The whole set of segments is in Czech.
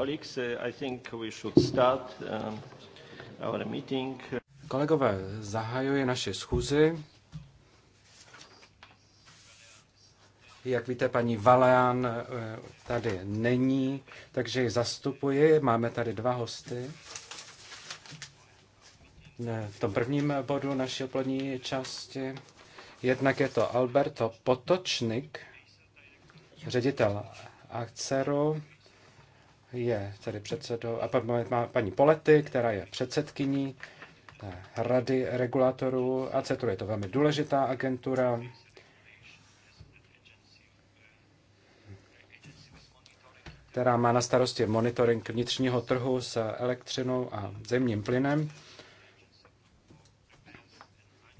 colleagues, uh, I think we should start uh, our meeting. Kolegové, zahajuje naše schůzi. Jak víte, paní Valean uh, tady není, takže ji zastupuji. Máme tady dva hosty. V tom prvním bodu naší odpolední části jednak je to Alberto Potočnik, ředitel Akceru, je tedy předsedou, a má paní Polety, která je předsedkyní eh, Rady regulatorů a ACETu. Je to velmi důležitá agentura. která má na starosti monitoring vnitřního trhu s elektřinou a zemním plynem.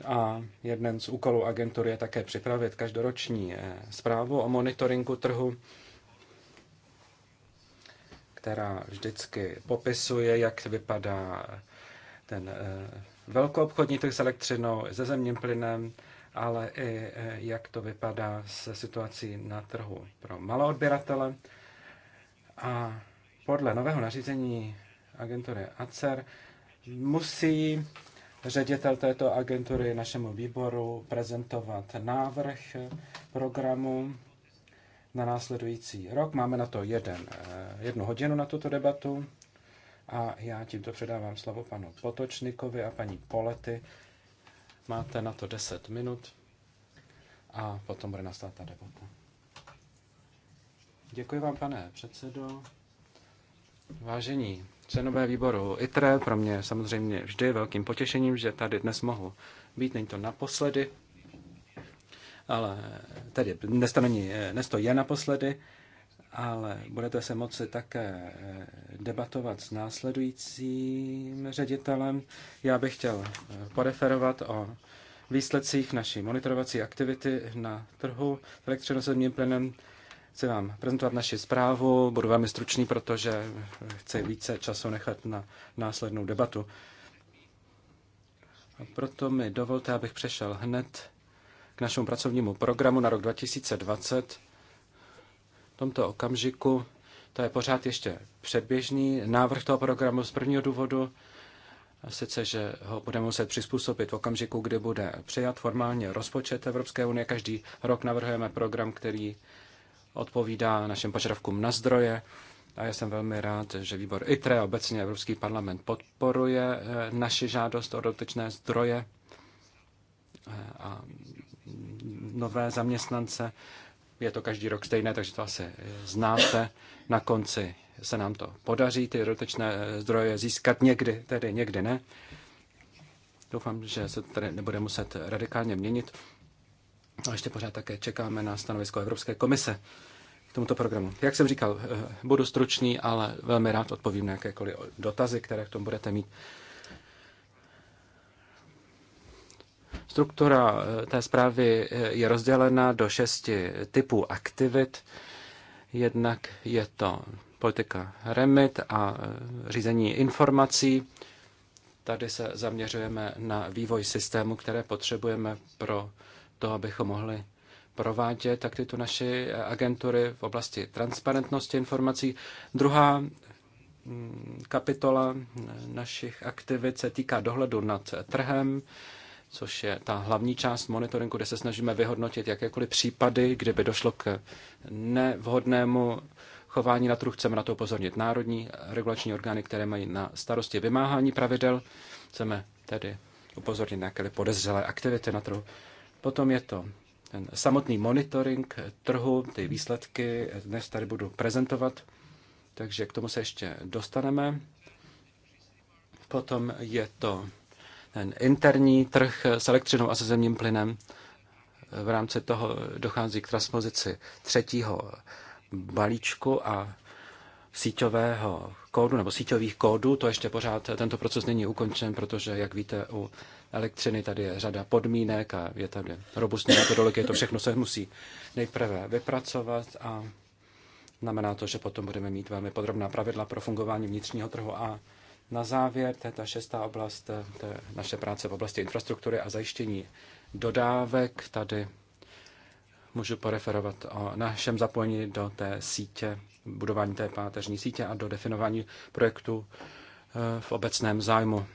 A jeden z úkolů agentury je také připravit každoroční eh, zprávu o monitoringu trhu která vždycky popisuje, jak vypadá ten eh, velkoobchodní trh s elektřinou, se zemním plynem, ale i eh, jak to vypadá se situací na trhu pro odběratele. A podle nového nařízení agentury ACER musí ředitel této agentury našemu výboru prezentovat návrh programu na následující rok. Máme na to jeden, eh, jednu hodinu na tuto debatu a já tímto předávám slovo panu Potočnikovi a paní Polety. Máte na to 10 minut a potom bude nastat ta debata. Děkuji vám, pane předsedo. Vážení členové výboru ITRE, pro mě samozřejmě vždy velkým potěšením, že tady dnes mohu být. Není to naposledy, ale tedy dnes to není, eh, dnes to je naposledy, ale budete se moci také eh, debatovat s následujícím ředitelem. Já bych chtěl eh, poreferovat o výsledcích naší monitorovací aktivity na trhu s elektřinosedním plynem. Chci vám prezentovat naši zprávu, budu velmi stručný, protože chci více času nechat na následnou debatu. A proto mi dovolte, abych přešel hned našemu pracovnímu programu na rok 2020. V tomto okamžiku to je pořád ještě předběžný návrh toho programu z prvního důvodu, a sice, že ho budeme muset přizpůsobit v okamžiku, kdy bude přijat formálně rozpočet Evropské unie. Každý rok navrhujeme program, který odpovídá našim požadavkům na zdroje. A já jsem velmi rád, že výbor ITRE a obecně Evropský parlament podporuje eh, naši žádost o dotyčné zdroje. Eh, a nové zaměstnance. Je to každý rok stejné, takže to asi znáte. Na konci se nám to podaří, ty dotečné eh, zdroje získat někdy, tedy někdy ne. Doufám, že se tady nebude muset radikálně měnit. A ještě pořád také čekáme na stanovisko Evropské komise k tomuto programu. Jak jsem říkal, eh, budu stručný, ale velmi rád odpovím na jakékoliv dotazy, které k tomu budete mít. Struktura eh, té zprávy eh, je rozdělena do šesti typů aktivit. Jednak je to politika remit a eh, řízení informací. Tady se zaměřujeme na vývoj systému, které potřebujeme pro to, abychom mohli provádět tak tyto naše agentury v oblasti transparentnosti informací. Druhá mm, kapitola našich aktivit se týká dohledu nad trhem což je ta hlavní část monitoringu, kde se snažíme vyhodnotit jakékoliv případy, kde by došlo k nevhodnému chování na trhu. Chceme na to upozornit národní regulační orgány, které mají na starosti vymáhání pravidel. Chceme tedy upozornit na jakékoliv podezřelé aktivity na trhu. Potom je to ten samotný monitoring trhu, ty výsledky dnes tady budu prezentovat, takže k tomu se ještě dostaneme. Potom je to ten interní trh s elektřinou a se zemním plynem. V rámci toho dochází k transpozici třetího balíčku a síťového kódu nebo síťových kódů. To ještě pořád tento proces není ukončen, protože, jak víte, u elektřiny tady je řada podmínek a je tady robustní metodologie. To všechno se musí nejprve vypracovat a znamená to, že potom budeme mít velmi podrobná pravidla pro fungování vnitřního trhu a na závěr, to je ta šestá oblast, eh, to je naše práce v oblasti infrastruktury a zajištění dodávek. Tady můžu poreferovat o našem zapojení do té sítě, budování té páteřní sítě a do definování projektu eh, v obecném zájmu.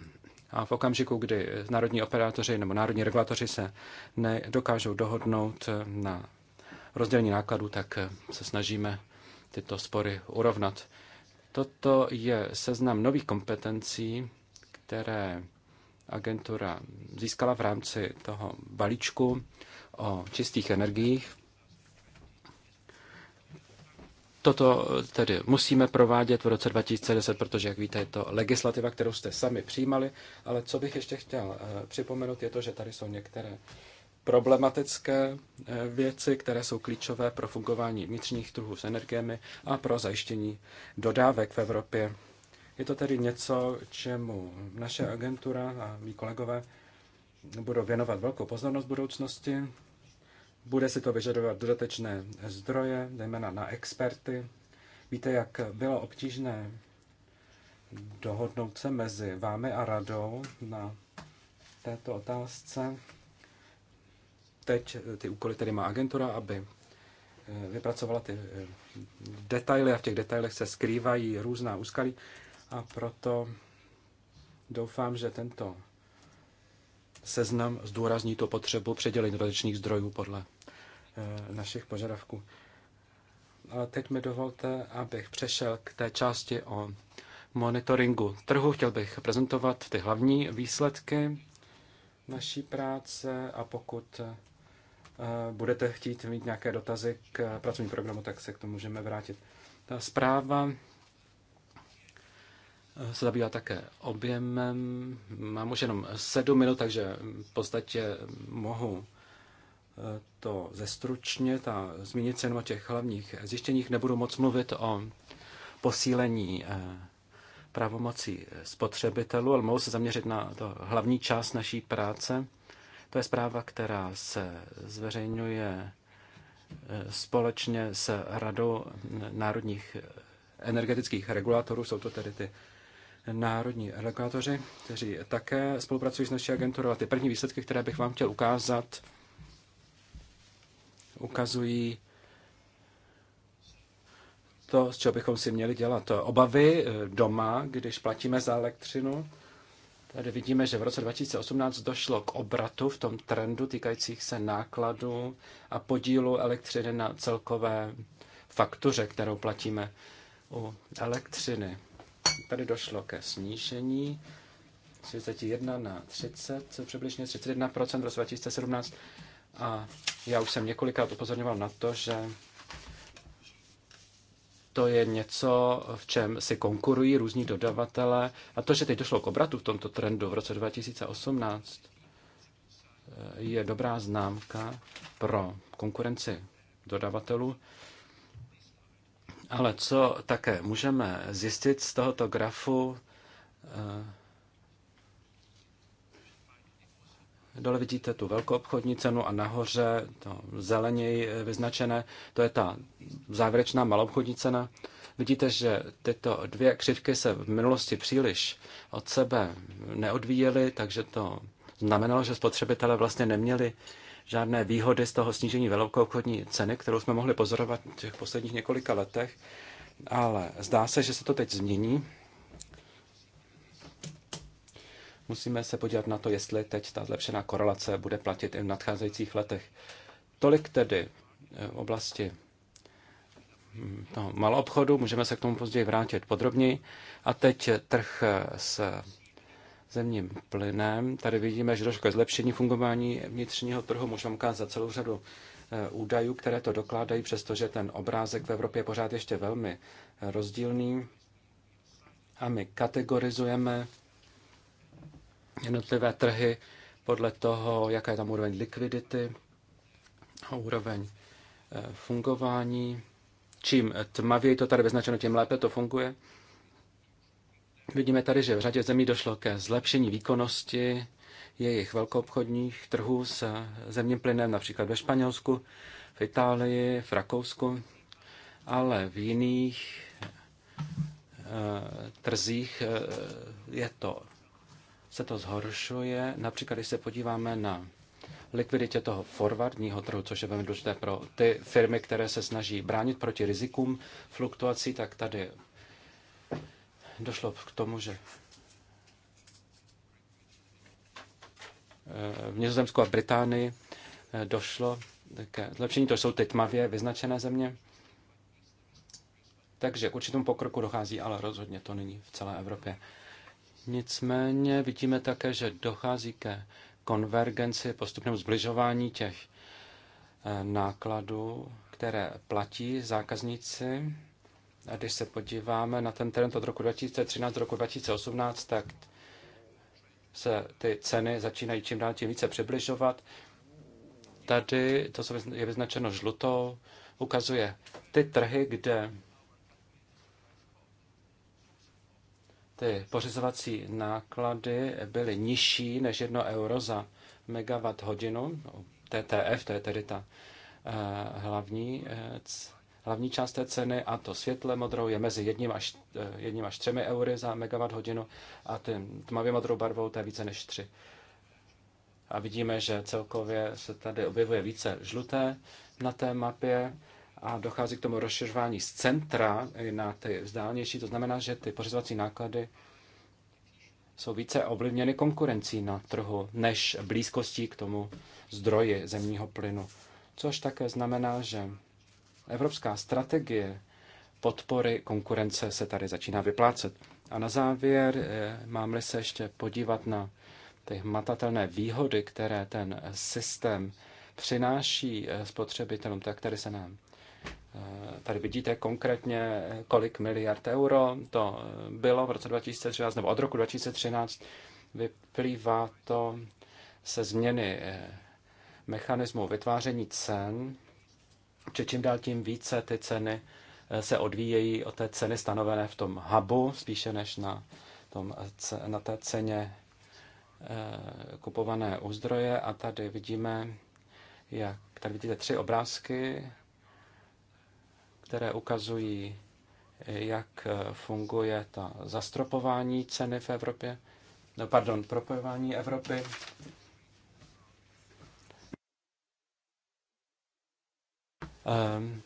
A v okamžiku, kdy národní operátoři nebo národní regulatoři se nedokážou dohodnout eh, na rozdělení nákladů, tak se snažíme tyto spory urovnat. Toto je seznam nových kompetencí, které agentura získala v rámci toho balíčku o čistých energiích. Toto tedy musíme provádět v roce 2010, protože, jak víte, je to legislativa, kterou jste sami přijímali, ale co bych ještě chtěl eh, připomenout, je to, že tady jsou některé problematické eh, věci, které jsou klíčové pro fungování vnitřních trhů s energiemi a pro zajištění dodávek v Evropě. Je to tedy něco, čemu naše agentura a mý kolegové budou věnovat velkou pozornost v budoucnosti. Bude si to vyžadovat dodatečné zdroje, zejména na experty. Víte, jak bylo obtížné dohodnout se mezi vámi a radou na této otázce. Teď eh, ty úkoly tedy má agentura, aby eh, vypracovala ty eh, detaily a v těch detailech se skrývají různá úskalí a proto doufám, že tento seznam zdůrazní tu potřebu předělit dodatečných zdrojů podle našich požadavků. Ale teď mi dovolte, abych přešel k té části o monitoringu trhu. Chtěl bych prezentovat ty hlavní výsledky naší práce a pokud budete chtít mít nějaké dotazy k pracovnímu programu, tak se k tomu můžeme vrátit. Ta zpráva eh, se zabývá také objemem. Mám už jenom sedm minut, takže v podstatě mohu eh, to zestručně, a zmínit se jenom o těch hlavních zjištěních. Nebudu moc mluvit o posílení eh, pravomocí spotřebitelů, ale mohu se zaměřit na to hlavní část naší práce – to je zpráva, která se zveřejňuje eh, společně s Radou národních eh, energetických regulátorů, jsou to tedy ty národní regulátoři, kteří také spolupracují s naší agenturou. A ty první výsledky, které bych vám chtěl ukázat, ukazují to, z čeho bychom si měli dělat obavy eh, doma, když platíme za elektřinu. Tady vidíme, že v roce 2018 došlo k obratu v tom trendu týkajících se nákladů a podílu elektřiny na celkové faktuře, kterou platíme u elektřiny. Tady došlo ke snížení 31 na 30, přibližně 31 v roce 2017. A já už jsem několikrát upozorňoval na to, že to je něco, v čem si konkurují různí dodavatele. A to, že teď došlo k obratu v tomto trendu v roce 2018, je dobrá známka pro konkurenci dodavatelů. Ale co také můžeme zjistit z tohoto grafu, Dole vidíte tu velkou obchodní cenu a nahoře to zeleněji eh, vyznačené, to je ta závěrečná maloobchodní cena. Vidíte, že tyto dvě křivky se v minulosti příliš od sebe neodvíjely, takže to znamenalo, že spotřebitelé vlastně neměli žádné výhody z toho snížení velkoobchodní ceny, kterou jsme mohli pozorovat v těch posledních několika letech, ale zdá se, že se to teď změní. Musíme se podívat na to, jestli teď ta zlepšená korelace bude platit i v nadcházejících letech. Tolik tedy eh, v oblasti hm, toho obchodu, můžeme se k tomu později vrátit podrobněji. A teď eh, trh eh, s zemním plynem. Tady vidíme, že došlo ke zlepšení fungování vnitřního trhu. Můžu vám ukázat celou řadu údajů, které to dokládají, přestože ten obrázek v Evropě je pořád ještě velmi rozdílný. A my kategorizujeme jednotlivé trhy podle toho, jaká je tam úroveň likvidity a úroveň eh, fungování. Čím tmavěji to tady vyznačeno, tím lépe to funguje. Vidíme tady, že v řadě zemí došlo ke zlepšení výkonnosti jejich velkoobchodních trhů s zemním plynem, například ve Španělsku, v Itálii, v Rakousku, ale v jiných eh, trzích eh, je to se to zhoršuje. Například, když se podíváme na likviditě toho forwardního trhu, což je velmi důležité pro ty firmy, které se snaží bránit proti rizikům fluktuací, tak tady došlo k tomu, že eh, v Nizozemsku a Británii eh, došlo ke zlepšení. To jsou ty tmavě vyznačené země. Takže k určitému pokroku dochází, ale rozhodně to není v celé Evropě. Nicméně vidíme také, že dochází ke konvergenci, postupnému zbližování těch eh, nákladů, které platí zákazníci. A když se podíváme na ten trend od roku 2013 do roku 2018, tak se ty ceny začínají čím dál tím více přibližovat. Tady to je vyznačeno žlutou, ukazuje ty trhy, kde ty pořizovací náklady byly nižší než 1 euro za megawatt hodinu. No, TTF, to je tedy ta eh, hlavní, eh, hlavní část té ceny a to světle modrou je mezi jedním až, eh, jedním až třemi eury za megawatt hodinu a ten tmavě modrou barvou to je více než tři. A vidíme, že celkově se tady objevuje více žluté na té mapě a dochází k tomu rozšiřování z centra na ty vzdálenější. To znamená, že ty pořizovací náklady jsou více ovlivněny konkurencí na trhu než blízkostí k tomu zdroji zemního plynu. Což také znamená, že evropská strategie podpory konkurence se tady začíná vyplácet. A na závěr eh, mám-li se ještě podívat na ty hmatatelné výhody, které ten systém přináší eh, spotřebitelům, tak tady se nám Eh, tady vidíte konkrétně, eh, kolik miliard euro to eh, bylo v roce 2013, nebo od roku 2013. Vyplývá to se změny mechanismu vytváření cen, či čím dál tím více ty ceny se odvíjejí od té ceny stanovené v tom hubu, spíše než na, tom, na té ceně kupované u zdroje. A tady vidíme, jak tady vidíte tři obrázky které ukazují, jak funguje ta zastropování ceny v Evropě, no pardon, propojování Evropy. Um,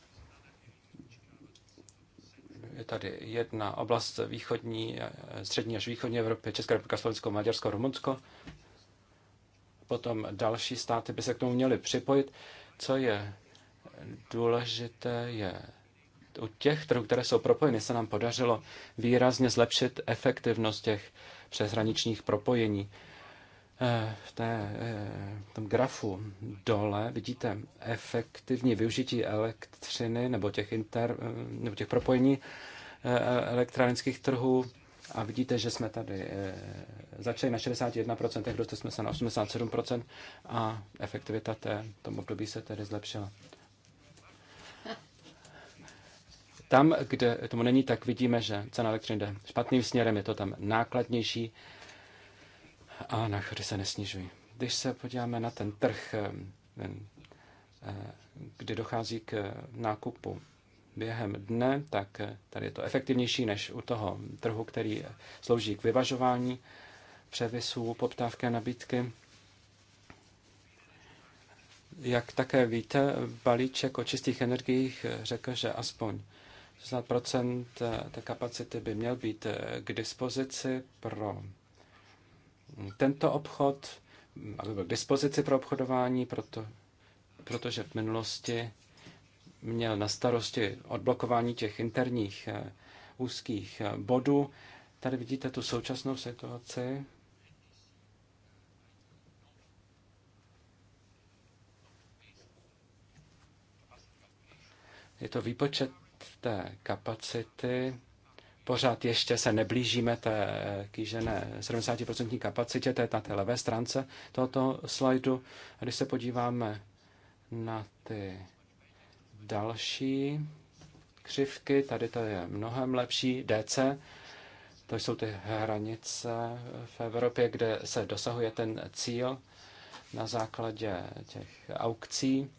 je tady jedna oblast východní, střední až východní Evropy, Česká republika, Slovensko, Maďarsko, Rumunsko. Potom další státy by se k tomu měly připojit. Co je důležité, je u těch trhů, které jsou propojeny, se nám podařilo výrazně zlepšit efektivnost těch přeshraničních propojení. Eh, v, té, eh, v tom grafu dole vidíte efektivní využití elektřiny nebo těch, inter, eh, nebo těch propojení elektronických trhů a vidíte, že jsme tady začali na 61%, dostali jsme se na 87% a efektivita té, tom období se tedy zlepšila. Tam, kde tomu není, tak vidíme, že cena elektřiny jde špatným směrem, je to tam nákladnější a náklady se nesnižují. Když se podíváme na ten trh, kdy dochází k nákupu během dne, tak tady je to efektivnější než u toho trhu, který slouží k vyvažování převisů, poptávky a nabídky. Jak také víte, balíček o čistých energiích řekl, že aspoň 60% eh, té kapacity by měl být eh, k dispozici pro mm, tento obchod, mm, aby byl k dispozici pro obchodování, proto, protože v minulosti měl na starosti odblokování těch interních eh, úzkých bodů. Tady vidíte tu současnou situaci. Je to výpočet té kapacity. Pořád ještě se neblížíme té kýžené 70% kapacitě, to je na té levé stránce tohoto slajdu. A když se podíváme na ty další křivky, tady to je mnohem lepší, DC, to jsou ty hranice v Evropě, kde se dosahuje ten cíl na základě těch aukcí.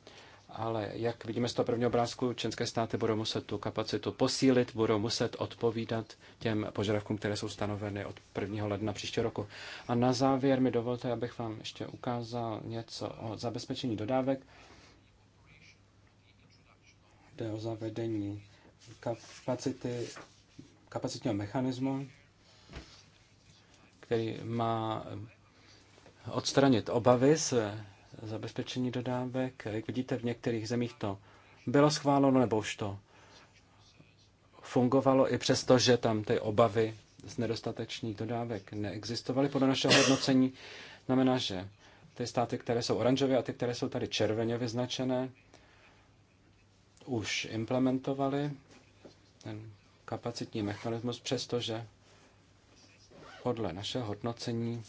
Ale jak vidíme z toho prvního obrázku, české státy budou muset tu kapacitu posílit, budou muset odpovídat těm požadavkům, které jsou stanoveny od 1. ledna příštího roku. A na závěr mi dovolte, abych vám ještě ukázal něco o zabezpečení dodávek. Jde o zavedení kapacity, kapacitního mechanismu, který má odstranit obavy z zabezpečení dodávek. Jak vidíte, v některých zemích to bylo schváleno, nebo už to fungovalo, i přesto, že tam ty obavy z nedostatečných dodávek neexistovaly. Podle našeho hodnocení znamená, že ty státy, které jsou oranžové a ty, které jsou tady červeně vyznačené, už implementovaly ten kapacitní mechanismus, přestože podle našeho hodnocení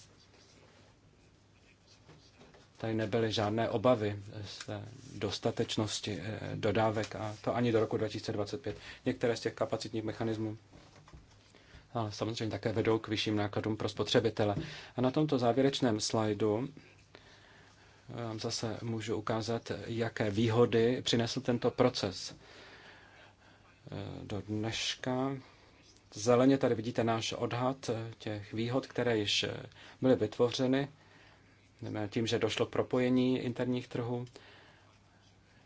tady nebyly žádné obavy z dostatečnosti eh, dodávek a to ani do roku 2025. Některé z těch kapacitních mechanismů ale samozřejmě také vedou k vyšším nákladům pro spotřebitele. A na tomto závěrečném slajdu vám zase můžu ukázat, jaké výhody přinesl tento proces eh, do dneška. Zeleně tady vidíte náš odhad eh, těch výhod, které již byly vytvořeny tím, že došlo k propojení interních trhů,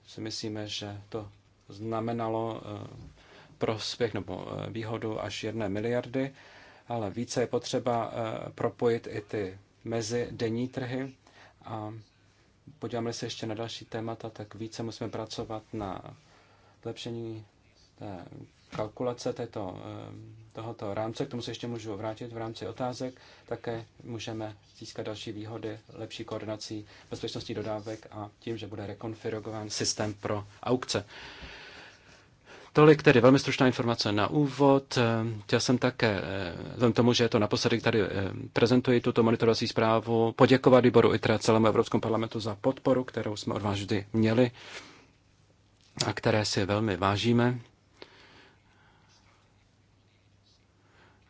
si myslíme, že to znamenalo eh, prospěch nebo eh, výhodu až jedné miliardy, ale více je potřeba eh, propojit i ty mezi denní trhy a podíváme se ještě na další témata, tak více musíme pracovat na zlepšení té kalkulace této, ehm, tohoto rámce, k tomu se ještě můžu vrátit v rámci otázek, také můžeme získat další výhody, lepší koordinací bezpečnosti dodávek a tím, že bude rekonfigurován systém pro aukce. Tolik tedy velmi stručná informace na úvod. Ehm, chtěl jsem také, ehm, vzhledem tomu, že je to naposledy, tady prezentuji tuto monitorovací zprávu, poděkovat výboru ITRA celému Evropskému parlamentu za podporu, kterou jsme od vás vždy měli a které si velmi vážíme.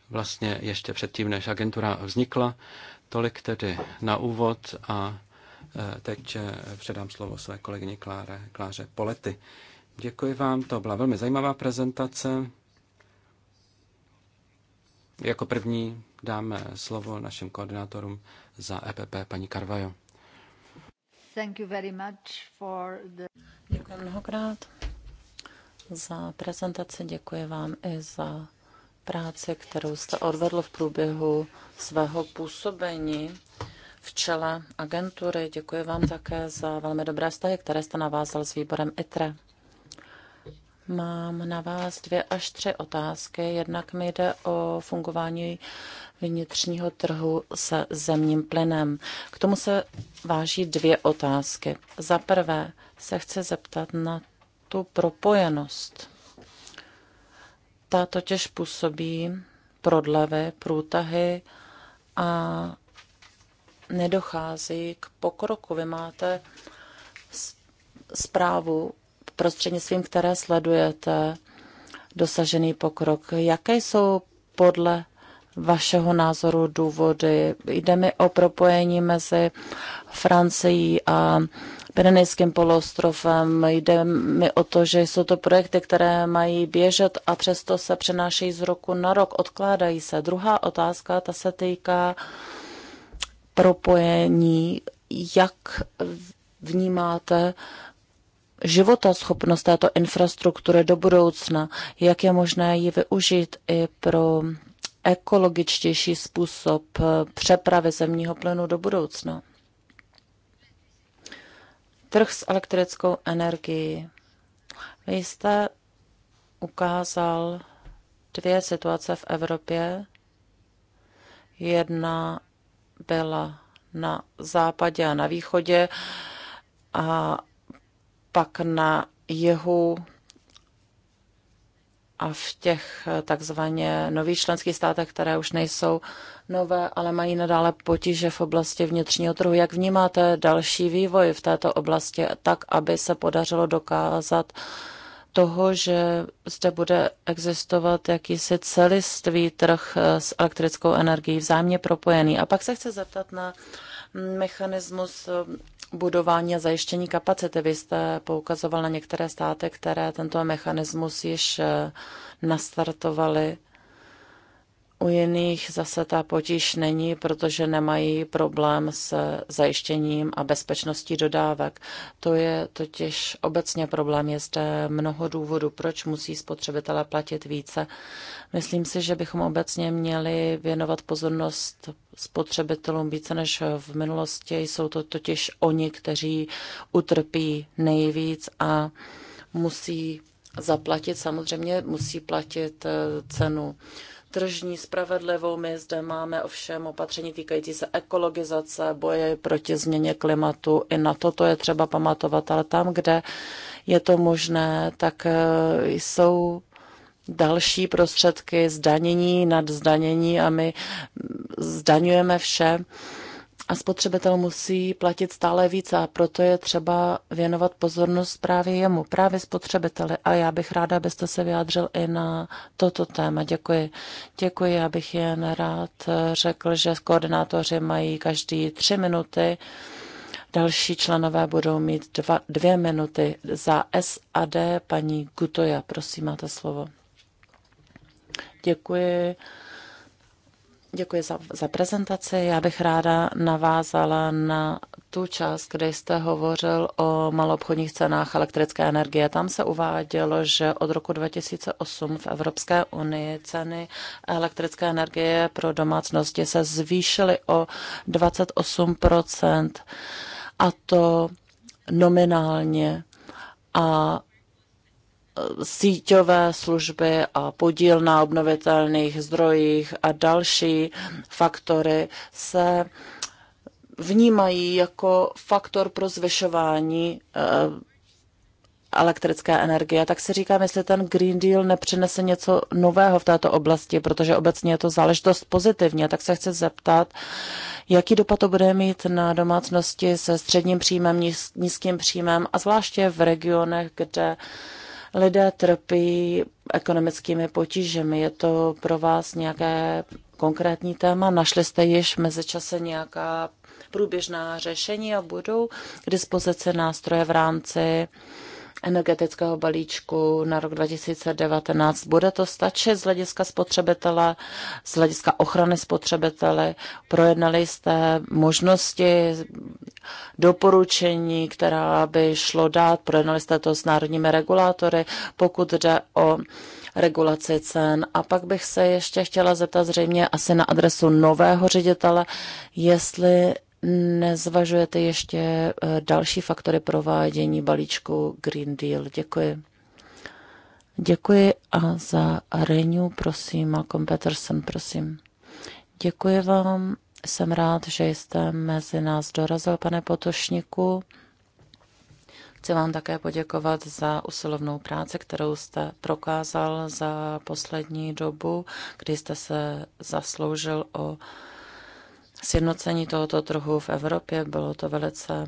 vlastně ještě předtím, než agentura vznikla. Tolik tedy na úvod a e, teď e, předám slovo své kolegyni Kláre, Kláře Polety. Děkuji vám, to byla velmi zajímavá prezentace. Jako první dáme slovo našim koordinátorům za EPP, paní Karvajo. Thank you very much for the... Děkuji mnohokrát za prezentaci, děkuji vám i za práce, kterou jste odvedl v průběhu svého působení v čele agentury. Děkuji vám také za velmi dobré vztahy, které jste navázal s výborem ITRE. Mám na vás dvě až tři otázky. Jednak mi jde o fungování vnitřního trhu se zemním plynem. K tomu se váží dvě otázky. Za prvé se chci zeptat na tu propojenost ta totiž působí prodlevy, průtahy a nedochází k pokroku. Vy máte zprávu, prostřednictvím které sledujete dosažený pokrok. Jaké jsou podle vašeho názoru důvody. Jde mi o propojení mezi Francií a Pirenejským poloostrovem. Jde mi o to, že jsou to projekty, které mají běžet a přesto se přenášejí z roku na rok, odkládají se. Druhá otázka, ta se týká propojení, jak vnímáte života schopnost této infrastruktury do budoucna, jak je možné ji využít i pro ekologičtější způsob eh, přepravy zemního plynu do budoucna. Trh s elektrickou energií. Vy jste ukázal dvě situace v Evropě. Jedna byla na západě a na východě a pak na jihu a v těch eh, takzvaně nových členských státech, které už nejsou nové, ale mají nadále potíže v oblasti vnitřního trhu. Jak vnímáte další vývoj v této oblasti, tak aby se podařilo dokázat toho, že zde bude existovat jakýsi celistvý trh eh, s elektrickou energií, vzájemně propojený. A pak se chci zeptat na mechanismus eh, budování a zajištění kapacity. Vy jste poukazoval na některé státy, které tento mechanismus již eh, nastartovaly u jiných zase ta potíž není, protože nemají problém s zajištěním a bezpečností dodávek. To je totiž obecně problém. Je zde mnoho důvodů, proč musí spotřebitelé platit více. Myslím si, že bychom obecně měli věnovat pozornost spotřebitelům více než v minulosti. Jsou to totiž oni, kteří utrpí nejvíc a musí zaplatit. Samozřejmě musí platit eh, cenu tržní spravedlivou. My zde máme ovšem opatření týkající se ekologizace, boje proti změně klimatu. I na toto je třeba pamatovat, ale tam, kde je to možné, tak e, jsou další prostředky zdanění nad zdanění a my zdaňujeme vše a spotřebitel musí platit stále více a proto je třeba věnovat pozornost právě jemu, právě spotřebiteli. A já bych ráda, abyste se vyjádřil i na toto téma. Děkuji. Děkuji, já bych jen rád řekl, že koordinátoři mají každý tři minuty. Další členové budou mít dva, dvě minuty. Za SAD paní Gutoja, prosím, máte slovo. Děkuji. Děkuji za, za prezentaci. Já bych ráda navázala na tu část, kde jste hovořil o maloobchodních cenách elektrické energie. Tam se uvádělo, že od roku 2008 v Evropské unii ceny elektrické energie pro domácnosti se zvýšily o 28 a to nominálně. A síťové služby a podíl na obnovitelných zdrojích a další faktory se vnímají jako faktor pro zvyšování eh, elektrické energie, tak si říkám, jestli ten Green Deal nepřinese něco nového v této oblasti, protože obecně je to záležitost pozitivně, tak se chci zeptat, jaký dopad to bude mít na domácnosti se středním příjmem, nízkým příjmem a zvláště v regionech, kde uh, Lidé trpí ekonomickými potížemi. Je to pro vás nějaké konkrétní téma? Našli jste již mezičase nějaká průběžná řešení a budou k dispozici nástroje v rámci energetického balíčku na rok 2019. Bude to stačit z hlediska spotřebitele, z hlediska ochrany spotřebitele? Projednali jste možnosti doporučení, která by šlo dát? Projednali jste to s národními regulátory, pokud jde o regulaci cen. A pak bych se ještě chtěla zeptat zřejmě asi na adresu nového ředitele, jestli nezvažujete ještě eh, další faktory provádění balíčku Green Deal? Děkuji. Děkuji a za Renew, prosím, a Peterson, prosím. Děkuji vám, jsem rád, že jste mezi nás dorazil, pane Potošníku. Chci vám také poděkovat za usilovnou práci, kterou jste prokázal za poslední dobu, kdy jste se zasloužil o sjednocení tohoto trhu v Evropě. Bylo to velice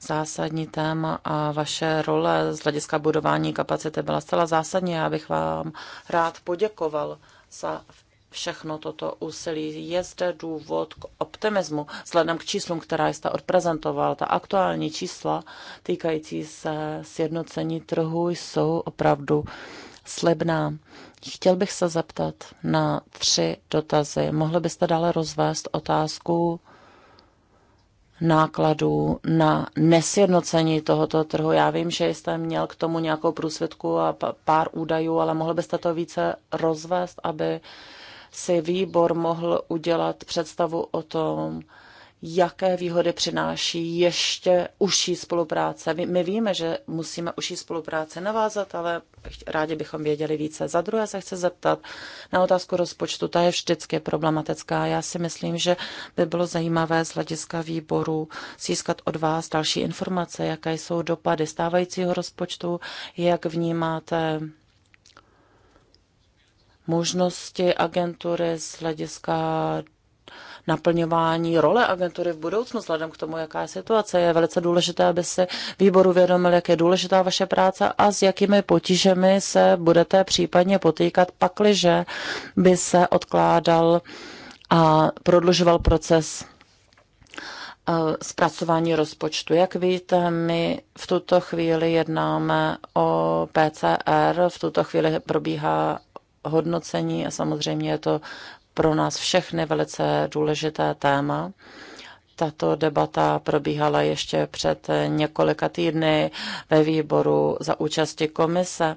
zásadní téma a vaše role z hlediska budování kapacity byla zcela zásadní. Já bych vám rád poděkoval za všechno toto úsilí. Je zde důvod k optimismu, vzhledem k číslům, která jste odprezentoval. Ta aktuální čísla týkající se sjednocení trhu jsou opravdu slibná. Chtěl bych se zeptat na tři dotazy. Mohli byste dále rozvést otázku nákladů na nesjednocení tohoto trhu. Já vím, že jste měl k tomu nějakou průsvědku a pár údajů, ale mohli byste to více rozvést, aby si výbor mohl udělat představu o tom, jaké výhody přináší ještě užší spolupráce. My víme, že musíme užší spolupráce navázat, ale rádi bychom věděli více. Za druhé se chci zeptat na otázku rozpočtu. Ta je vždycky problematická. Já si myslím, že by bylo zajímavé z hlediska výboru získat od vás další informace, jaké jsou dopady stávajícího rozpočtu, jak vnímáte možnosti agentury z hlediska naplňování role agentury v budoucnu, vzhledem k tomu, jaká je situace. Je velice důležité, aby se výboru vědomil, jak je důležitá vaše práce a s jakými potížemi se budete případně potýkat, pakliže by se odkládal a prodlužoval proces eh, zpracování rozpočtu. Jak víte, my v tuto chvíli jednáme o PCR, v tuto chvíli probíhá hodnocení a samozřejmě je to pro nás všechny velice důležité téma. Tato debata probíhala ještě před několika týdny ve výboru za účasti komise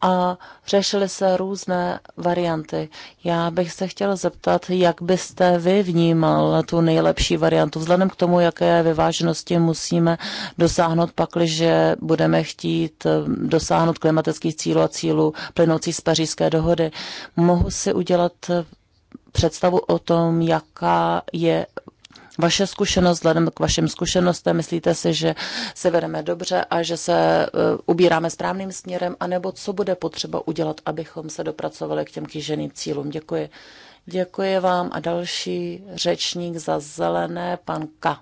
a řešily se různé varianty. Já bych se chtěla zeptat, jak byste vy vnímal tu nejlepší variantu, vzhledem k tomu, jaké vyváženosti musíme dosáhnout, pakliže budeme chtít dosáhnout klimatických cílů a cílů plynoucí z pařížské dohody. Mohu si udělat představu o tom, jaká je vaše zkušenost, vzhledem k vašim zkušenostem, myslíte si, že se vedeme dobře a že se e, ubíráme správným směrem, anebo co bude potřeba udělat, abychom se dopracovali k těm kýženým cílům? Děkuji. Děkuji vám a další řečník za zelené, pan K.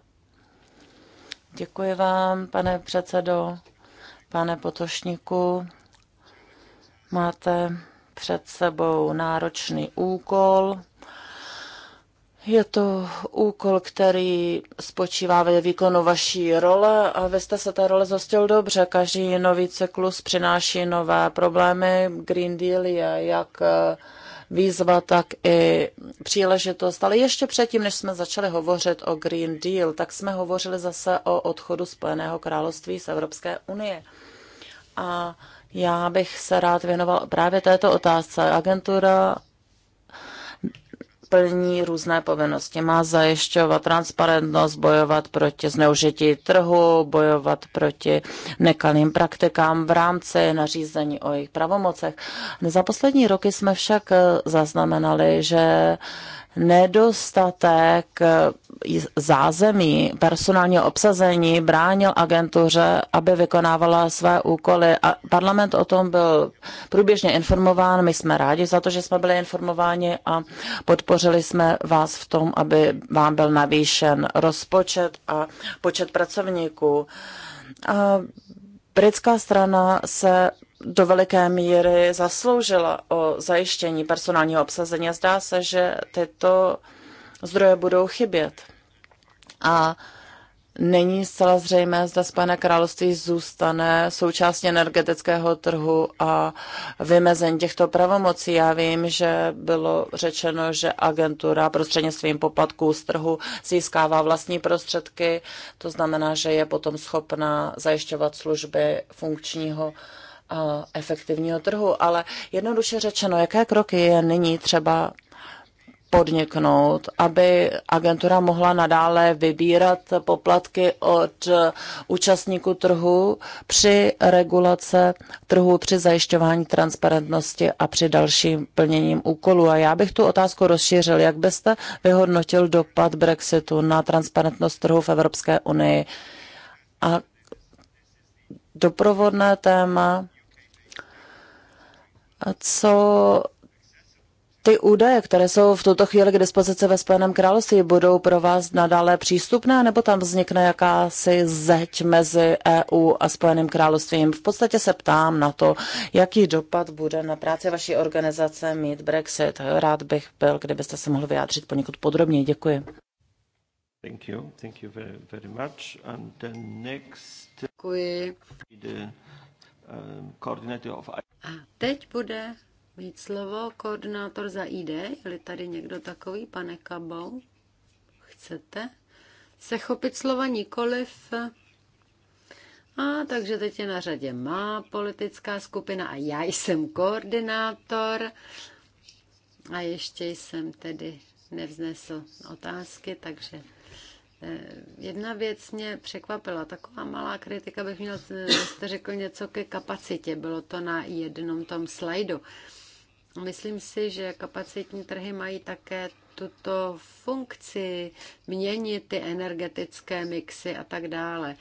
Děkuji vám, pane předsedo, pane Potošníku. Máte před sebou náročný úkol je to úkol, který spočívá ve výkonu vaší role a vy jste se té role zhostil dobře. Každý nový cyklus přináší nové problémy. Green Deal je jak eh, výzva, tak i příležitost. Ale ještě předtím, než jsme začali hovořit o Green Deal, tak jsme hovořili zase o odchodu Spojeného království z Evropské unie. A já bych se rád věnoval právě této otázce. Agentura plní různé povinnosti. Má zajišťovat transparentnost, bojovat proti zneužití trhu, bojovat proti nekalým praktikám v rámci nařízení o jejich pravomocech. Za poslední roky jsme však zaznamenali, že nedostatek eh, zázemí, personálního obsazení bránil agentuře, aby vykonávala své úkoly. A parlament o tom byl průběžně informován. My jsme rádi za to, že jsme byli informováni a podpořili jsme vás v tom, aby vám byl navýšen rozpočet a počet pracovníků. A britská strana se do veliké míry zasloužila o zajištění personálního obsazení. Zdá se, že tyto zdroje budou chybět. A není zcela zřejmé, zda Spojené království zůstane součástí energetického trhu a vymezení těchto pravomocí. Já vím, že bylo řečeno, že agentura prostřednictvím poplatků z trhu získává vlastní prostředky, to znamená, že je potom schopna zajišťovat služby funkčního efektivního trhu, ale jednoduše řečeno, jaké kroky je nyní třeba podniknout, aby agentura mohla nadále vybírat poplatky od účastníků trhu při regulace trhu, při zajišťování transparentnosti a při dalším plněním úkolů. A já bych tu otázku rozšířil. Jak byste vyhodnotil dopad Brexitu na transparentnost trhu v Evropské unii? A doprovodné téma co ty údaje, které jsou v tuto chvíli k dispozici ve Spojeném království, budou pro vás nadále přístupné, nebo tam vznikne jakási zeď mezi EU a Spojeným královstvím? V podstatě se ptám na to, jaký dopad bude na práci vaší organizace mít Brexit. Rád bych byl, kdybyste se mohl vyjádřit poněkud podrobněji. Děkuji. Thank you. Thank you very, very much. And next... Děkuji. Um, a teď bude mít slovo koordinátor za ID, je tady někdo takový, pane Kabou? Chcete se chopit slova nikoliv? A takže teď je na řadě má politická skupina a já jsem koordinátor a ještě jsem tedy nevznesl otázky, takže Eh, jedna věc mě překvapila, taková malá kritika bych měl, eh, jste řekl něco ke kapacitě, bylo to na jednom tom slajdu. Myslím si, že kapacitní trhy mají také tuto funkci měnit ty energetické mixy a tak dále.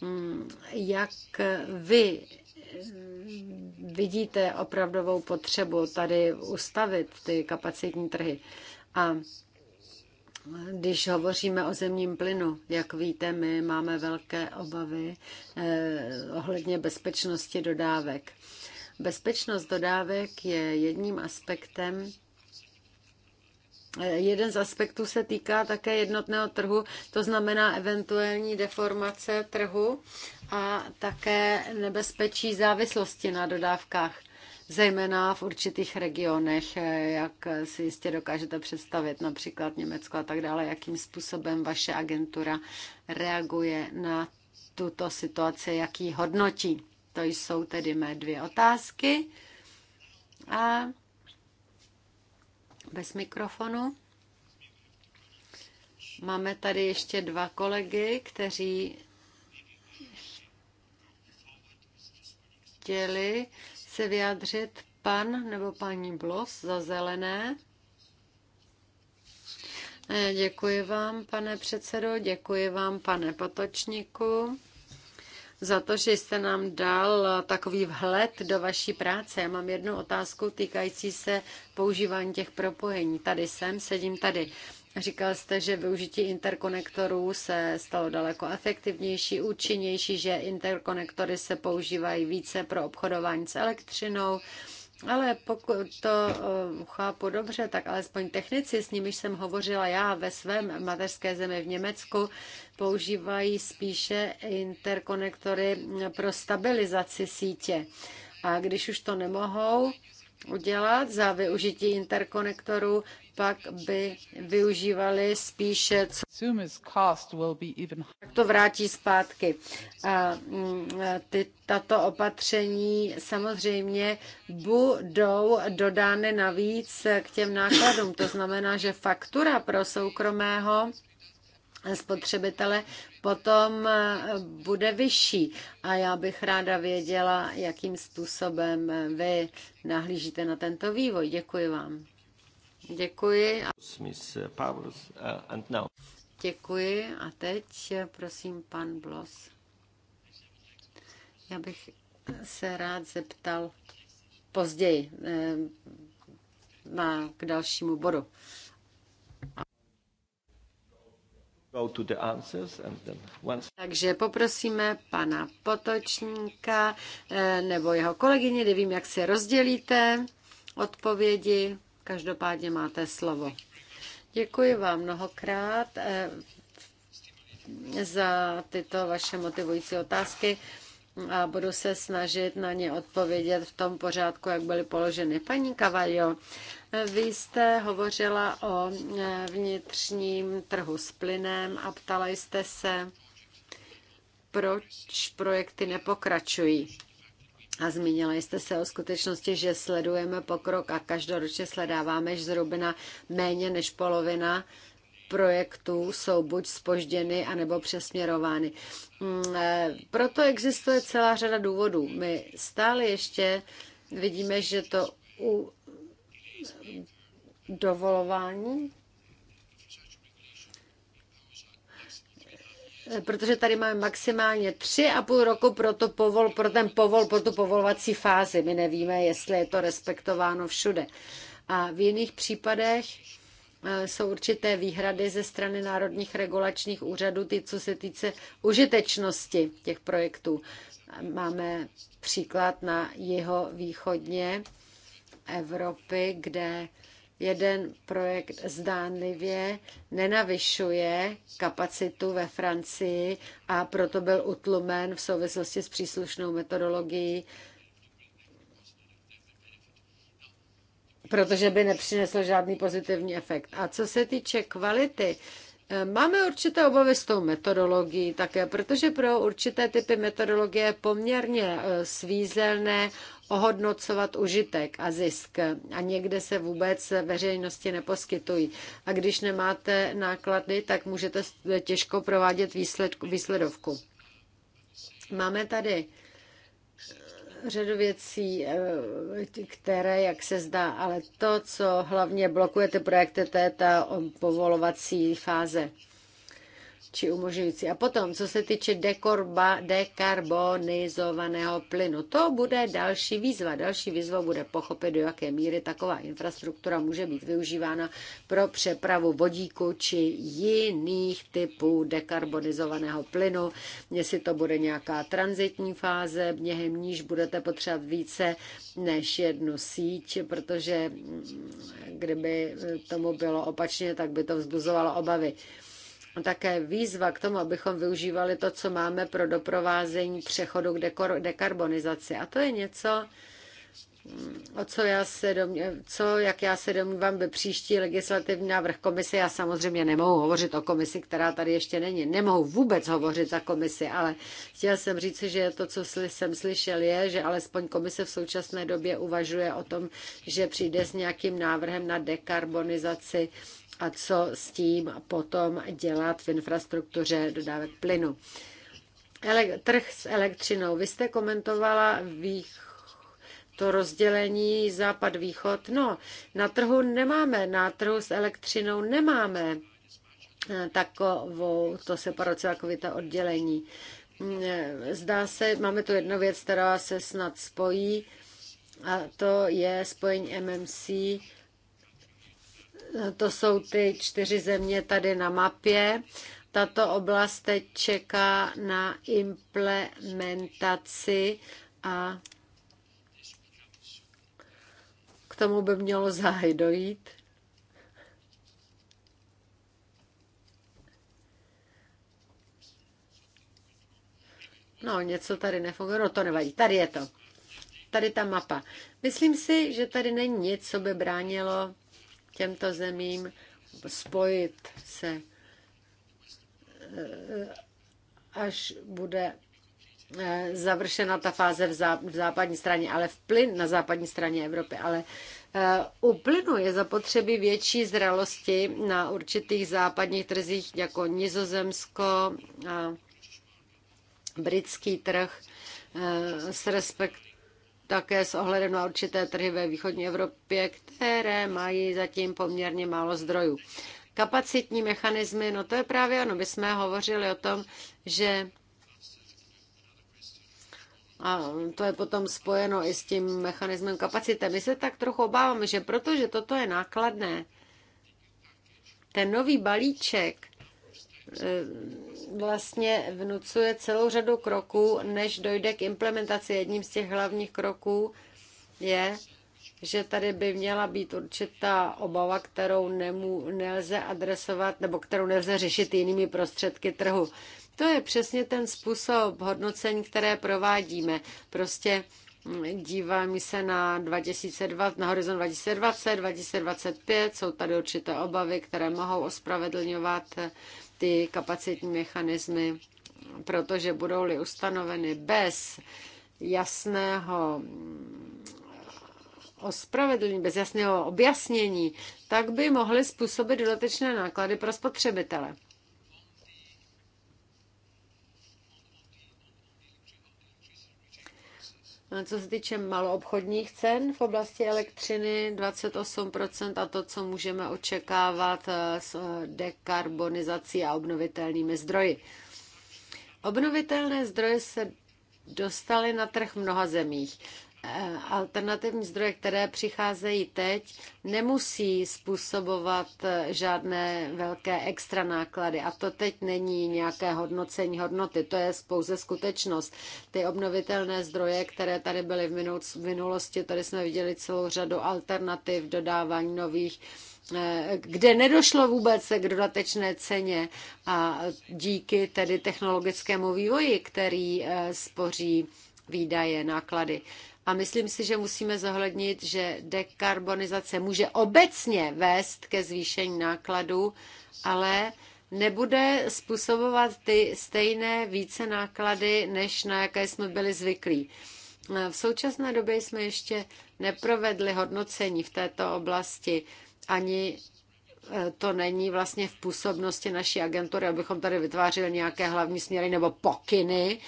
Hmm, jak vy eh, vidíte opravdovou potřebu tady ustavit ty kapacitní trhy? A když hovoříme o zemním plynu, jak víte, my máme velké obavy eh, ohledně bezpečnosti dodávek. Bezpečnost dodávek je jedním aspektem, eh, Jeden z aspektů se týká také jednotného trhu, to znamená eventuální deformace trhu a také nebezpečí závislosti na dodávkách zejména v určitých regionech, jak si jistě dokážete představit, například Německo a tak dále, jakým způsobem vaše agentura reaguje na tuto situaci, jaký hodnotí. To jsou tedy mé dvě otázky. A bez mikrofonu. Máme tady ještě dva kolegy, kteří chtěli chce vyjádřit pan nebo paní Blos za zelené? Děkuji vám, pane předsedo, děkuji vám, pane Potočníku, za to, že jste nám dal takový vhled do vaší práce. Já mám jednu otázku týkající se používání těch propojení. Tady jsem, sedím tady. Říkal jste, že využití interkonektorů se stalo daleko efektivnější, účinnější, že interkonektory se používají více pro obchodování s elektřinou. Ale pokud to eh, chápu dobře, tak alespoň technici, s nimiž jsem hovořila já ve svém mateřské zemi v Německu, používají spíše interkonektory pro stabilizaci sítě. A když už to nemohou, udělat za využití interkonektorů, pak by využívali spíše, co tak to vrátí zpátky. Mm, a ty, tato opatření samozřejmě budou dodány navíc k těm nákladům. To znamená, že faktura pro soukromého spotřebitele potom eh, bude vyšší. A já bych ráda věděla, jakým způsobem eh, vy nahlížíte na tento vývoj. Děkuji vám. Děkuji. Eh, Děkuji. A teď prosím pan Blos. Já bych se rád zeptal později na, k dalšímu bodu. Takže poprosíme pana Potočníka eh, nebo jeho kolegyně, nevím, jak se rozdělíte odpovědi. Každopádně máte slovo. Děkuji vám mnohokrát eh, za tyto vaše motivující otázky a budu se snažit na ně odpovědět v tom pořádku, jak byly položeny. Paní Kavajo, vy jste hovořila o eh, vnitřním trhu s plynem a ptala jste se, proč projekty nepokračují. A zmínila jste se o skutečnosti, že sledujeme pokrok a každoročně sledáváme že zhruba méně než polovina projektů jsou buď spožděny, anebo přesměrovány. Mm, eh, proto existuje celá řada důvodů. My stále ještě vidíme, že to u dovolování protože tady máme maximálně tři a půl roku pro, to povol, pro ten povol, pro tu povolovací fázi. My nevíme, jestli je to respektováno všude. A v jiných případech Eh, jsou určité výhrady ze strany národních regulačních úřadů, ty, co se týče užitečnosti těch projektů. Máme příklad na jeho východně Evropy, kde jeden projekt zdánlivě nenavyšuje kapacitu ve Francii a proto byl utlumen v souvislosti s příslušnou metodologií protože by nepřinesl žádný pozitivní efekt. A co se týče kvality, eh, Máme určité obavy s tou metodologií také, protože pro určité typy metodologie je poměrně eh, svízelné ohodnocovat užitek a zisk a někde se vůbec veřejnosti neposkytují. A když nemáte náklady, tak můžete eh, těžko provádět výsledku, výsledovku. Máme tady řadu věcí, eh, které, jak se zdá, ale to, co hlavně blokuje ty projekty, to je ta povolovací fáze či umožňující. A potom, co se týče dekorba, dekarbonizovaného plynu, to bude další výzva. Další výzva bude pochopit, do jaké míry taková infrastruktura může být využívána pro přepravu vodíku či jiných typů dekarbonizovaného plynu. Jestli to bude nějaká transitní fáze, během níž budete potřebovat více než jednu síť, protože mm, kdyby tomu bylo opačně, tak by to vzbuzovalo obavy také výzva k tomu, abychom využívali to, co máme pro doprovázení přechodu k dekarbonizaci. A to je něco, o co, já se domně, co jak já se domnívám, by příští legislativní návrh komise. Já samozřejmě nemohu hovořit o komisi, která tady ještě není. Nemohu vůbec hovořit za komisi, ale chtěl jsem říct, že to, co jsem slyšel, je, že alespoň komise v současné době uvažuje o tom, že přijde s nějakým návrhem na dekarbonizaci a co s tím potom dělat v infrastruktuře dodávek plynu. Ele- trh s elektřinou. Vy jste komentovala východ to rozdělení západ-východ. No, na trhu nemáme, na trhu s elektřinou nemáme eh, takovou to separace, takové ta oddělení. Mm, eh, zdá se, máme tu jednu věc, která se snad spojí, a to je spojení MMC to jsou ty čtyři země tady na mapě. Tato oblast teď čeká na implementaci a k tomu by mělo záhy dojít. No, něco tady nefunguje, no to nevadí, tady je to. Tady ta mapa. Myslím si, že tady není nic, co by bránilo těmto zemím spojit se, eh, až bude eh, završena ta fáze v, zá, v západní straně, ale v plyn na západní straně Evropy, ale eh, u plynu je zapotřebí větší zralosti na určitých západních trzích, jako Nizozemsko a britský trh s respekt také s ohledem na určité trhy ve východní Evropě, které mají zatím poměrně málo zdrojů. Kapacitní mechanismy, no to je právě ono, my jsme hovořili o tom, že a to je potom spojeno i s tím mechanismem kapacity. My se tak trochu obáváme, že protože toto je nákladné, ten nový balíček Eh, vlastně vnucuje celou řadu kroků, než dojde k implementaci. Jedním z těch hlavních kroků je, že tady by měla být určitá obava, kterou nemů nelze adresovat nebo kterou nelze řešit jinými prostředky trhu. To je přesně ten způsob hodnocení, které provádíme. Prostě hm, díváme se na 2020, na horizont 2020, 2025, jsou tady určité obavy, které mohou ospravedlňovat ty kapacitní mechanismy, protože budou-li ustanoveny bez jasného mm, ospravedlnění, bez jasného objasnění, tak by mohly způsobit dodatečné náklady pro spotřebitele. No, co se týče maloobchodních cen v oblasti elektřiny 28% a to, co můžeme očekávat eh, s eh, dekarbonizací a obnovitelnými zdroji. Obnovitelné zdroje se dostaly na trh mnoha zemích. Eh, alternativní zdroje, které přicházejí teď, nemusí způsobovat eh, žádné velké extra náklady. A to teď není nějaké hodnocení hodnoty, to je pouze skutečnost. Ty obnovitelné zdroje, které tady byly v minulosti, tady jsme viděli celou řadu alternativ, dodávání nových eh, kde nedošlo vůbec k dodatečné ceně a díky tedy technologickému vývoji, který spoří výdaje, náklady. A myslím si, že musíme zohlednit, že dekarbonizace může obecně vést ke zvýšení nákladů, ale nebude způsobovat ty stejné více náklady, než na jaké jsme byli zvyklí. V současné době jsme ještě neprovedli hodnocení v této oblasti ani Eh, to není vlastně v působnosti naší agentury, abychom tady vytvářeli nějaké hlavní směry nebo pokyny,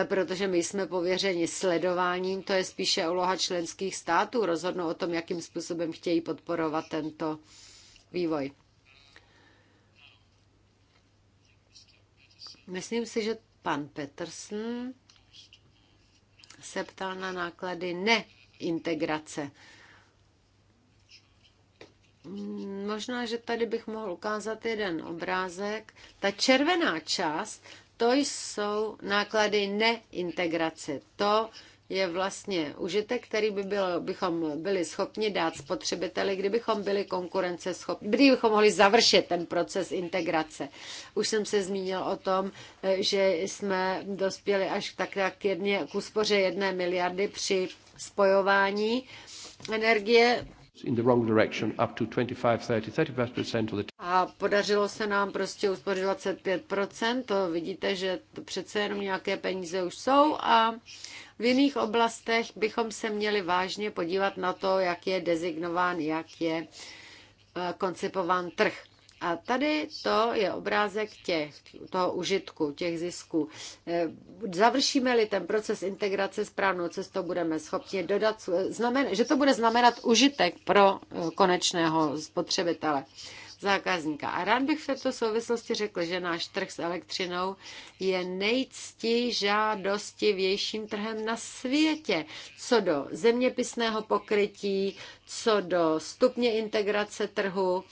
eh, protože my jsme pověřeni sledováním, to je spíše úloha členských států rozhodnout o tom, jakým způsobem chtějí podporovat tento vývoj. Myslím si, že pan Peterson se ptal na náklady neintegrace. integrace Možná, že tady bych mohl ukázat jeden obrázek. Ta červená část, to jsou náklady neintegrace. To je vlastně užitek, který by bylo, bychom byli schopni dát spotřebiteli, kdybychom byli schopni, kdybychom mohli završit ten proces integrace. Už jsem se zmínil o tom, že jsme dospěli až tak, jak jedně, k úspoře jedné miliardy při spojování energie a podařilo se nám prostě uspořit 25%, to vidíte, že to přece jenom nějaké peníze už jsou a v jiných oblastech bychom se měli vážně podívat na to, jak je dezignován, jak je eh, koncipován trh. A tady to je obrázek těch, toho užitku, těch zisků. Eh, završíme-li ten proces integrace správnou cestou, budeme schopni dodat, eh, znamen, že to bude znamenat užitek pro eh, konečného spotřebitele zákazníka. A rád bych v této souvislosti řekl, že náš trh s elektřinou je nejctí větším trhem na světě, co do zeměpisného pokrytí, co do stupně integrace trhu,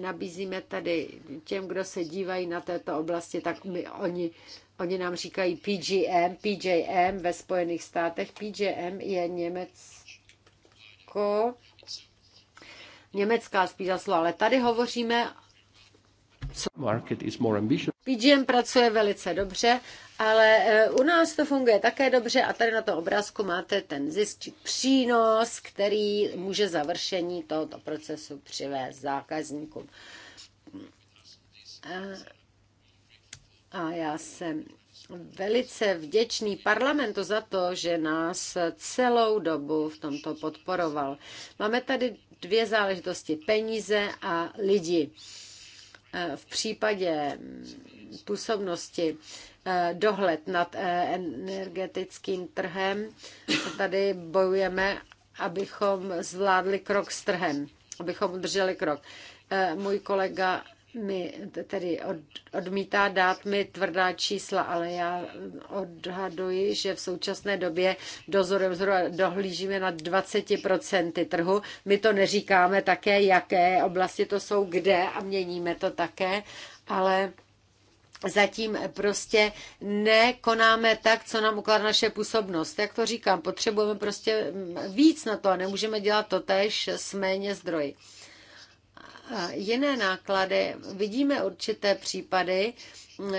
nabízíme tady těm, kdo se dívají na této oblasti, tak my, oni, oni nám říkají PGM, PJM ve Spojených státech. PGM je Německo, německá spíš ale tady hovoříme PGM pracuje velice dobře, ale e, u nás to funguje také dobře a tady na to obrázku máte ten zisk či přínos, který může završení tohoto procesu přivést zákazníkům. A já jsem velice vděčný parlamentu za to, že nás celou dobu v tomto podporoval. Máme tady dvě záležitosti, peníze a lidi v případě působnosti eh, dohled nad eh, energetickým trhem, tady bojujeme, abychom zvládli krok s trhem, abychom udrželi krok. Eh, můj kolega mi tedy od, odmítá dát mi tvrdá čísla, ale já odhaduji, že v současné době dozorem zhruba dohlížíme na 20% trhu. My to neříkáme také, jaké oblasti to jsou, kde a měníme to také, ale zatím prostě nekonáme tak, co nám ukládá naše působnost. Jak to říkám, potřebujeme prostě víc na to a nemůžeme dělat to tež s méně zdroji jiné náklady. Vidíme určité případy,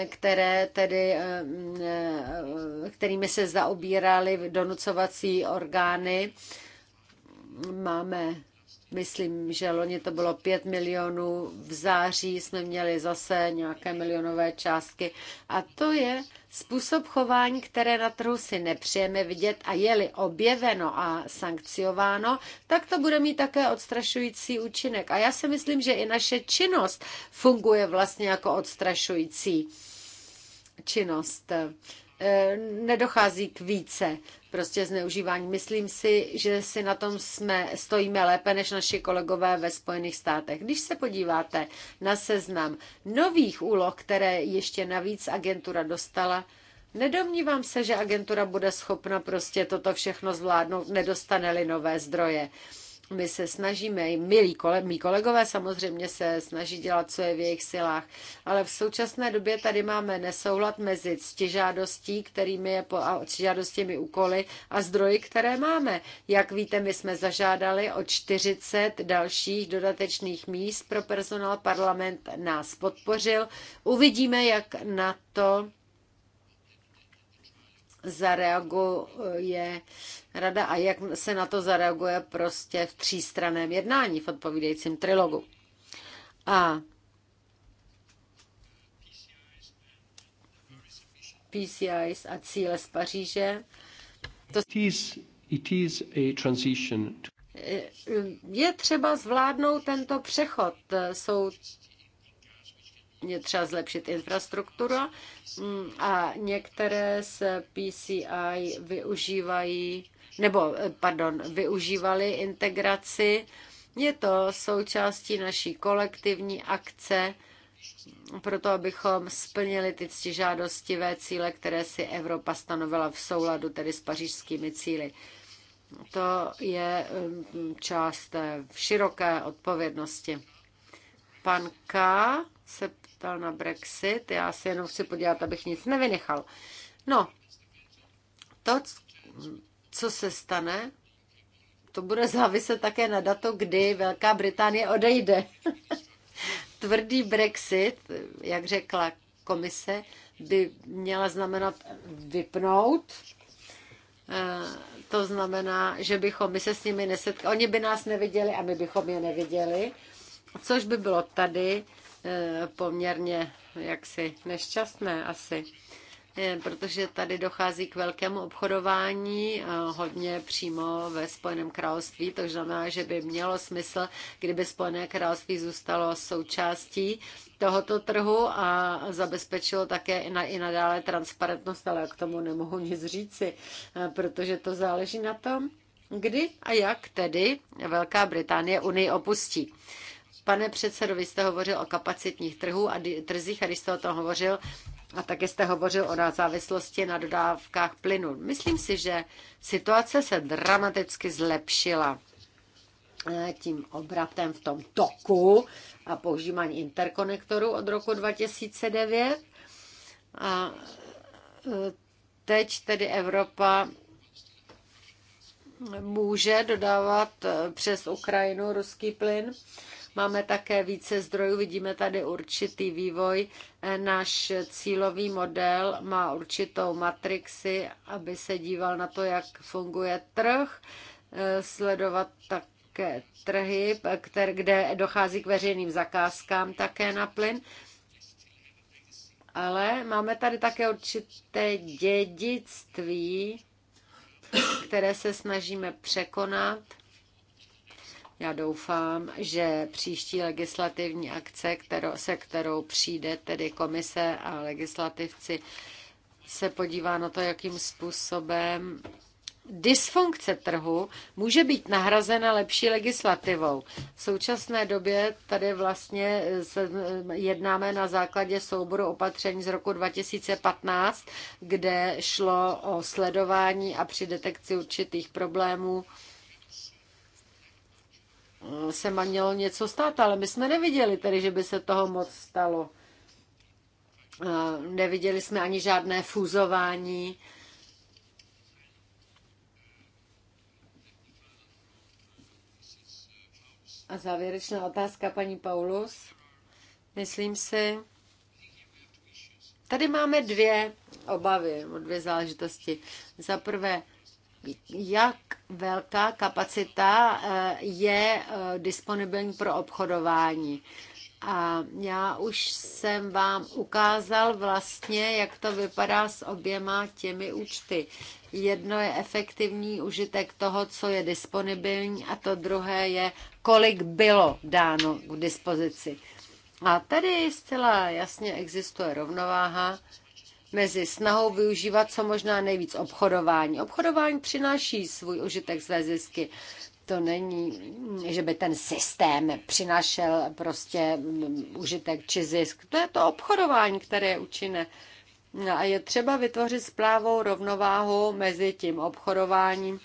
které tedy, eh, eh, kterými se zaobíraly donucovací orgány. Máme Myslím, že loni to bylo 5 milionů, v září jsme měli zase nějaké milionové částky. A to je způsob chování, které na trhu si nepřejeme vidět a je-li objeveno a sankciováno, tak to bude mít také odstrašující účinek. A já si myslím, že i naše činnost funguje vlastně jako odstrašující činnost e, nedochází k více prostě zneužívání. Myslím si, že si na tom jsme, stojíme lépe než naši kolegové ve Spojených státech. Když se podíváte na seznam nových úloh, které ještě navíc agentura dostala, Nedomnívám se, že agentura bude schopna prostě toto všechno zvládnout, nedostane-li nové zdroje my se snažíme, milí kole, mý kolegové samozřejmě se snaží dělat, co je v jejich silách, ale v současné době tady máme nesoulad mezi ctižádostí, kterými je po, a ctižádostěmi úkoly a zdroji, které máme. Jak víte, my jsme zažádali o 40 dalších dodatečných míst pro personál. Parlament nás podpořil. Uvidíme, jak na to zareaguje rada a jak se na to zareaguje prostě v třístraném jednání v odpovídajícím trilogu. A PCIs a cíle z Paříže. To it is, it is a transition. Je třeba zvládnout tento přechod. Jsou je třeba zlepšit infrastrukturu mm, a některé z PCI využívají, nebo, eh, pardon, využívali integraci. Je to součástí naší kolektivní akce, pro to, abychom splnili ty ctižádostivé cíle, které si Evropa stanovila v souladu tedy s pařížskými cíly. To je mm, část eh, široké odpovědnosti. Pan K. se ptal na Brexit. Já si jenom chci podívat, abych nic nevynechal. No, to, co se stane, to bude záviset také na dato, kdy Velká Británie odejde. Tvrdý Brexit, jak řekla komise, by měla znamenat vypnout. Eh, to znamená, že bychom my se s nimi nesetkali. Oni by nás neviděli a my bychom je neviděli. Což by bylo tady E, poměrně jaksi nešťastné asi, e, protože tady dochází k velkému obchodování, hodně přímo ve Spojeném království, to znamená, že by mělo smysl, kdyby Spojené království zůstalo součástí tohoto trhu a zabezpečilo také i, na, i nadále transparentnost, ale k tomu nemohu nic říci, e, protože to záleží na tom, kdy a jak tedy Velká Británie Unii opustí. Pane předsedo, vy jste hovořil o kapacitních trhů a trzích a když jste o tom hovořil, a také jste hovořil o závislosti na dodávkách plynu. Myslím si, že situace se dramaticky zlepšila eh, tím obratem v tom toku a používání interkonektoru od roku 2009. A eh, teď tedy Evropa může dodávat eh, přes Ukrajinu ruský plyn Máme také více zdrojů, vidíme tady určitý vývoj. Eh, náš cílový model má určitou matrixy, aby se díval na to, jak funguje trh, eh, sledovat tak trhy, kde dochází k veřejným zakázkám také na plyn. Ale máme tady také určité dědictví, které se snažíme překonat já doufám, že příští legislativní akce, kterou, se kterou přijde tedy komise a legislativci, se podívá na to, jakým způsobem dysfunkce trhu může být nahrazena lepší legislativou. V současné době tady vlastně jednáme na základě souboru opatření z roku 2015, kde šlo o sledování a při detekci určitých problémů se mělo něco stát, ale my jsme neviděli tedy, že by se toho moc stalo. Neviděli jsme ani žádné fúzování. A závěrečná otázka paní Paulus. Myslím si, tady máme dvě obavy, dvě záležitosti. Za prvé, jak velká kapacita eh, je eh, disponibilní pro obchodování. A já už jsem vám ukázal vlastně, jak to vypadá s oběma těmi účty. Jedno je efektivní užitek toho, co je disponibilní, a to druhé je, kolik bylo dáno k dispozici. A tady zcela jasně existuje rovnováha mezi snahou využívat co možná nejvíc obchodování. Obchodování přináší svůj užitek své zisky. To není, že by ten systém přinašel prostě mm, užitek či zisk. To je to obchodování, které je účinné. No a je třeba vytvořit splávou rovnováhu mezi tím obchodováním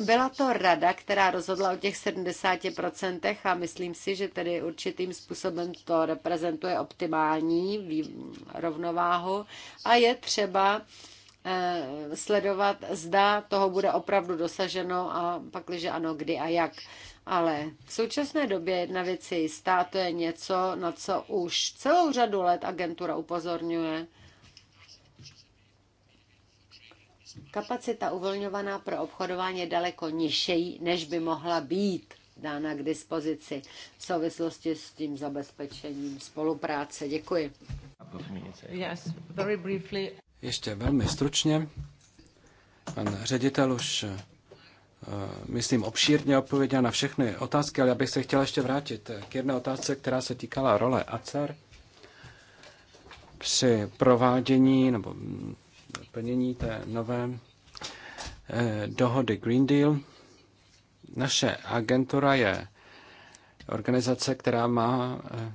byla to rada, která rozhodla o těch 70% a myslím si, že tedy určitým způsobem to reprezentuje optimální rovnováhu a je třeba eh, sledovat, zda toho bude opravdu dosaženo a pakliže ano, kdy a jak. Ale v současné době jedna věc je jistá, to je něco, na co už celou řadu let agentura upozorňuje – Kapacita uvolňovaná pro obchodování je daleko nižší, než by mohla být dána k dispozici v souvislosti s tím zabezpečením spolupráce. Děkuji. Ještě velmi stručně. Pan ředitel už, eh, myslím, obšírně odpověděl na všechny otázky, ale já bych se chtěla ještě vrátit eh, k jedné otázce, která se týkala role ACER při provádění nebo plnění té nové eh, dohody Green Deal. Naše agentura je organizace, která má eh,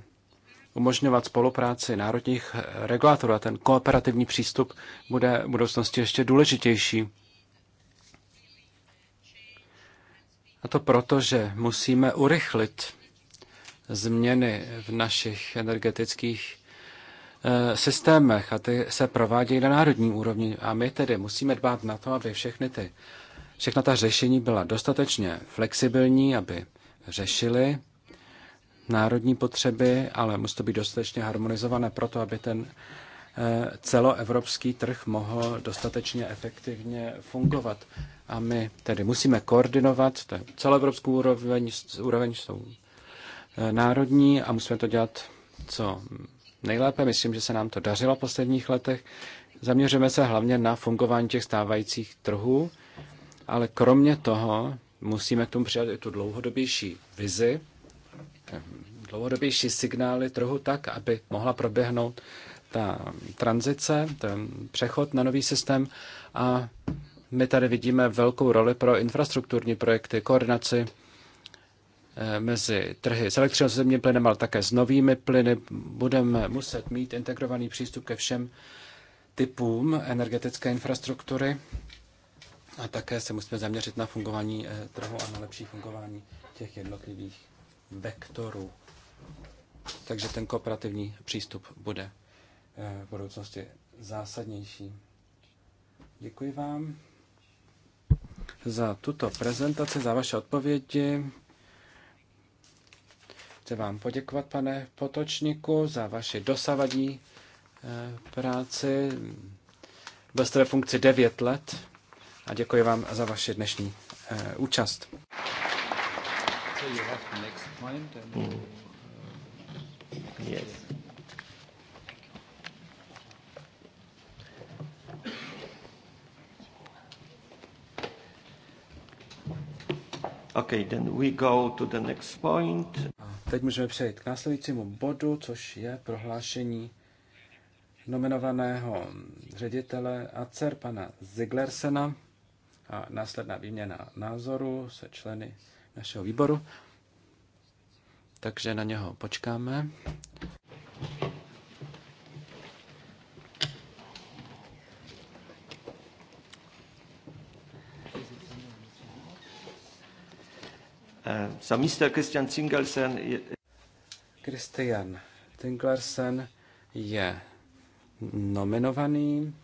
umožňovat spolupráci národních regulátorů a ten kooperativní přístup bude v budoucnosti ještě důležitější. A to proto, že musíme urychlit změny v našich energetických Eh, systémech a ty se provádějí na národní úrovni a my tedy musíme dbát na to, aby všechny ty, všechna ta řešení byla dostatečně flexibilní, aby řešili národní potřeby, ale musí to být dostatečně harmonizované proto, aby ten eh, celoevropský trh mohl dostatečně efektivně fungovat. A my tedy musíme koordinovat celoevropskou úroveň, úroveň jsou eh, národní a musíme to dělat co nejlépe. Myslím, že se nám to dařilo v posledních letech. Zaměřujeme se hlavně na fungování těch stávajících trhů, ale kromě toho musíme k tomu přidat i tu dlouhodobější vizi, eh, dlouhodobější signály trhu tak, aby mohla proběhnout ta tranzice, ten přechod na nový systém a my tady vidíme velkou roli pro infrastrukturní projekty, koordinaci Eh, mezi trhy s elektřinou, s zemním plynem, ale také s novými plyny. Budeme muset mít integrovaný přístup ke všem typům energetické infrastruktury a také se musíme zaměřit na fungování eh, trhu a na lepší fungování těch jednotlivých vektorů. Takže ten kooperativní přístup bude eh, v budoucnosti zásadnější. Děkuji vám za tuto prezentaci, za vaše odpovědi chci vám poděkovat, pane Potočníku, za vaši dosavadní eh, práci. Byl jste ve funkci 9 let a děkuji vám za vaši dnešní eh, účast. So you have next point and, uh, yes. Okay, then we go to the next point. A teď můžeme přejít k následujícímu bodu, což je prohlášení nominovaného ředitele ACER, pana Ziglersena, a následná výměna názoru se členy našeho výboru. Takže na něho počkáme. Eh, so Christian Zingelsen je... Christian Zingelsen je nominovaný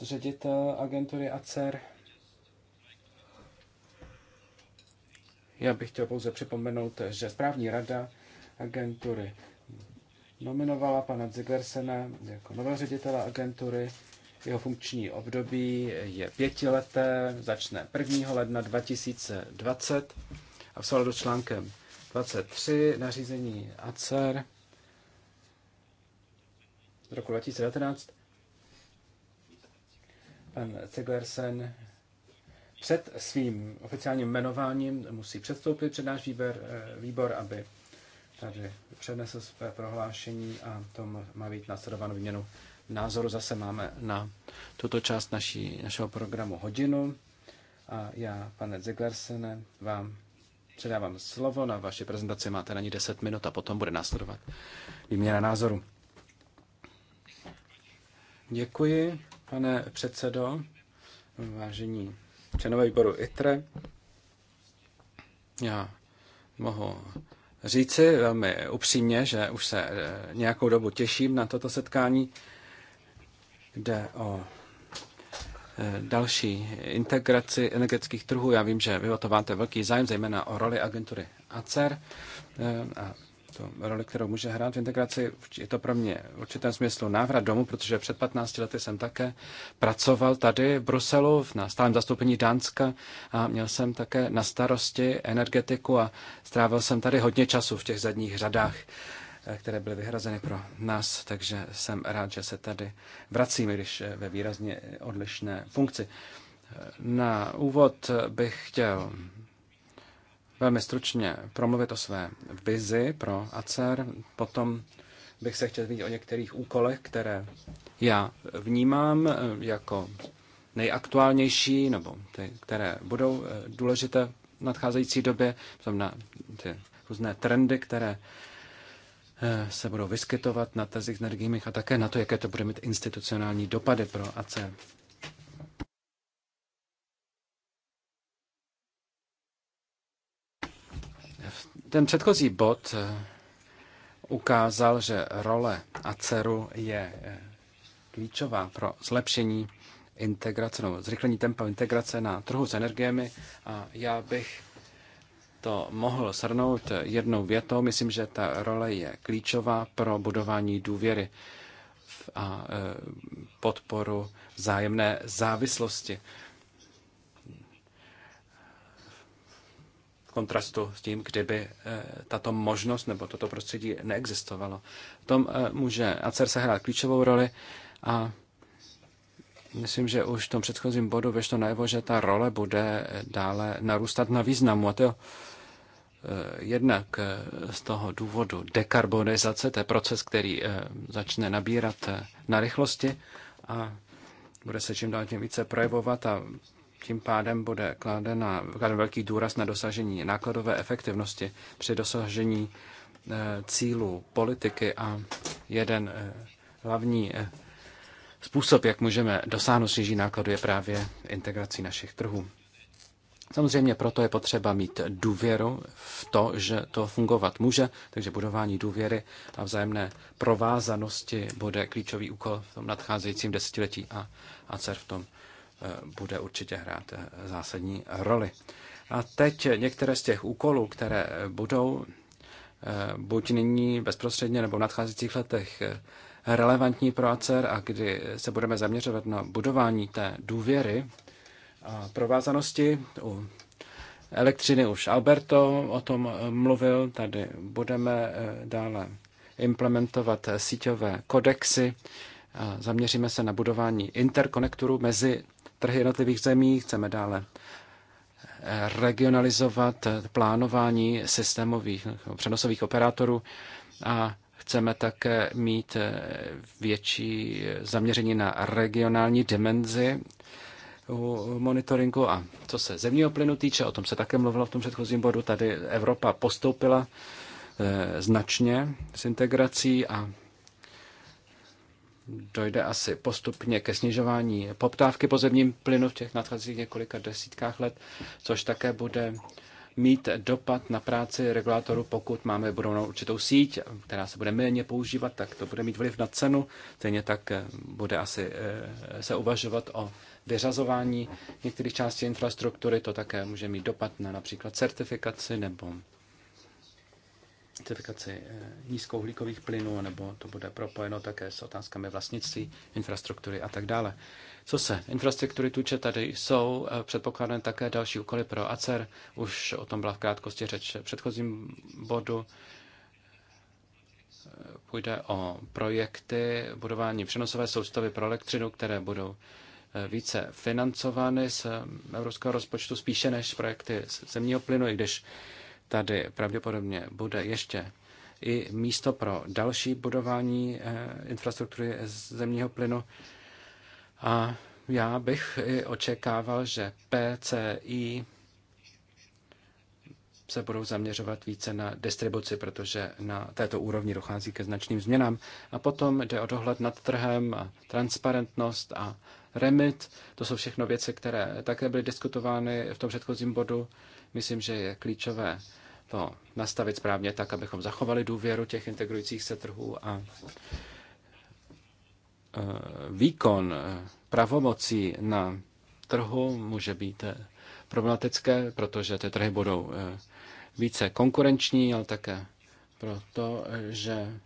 ředitel agentury ACER. Já bych chtěl pouze připomenout, že správní rada agentury nominovala pana Ziglersena jako nového ředitela agentury jeho funkční období je pětileté, začne 1. ledna 2020 a v souladu s článkem 23 nařízení ACER z roku 2019 pan Ceglersen před svým oficiálním jmenováním musí předstoupit před náš výber, eh, výbor aby tady přednesl své prohlášení a tom má být následováno výměnu názoru zase máme na tuto část naší, našeho programu hodinu. A já, pane Zeglersene, vám předávám slovo na vaši prezentaci. Máte na ní 10 minut a potom bude následovat výměna názoru. Děkuji, pane předsedo, vážení členové výboru ITRE. Já mohu říci velmi upřímně, že už se eh, nějakou dobu těším na toto setkání Jde o e, další integraci energetických trhů. Já vím, že vy o to máte velký zájem, zejména o roli agentury ACER a e e, tu roli, kterou může hrát v integraci. Je to pro mě v určitém smyslu návrat domů, protože před 15 lety jsem také pracoval tady v Bruselu na stálém zastoupení Dánska a měl jsem také na starosti energetiku a strávil jsem tady hodně času v těch zadních řadách. Eh, které byly vyhrazeny pro nás, takže jsem rád, že se tady vracíme, když eh, ve výrazně odlišné funkci. Eh, na úvod bych chtěl velmi stručně promluvit o své vizi pro ACER, potom bych se chtěl zmínit o některých úkolech, které já vnímám jako nejaktuálnější, nebo ty, které budou důležité v nadcházející době, na ty různé trendy, které Eh, se budou vyskytovat na trzích s energiemi a také na to, jaké to bude mít institucionální dopady pro AC. Ten předchozí bod eh, ukázal, že role ACERu je eh, klíčová pro zlepšení integrace no, zrychlení tempa integrace na trhu s energiemi a já bych to mohl shrnout jednou větou, myslím, že ta role je klíčová pro budování důvěry a e, podporu zájemné závislosti. V kontrastu s tím, kdyby e, tato možnost nebo toto prostředí neexistovalo. V tom e, může ACER sehrát klíčovou roli a myslím, že už v tom předchozím bodu vešlo najevo, že ta role bude dále narůstat na významu. A to Eh, jednak eh, z toho důvodu dekarbonizace, to je proces, který eh, začne nabírat na rychlosti a bude se čím dál tím více projevovat a tím pádem bude kladen velký důraz na dosažení nákladové efektivnosti při dosažení cílů politiky a jeden hlavní způsob, jak můžeme dosáhnout snížení nákladu, je právě integrací našich trhů. Samozřejmě proto je potřeba mít důvěru v to, že to fungovat může, takže budování důvěry a vzájemné provázanosti bude klíčový úkol v tom nadcházejícím desetiletí a ACER v tom eh, bude určitě hrát eh, zásadní roli. A teď některé z těch úkolů, které budou eh, buď nyní bezprostředně nebo v nadcházejících letech relevantní pro ACER a kdy se budeme zaměřovat na budování té důvěry, a provázanosti u elektřiny už Alberto o tom eh, mluvil, tady budeme eh, dále implementovat síťové kodexy, zaměříme se na budování interkonektorů mezi trhy jednotlivých zemí, chceme dále eh, regionalizovat plánování systémových přenosových operátorů a chceme také mít větší zaměření na regionální dimenzi monitoringu. A co se zemního plynu týče, o tom se také mluvilo v tom předchozím bodu, tady Evropa postoupila eh, značně s integrací a dojde asi postupně ke snižování poptávky po zemním plynu v těch nadcházejících několika desítkách let, což také bude mít dopad na práci regulátoru, pokud máme budou určitou síť, která se bude méně používat, tak to bude mít vliv na cenu. Stejně tak eh, bude asi eh, se uvažovat o vyřazování některých částí infrastruktury. To také může mít dopad na například certifikaci nebo certifikaci eh, nízkouhlíkových plynů, nebo to bude propojeno také s otázkami vlastnictví, infrastruktury a tak dále. Co se infrastruktury tuče tady jsou, eh, předpokládané také další úkoly pro ACER, už o tom byla v krátkosti řeč v předchozím bodu. Eh, půjde o projekty budování přenosové soustavy pro elektřinu, které budou Eh, více financovány z eh, evropského rozpočtu spíše než projekty zemního plynu, i když tady pravděpodobně bude ještě i místo pro další budování eh, infrastruktury zemního plynu. A já bych i očekával, že PCI se budou zaměřovat více na distribuci, protože na této úrovni dochází ke značným změnám. A potom jde o dohled nad trhem, a transparentnost a remit. To jsou všechno věci, které také byly diskutovány v tom předchozím bodu. Myslím, že je klíčové to nastavit správně tak, abychom zachovali důvěru těch integrujících se trhů a e, výkon e, pravomocí na trhu může být e, problematické, protože ty trhy budou více konkurenční, ale také proto, že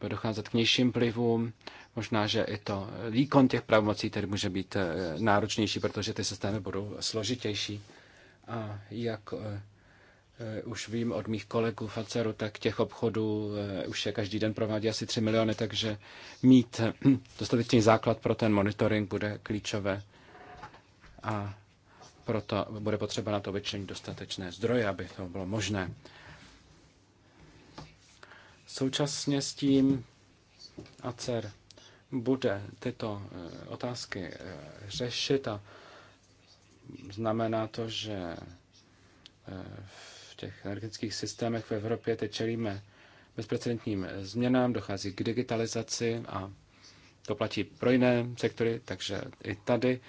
bude docházet k nižším plivům Možná, že i to výkon těch pravomocí tedy může být eh, náročnější, protože ty systémy budou složitější. A jak eh, eh, už vím od mých kolegů Aceru, tak těch obchodů už je každý den provádí asi 3 miliony, takže mít dostatečný základ pro ten monitoring bude klíčové. A proto bude potřeba na to vyčlenit dostatečné zdroje, aby to bylo možné. Současně s tím ACER bude tyto eh, otázky eh, řešit a znamená to, že eh, v těch energetických systémech v Evropě teď čelíme bezprecedentním změnám, dochází k digitalizaci a to platí pro jiné sektory, takže i tady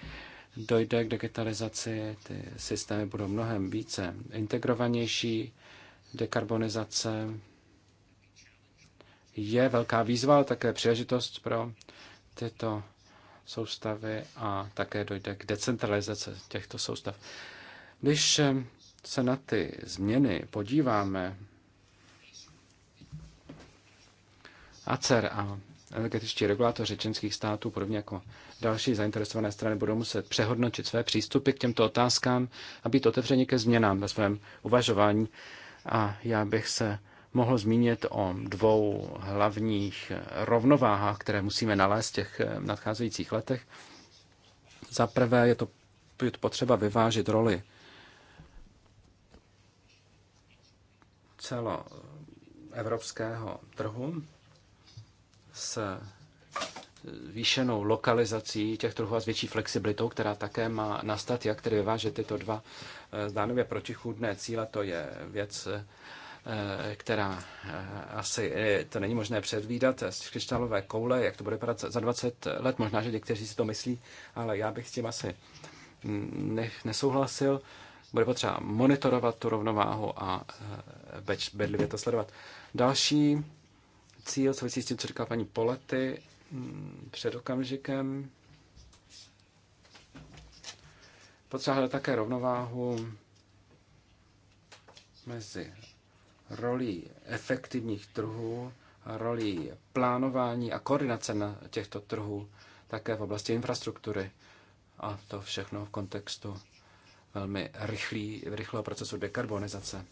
dojde k digitalizaci, ty systémy budou mnohem více integrovanější, dekarbonizace je velká výzva, ale také příležitost pro tyto soustavy a také dojde k decentralizaci těchto soustav. Když se na ty změny podíváme, ACER a energetičtí regulátoři čínských států, podobně jako další zainteresované strany, budou muset přehodnotit své přístupy k těmto otázkám a být otevřeni ke změnám ve svém uvažování. A já bych se mohl zmínit o dvou hlavních rovnováhách, které musíme nalézt v těch eh, nadcházejících letech. Za prvé je to, potřeba vyvážit roli celo evropského trhu s výšenou lokalizací těch trhů a s větší flexibilitou, která také má nastat, jak tedy vyvážet tyto dva eh, zdánlivě protichůdné cíle, to je věc, eh, Eh, která eh, asi eh, to není možné předvídat z křišťálové koule, jak to bude vypadat za 20 let. Možná, že někteří si to myslí, ale já bych s tím asi nesouhlasil. Bude potřeba monitorovat tu rovnováhu a bedlivě to sledovat. Další cíl souvisí s tím, co říkala paní Polety mm, před okamžikem. Potřeba hledat také rovnováhu mezi rolí efektivních trhů, roli plánování a koordinace na těchto trhů, také v oblasti infrastruktury. A to všechno v kontextu velmi rychlý, rychlého procesu dekarbonizace.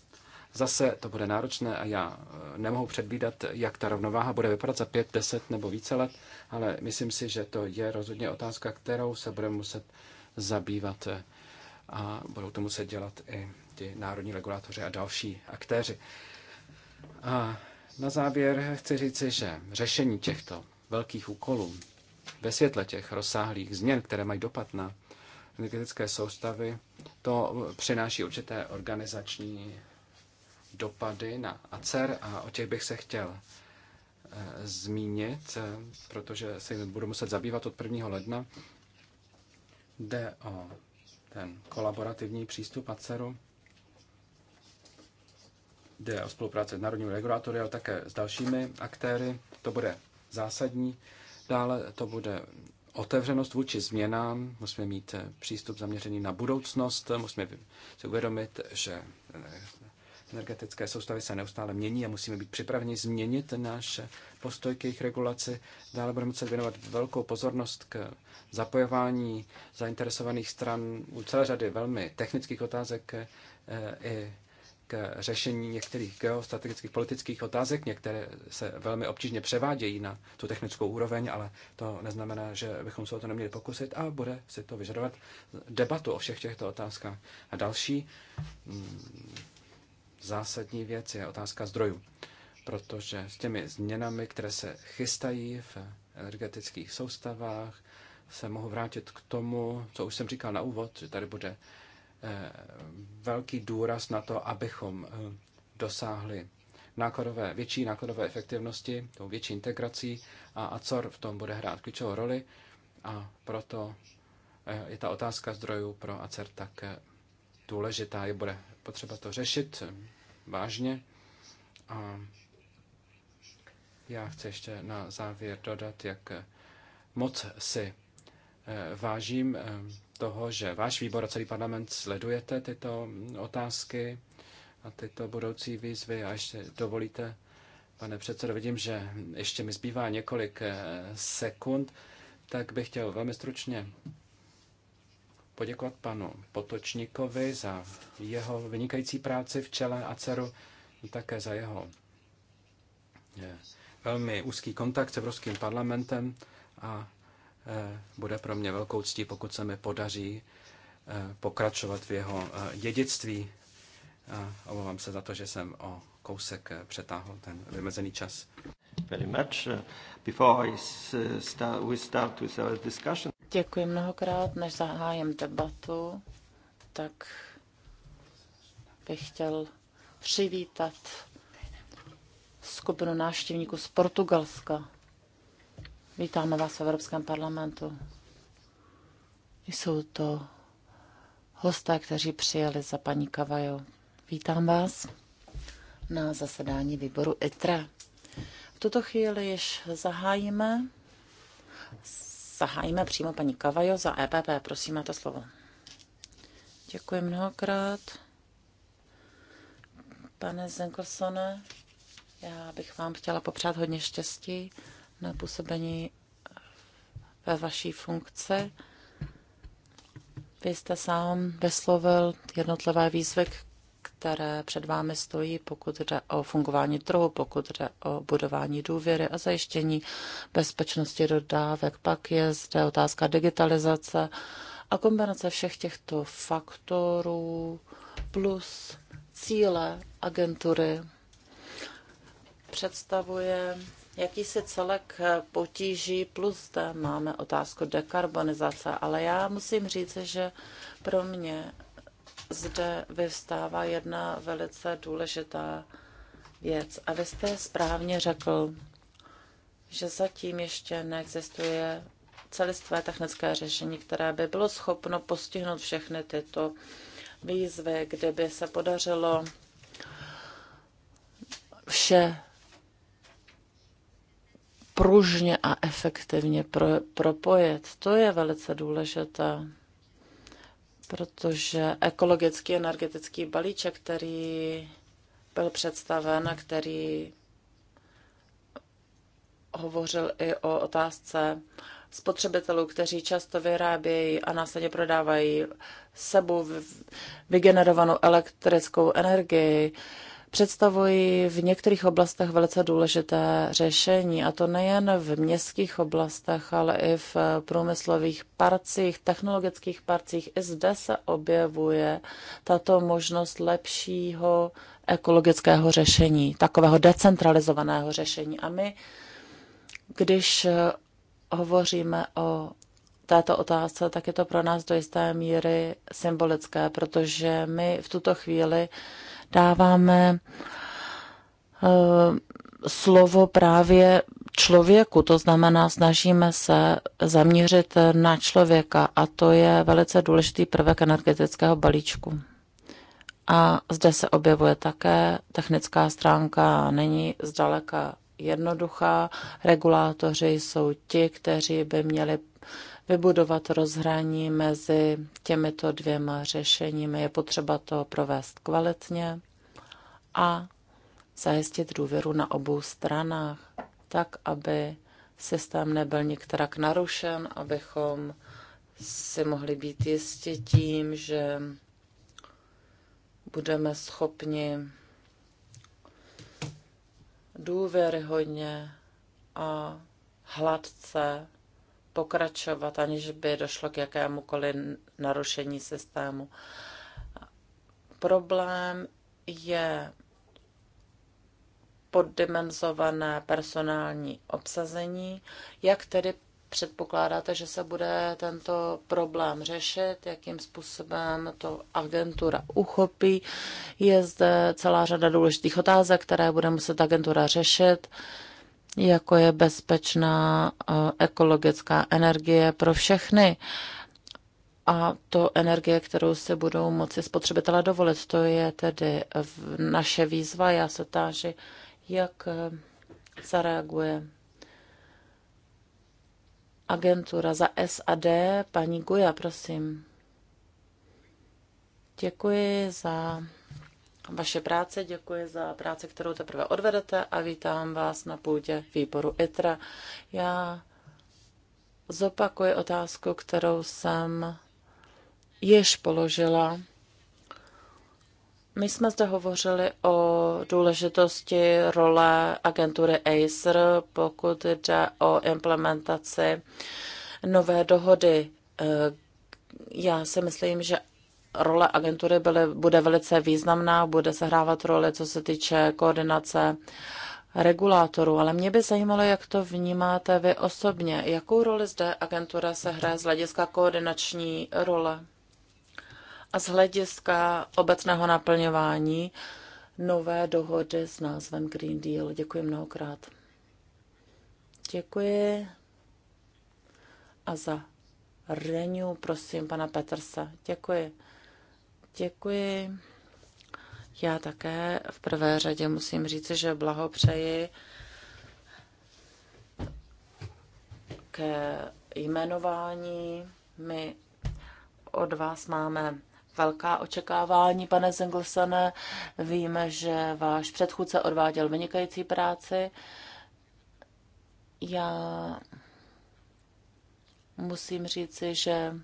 Zase to bude náročné a já eh, nemohu předvídat, jak ta rovnováha bude vypadat za pět, deset nebo více let, ale myslím si, že to je rozhodně otázka, kterou se budeme muset zabývat eh, a budou to muset dělat i ti národní regulátoři a další aktéři. A na závěr chci říci, že řešení těchto velkých úkolů ve světle těch rozsáhlých změn, které mají dopad na energetické soustavy, to přináší určité organizační dopady na ACER a o těch bych se chtěl eh, zmínit, eh, protože se jim budu muset zabývat od 1. ledna. Jde o ten kolaborativní přístup ACERu jde o spolupráci s národními regulátory, ale také s dalšími aktéry. To bude zásadní. Dále to bude otevřenost vůči změnám, musíme mít eh, přístup zaměřený na budoucnost, musíme si uvědomit, že eh, energetické soustavy se neustále mění a musíme být připraveni změnit náš postoj k jejich regulaci. Dále budeme muset věnovat velkou pozornost k zapojování zainteresovaných stran u celé řady velmi technických otázek eh, i k řešení některých geostrategických politických otázek. Některé se velmi obtížně převádějí na tu technickou úroveň, ale to neznamená, že bychom se o to neměli pokusit a bude si to vyžadovat debatu o všech těchto otázkách. A další mm, zásadní věc je otázka zdrojů, protože s těmi změnami, které se chystají v energetických soustavách, se mohu vrátit k tomu, co už jsem říkal na úvod, že tady bude Eh, velký důraz na to, abychom eh, dosáhli nákladové, větší nákladové efektivnosti, tou větší integrací a ACOR v tom bude hrát klíčovou roli a proto eh, je ta otázka zdrojů pro ACER tak důležitá. Je bude potřeba to řešit vážně a já chci ještě na závěr dodat, jak moc si vážím toho, že váš výbor a celý parlament sledujete tyto otázky a tyto budoucí výzvy a ještě dovolíte, pane předsedo, vidím, že ještě mi zbývá několik eh, sekund, tak bych chtěl velmi stručně poděkovat panu Potočníkovi za jeho vynikající práci v čele a dceru, také za jeho eh, velmi úzký kontakt s Evropským parlamentem a Eh, bude pro mě velkou ctí, pokud se mi podaří eh, pokračovat v jeho eh, dědictví. Omlouvám se za to, že jsem o kousek přetáhl ten vymezený čas. Very much. Before I start, we start with our discussion. Děkuji mnohokrát. Než zahájím debatu, tak bych chtěl přivítat skupinu návštěvníků z Portugalska. Vítáme vás v Evropském parlamentu. Jsou to hosté, kteří přijeli za paní Kavajo. Vítám vás na zasedání výboru ITRE. V tuto chvíli již zahájíme. Zahájíme přímo paní Kavajo za EPP. Prosím, máte slovo. Děkuji mnohokrát. Pane Zenkosone, já bych vám chtěla popřát hodně štěstí na působení ve vaší funkci. Vy jste sám vyslovil jednotlivé výzvy, které před vámi stojí, pokud jde o fungování trhu, pokud jde o budování důvěry a zajištění bezpečnosti dodávek. Pak je zde otázka digitalizace a kombinace všech těchto faktorů plus cíle agentury představuje Jaký se celek eh, potíží, plus zde máme otázku dekarbonizace, ale já musím říct, že pro mě zde vystává jedna velice důležitá věc. A vy jste správně řekl, že zatím ještě neexistuje celistvé technické řešení, které by bylo schopno postihnout všechny tyto výzvy, kdyby se podařilo vše pružně a efektivně pro, propojit. To je velice důležité, protože ekologický energetický balíček, který byl představen a který hovořil i o otázce spotřebitelů, kteří často vyrábějí a následně prodávají sebou vygenerovanou elektrickou energii, představují v některých oblastech velice důležité řešení, a to nejen v městských oblastech, ale i v průmyslových parcích, technologických parcích. I zde se objevuje tato možnost lepšího ekologického řešení, takového decentralizovaného řešení. A my, když hovoříme o této otázce, tak je to pro nás do jisté míry symbolické, protože my v tuto chvíli dáváme eh, slovo právě člověku, to znamená, snažíme se zaměřit na člověka a to je velice důležitý prvek energetického balíčku. A zde se objevuje také technická stránka, není zdaleka jednoduchá. Regulátoři jsou ti, kteří by měli vybudovat rozhraní mezi těmito dvěma řešeními. Je potřeba to provést kvalitně a zajistit důvěru na obou stranách, tak aby systém nebyl některak narušen, abychom si mohli být jistí tím, že budeme schopni důvěryhodně a hladce pokračovat, aniž by došlo k jakémukoliv narušení systému. Problém je poddimenzované personální obsazení. Jak tedy předpokládáte, že se bude tento problém řešit, jakým způsobem to agentura uchopí. Je zde celá řada důležitých otázek, které bude muset agentura řešit jako je bezpečná eh, ekologická energie pro všechny. A to energie, kterou se budou moci spotřebitelé dovolit, to je tedy naše výzva. Já se táži, jak eh, zareaguje agentura za SAD, paní Guja, prosím. Děkuji za vaše práce, děkuji za práci, kterou teprve odvedete a vítám vás na půdě výboru ITRA. Já zopakuji otázku, kterou jsem již položila. My jsme zde hovořili o důležitosti role agentury ACER, pokud jde o implementaci nové dohody. Eh, já si myslím, že role agentury byly, bude velice významná, bude sehrávat roli, co se týče koordinace regulátorů, ale mě by zajímalo, jak to vnímáte vy osobně. Jakou roli zde agentura se hraje z hlediska koordinační role a z hlediska obecného naplňování nové dohody s názvem Green Deal? Děkuji mnohokrát. Děkuji. A za Renew, prosím, pana Petersa. Děkuji. Děkuji. Já také v prvé řadě musím říct, že blahopřeji ke jmenování. My od vás máme velká očekávání, pane Zenglsone. Víme, že váš předchůdce odváděl vynikající práci. Já musím říci, že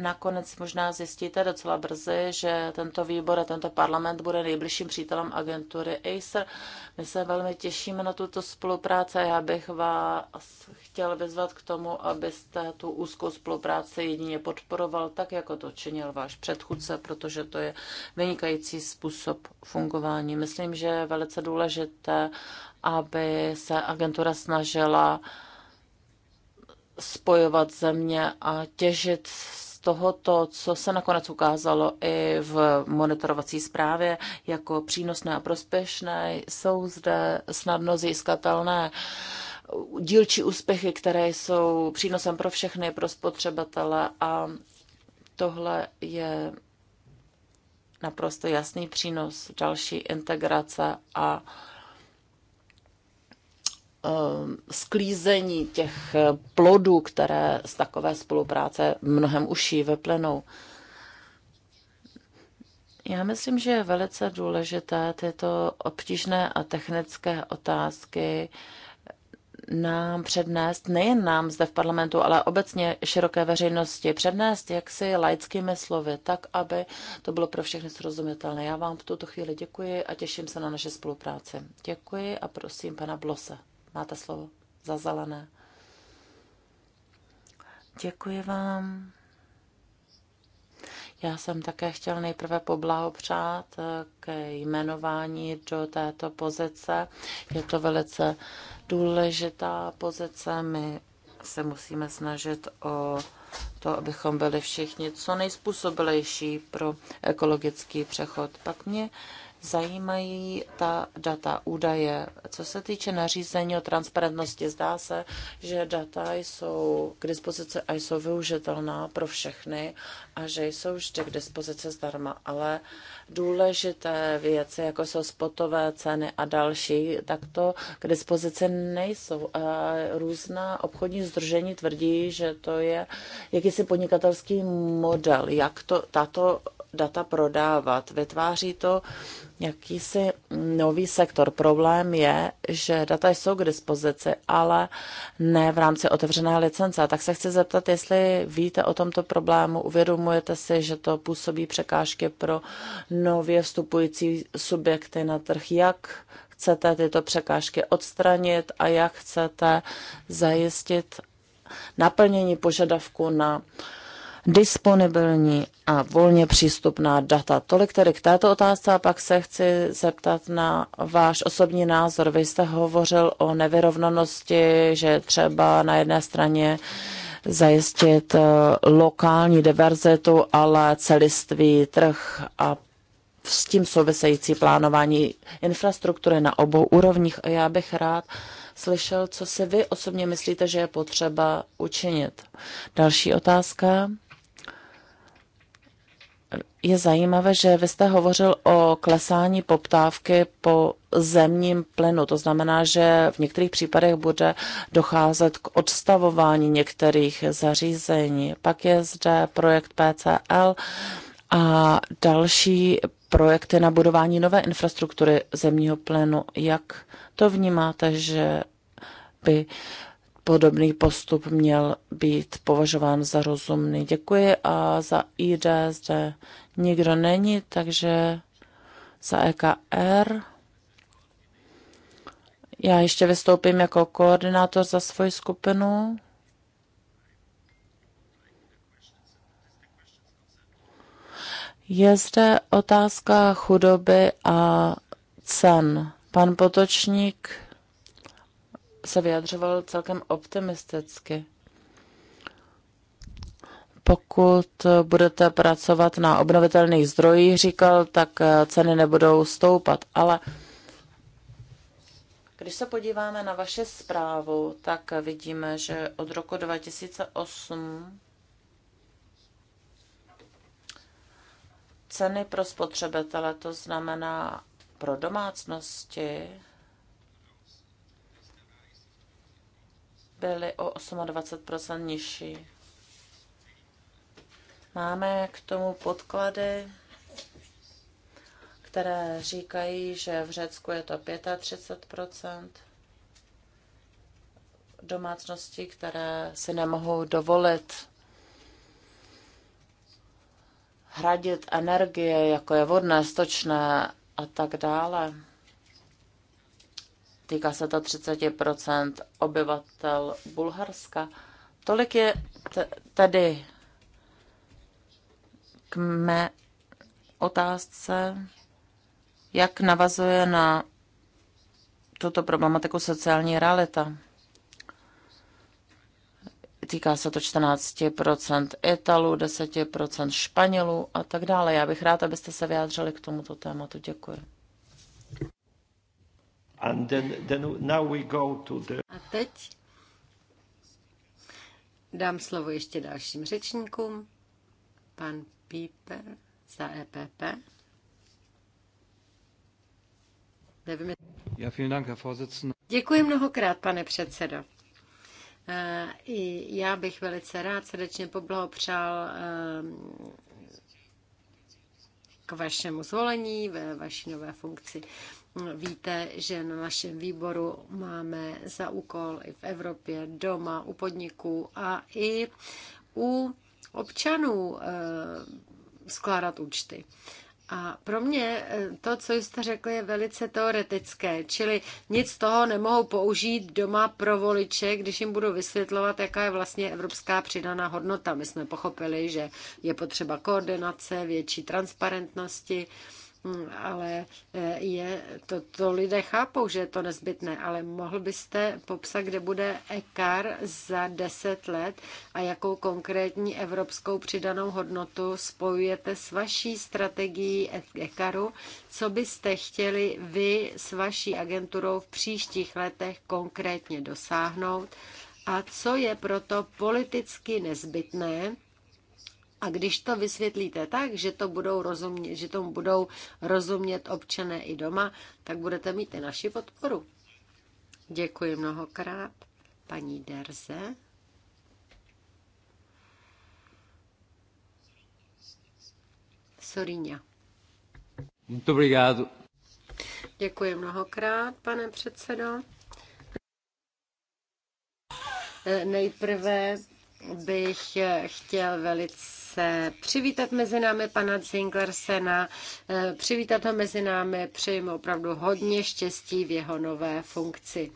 nakonec možná zjistíte docela brzy, že tento výbor a tento parlament bude nejbližším přítelem agentury Acer. My se velmi těšíme na tuto spolupráci a já bych vás chtěl vyzvat k tomu, abyste tu úzkou spolupráci jedině podporoval, tak jako to činil váš předchůdce, protože to je vynikající způsob fungování. Myslím, že je velice důležité, aby se agentura snažila spojovat země a těžit tohoto, co se nakonec ukázalo i v monitorovací zprávě jako přínosné a prospěšné, jsou zde snadno získatelné dílčí úspěchy, které jsou přínosem pro všechny, pro spotřebatele a tohle je naprosto jasný přínos další integrace a Ehm, sklízení těch eh, plodů, které z takové spolupráce mnohem uší vyplynou. Já myslím, že je velice důležité tyto obtížné a technické otázky nám přednést, nejen nám zde v parlamentu, ale obecně široké veřejnosti, přednést jaksi laickými slovy, tak, aby to bylo pro všechny srozumitelné. Já vám v tuto chvíli děkuji a těším se na naše spolupráci. Děkuji a prosím pana Blose. Máte slovo za zelené. Děkuji vám. Já jsem také chtěl nejprve poblahopřát eh, k jmenování do této pozice. Je to velice důležitá pozice. My se musíme snažit o to, abychom byli všichni co nejspůsobilejší pro ekologický přechod. Pak mě zajímají ta data, údaje. Co se týče nařízení o transparentnosti, zdá se, že data jsou k dispozici a jsou využitelná pro všechny a že jsou vždy k dispozici zdarma, ale důležité věci, jako jsou spotové ceny a další, tak to k dispozici nejsou. A různá obchodní združení tvrdí, že to je jakýsi podnikatelský model, jak to tato data prodávat. Vytváří to jakýsi nový sektor. Problém je, že data jsou k dispozici, ale ne v rámci otevřené licence. Tak se chci zeptat, jestli víte o tomto problému, uvědomujete si, že to působí překážky pro nově vstupující subjekty na trh, jak chcete tyto překážky odstranit a jak chcete zajistit naplnění požadavku na uh, disponibilní a volně přístupná data. Tolik tedy k této otázce a pak se chci zeptat na váš osobní názor. Vy jste hovořil o nevyrovnanosti, že třeba na jedné straně zajistit eh, lokální diverzitu, ale celistvý trh a s tím související plánování infrastruktury na obou úrovních. A já bych rád slyšel, co si vy osobně myslíte, že je potřeba učinit. Další otázka je zajímavé, že vy jste hovořil o klesání poptávky po zemním plynu. To znamená, že v některých případech bude docházet k odstavování některých zařízení. Pak je zde projekt PCL a další projekty na budování nové infrastruktury zemního plynu. Jak to vnímáte, že by podobný postup měl být považován za rozumný. Děkuji a za ID zde nikdo není, takže za EKR. Já ještě vystoupím jako koordinátor za svoji skupinu. Je zde otázka chudoby a cen. Pan Potočník se vyjadřoval celkem optimisticky. Pokud budete pracovat na obnovitelných zdrojích, říkal, tak eh, ceny nebudou stoupat. Ale když se podíváme na vaši zprávu, tak vidíme, že od roku 2008 ceny pro spotřebitele, to znamená pro domácnosti, byly o 28% nižší. Máme k tomu podklady, které říkají, že v Řecku je to 35%, domácností, které si nemohou dovolit hradit energie, jako je vodné, stočné a tak dále. Týká se to 30 obyvatel Bulharska. Tolik je tedy k mé otázce, jak navazuje na tuto problematiku sociální realita. Týká se to 14% Italů, 10% Španělů a tak dále. Já bych rád, abyste se vyjádřili k tomuto tématu. Děkuji. And then, then now we go to the... A teď dám slovo ještě dalším řečníkům. Pan Píper za EPP. ja, vielen Dank, Herr Děkuji mnohokrát, pane předsedo. Eh, I já bych velice rád srdečně poblahopřál eh, k vašemu zvolení ve vaší nové funkci. Víte, že na našem výboru máme za úkol i v Evropě, doma, u podniků a i u občanů eh, skládat účty. A pro mě eh, to, co jste řekli, je velice teoretické, čili nic z toho nemohu použít doma pro voliče, když jim budu vysvětlovat, jaká je vlastně evropská přidaná hodnota. My jsme pochopili, že je potřeba koordinace, větší transparentnosti. Hm, ale eh, je, to, to lidé chápou, že je to nezbytné, ale mohl byste popsat, kde bude EKAR za 10 let a jakou konkrétní evropskou přidanou hodnotu spojujete s vaší strategií EKARu, co byste chtěli vy s vaší agenturou v příštích letech konkrétně dosáhnout a co je proto politicky nezbytné, a když to vysvětlíte tak, že, to budou rozumět, že tomu budou rozumět občané i doma, tak budete mít i naši podporu. Děkuji mnohokrát, paní Derze. Sorinja. obrigado. Děkuji mnohokrát, pane předsedo. E, nejprve bych chtěl velice přivítat mezi námi pana Zinglersena, přivítat ho mezi námi, přeji mu opravdu hodně štěstí v jeho nové funkci.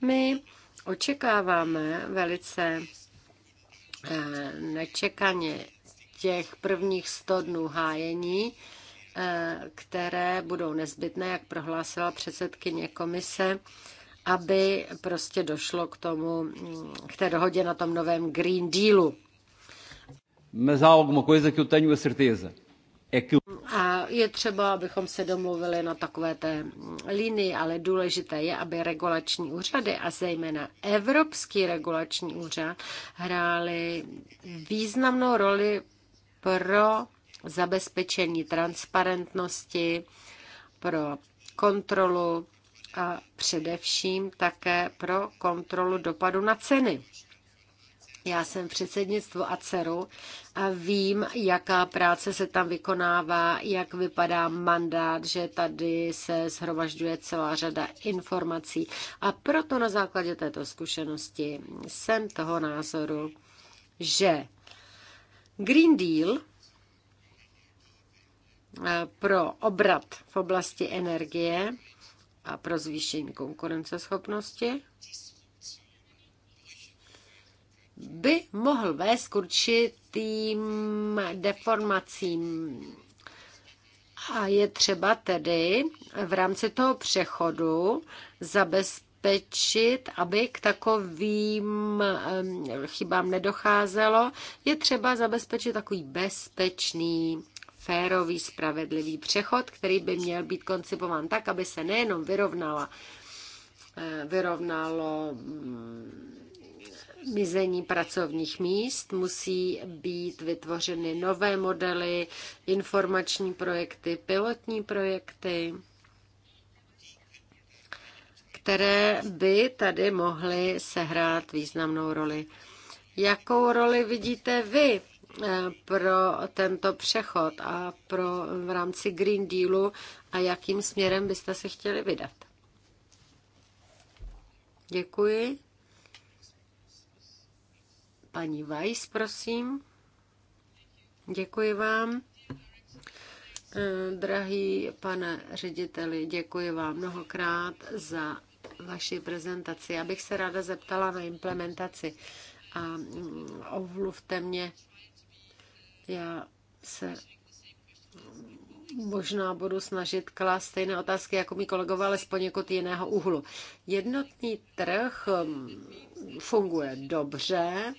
My očekáváme velice eh, nečekaně těch prvních 100 dnů hájení, eh, které budou nezbytné, jak prohlásila předsedkyně komise, aby prostě došlo k tomu, k té dohodě na tom novém Green Dealu. Mas há alguma coisa que eu tenho a certeza. É que... A je třeba, abychom se domluvili na takové té linii, ale důležité je, aby regulační úřady a zejména Evropský regulační úřad hrály významnou roli pro zabezpečení transparentnosti, pro kontrolu a především také pro kontrolu dopadu na ceny. Já jsem předsednictvo ACERu a vím, jaká práce se tam vykonává, jak vypadá mandát, že tady se shromažďuje celá řada informací. A proto na základě této zkušenosti jsem toho názoru, že Green Deal eh, pro obrat v oblasti energie a pro zvýšení konkurenceschopnosti by mohl vést k určitým deformacím. A je třeba tedy v rámci toho přechodu zabezpečit, aby k takovým chybám nedocházelo. Je třeba zabezpečit takový bezpečný férový, spravedlivý přechod, který by měl být koncipován tak, aby se nejenom vyrovnala, eh, vyrovnalo mm, mizení pracovních míst, musí být vytvořeny nové modely, informační projekty, pilotní projekty, které by tady mohly sehrát významnou roli. Jakou roli vidíte vy Eh, pro tento přechod a pro v rámci Green Dealu a jakým směrem byste se chtěli vydat. Děkuji. Paní Weiss, prosím. Děkuji vám. Eh, drahý pane řediteli, děkuji vám mnohokrát za vaši prezentaci. Já bych se ráda zeptala na implementaci a mm, ovluvte mě já se možná budu snažit klást stejné otázky jako mi kolegové, ale z poněkud jiného úhlu. Jednotný trh um, funguje dobře,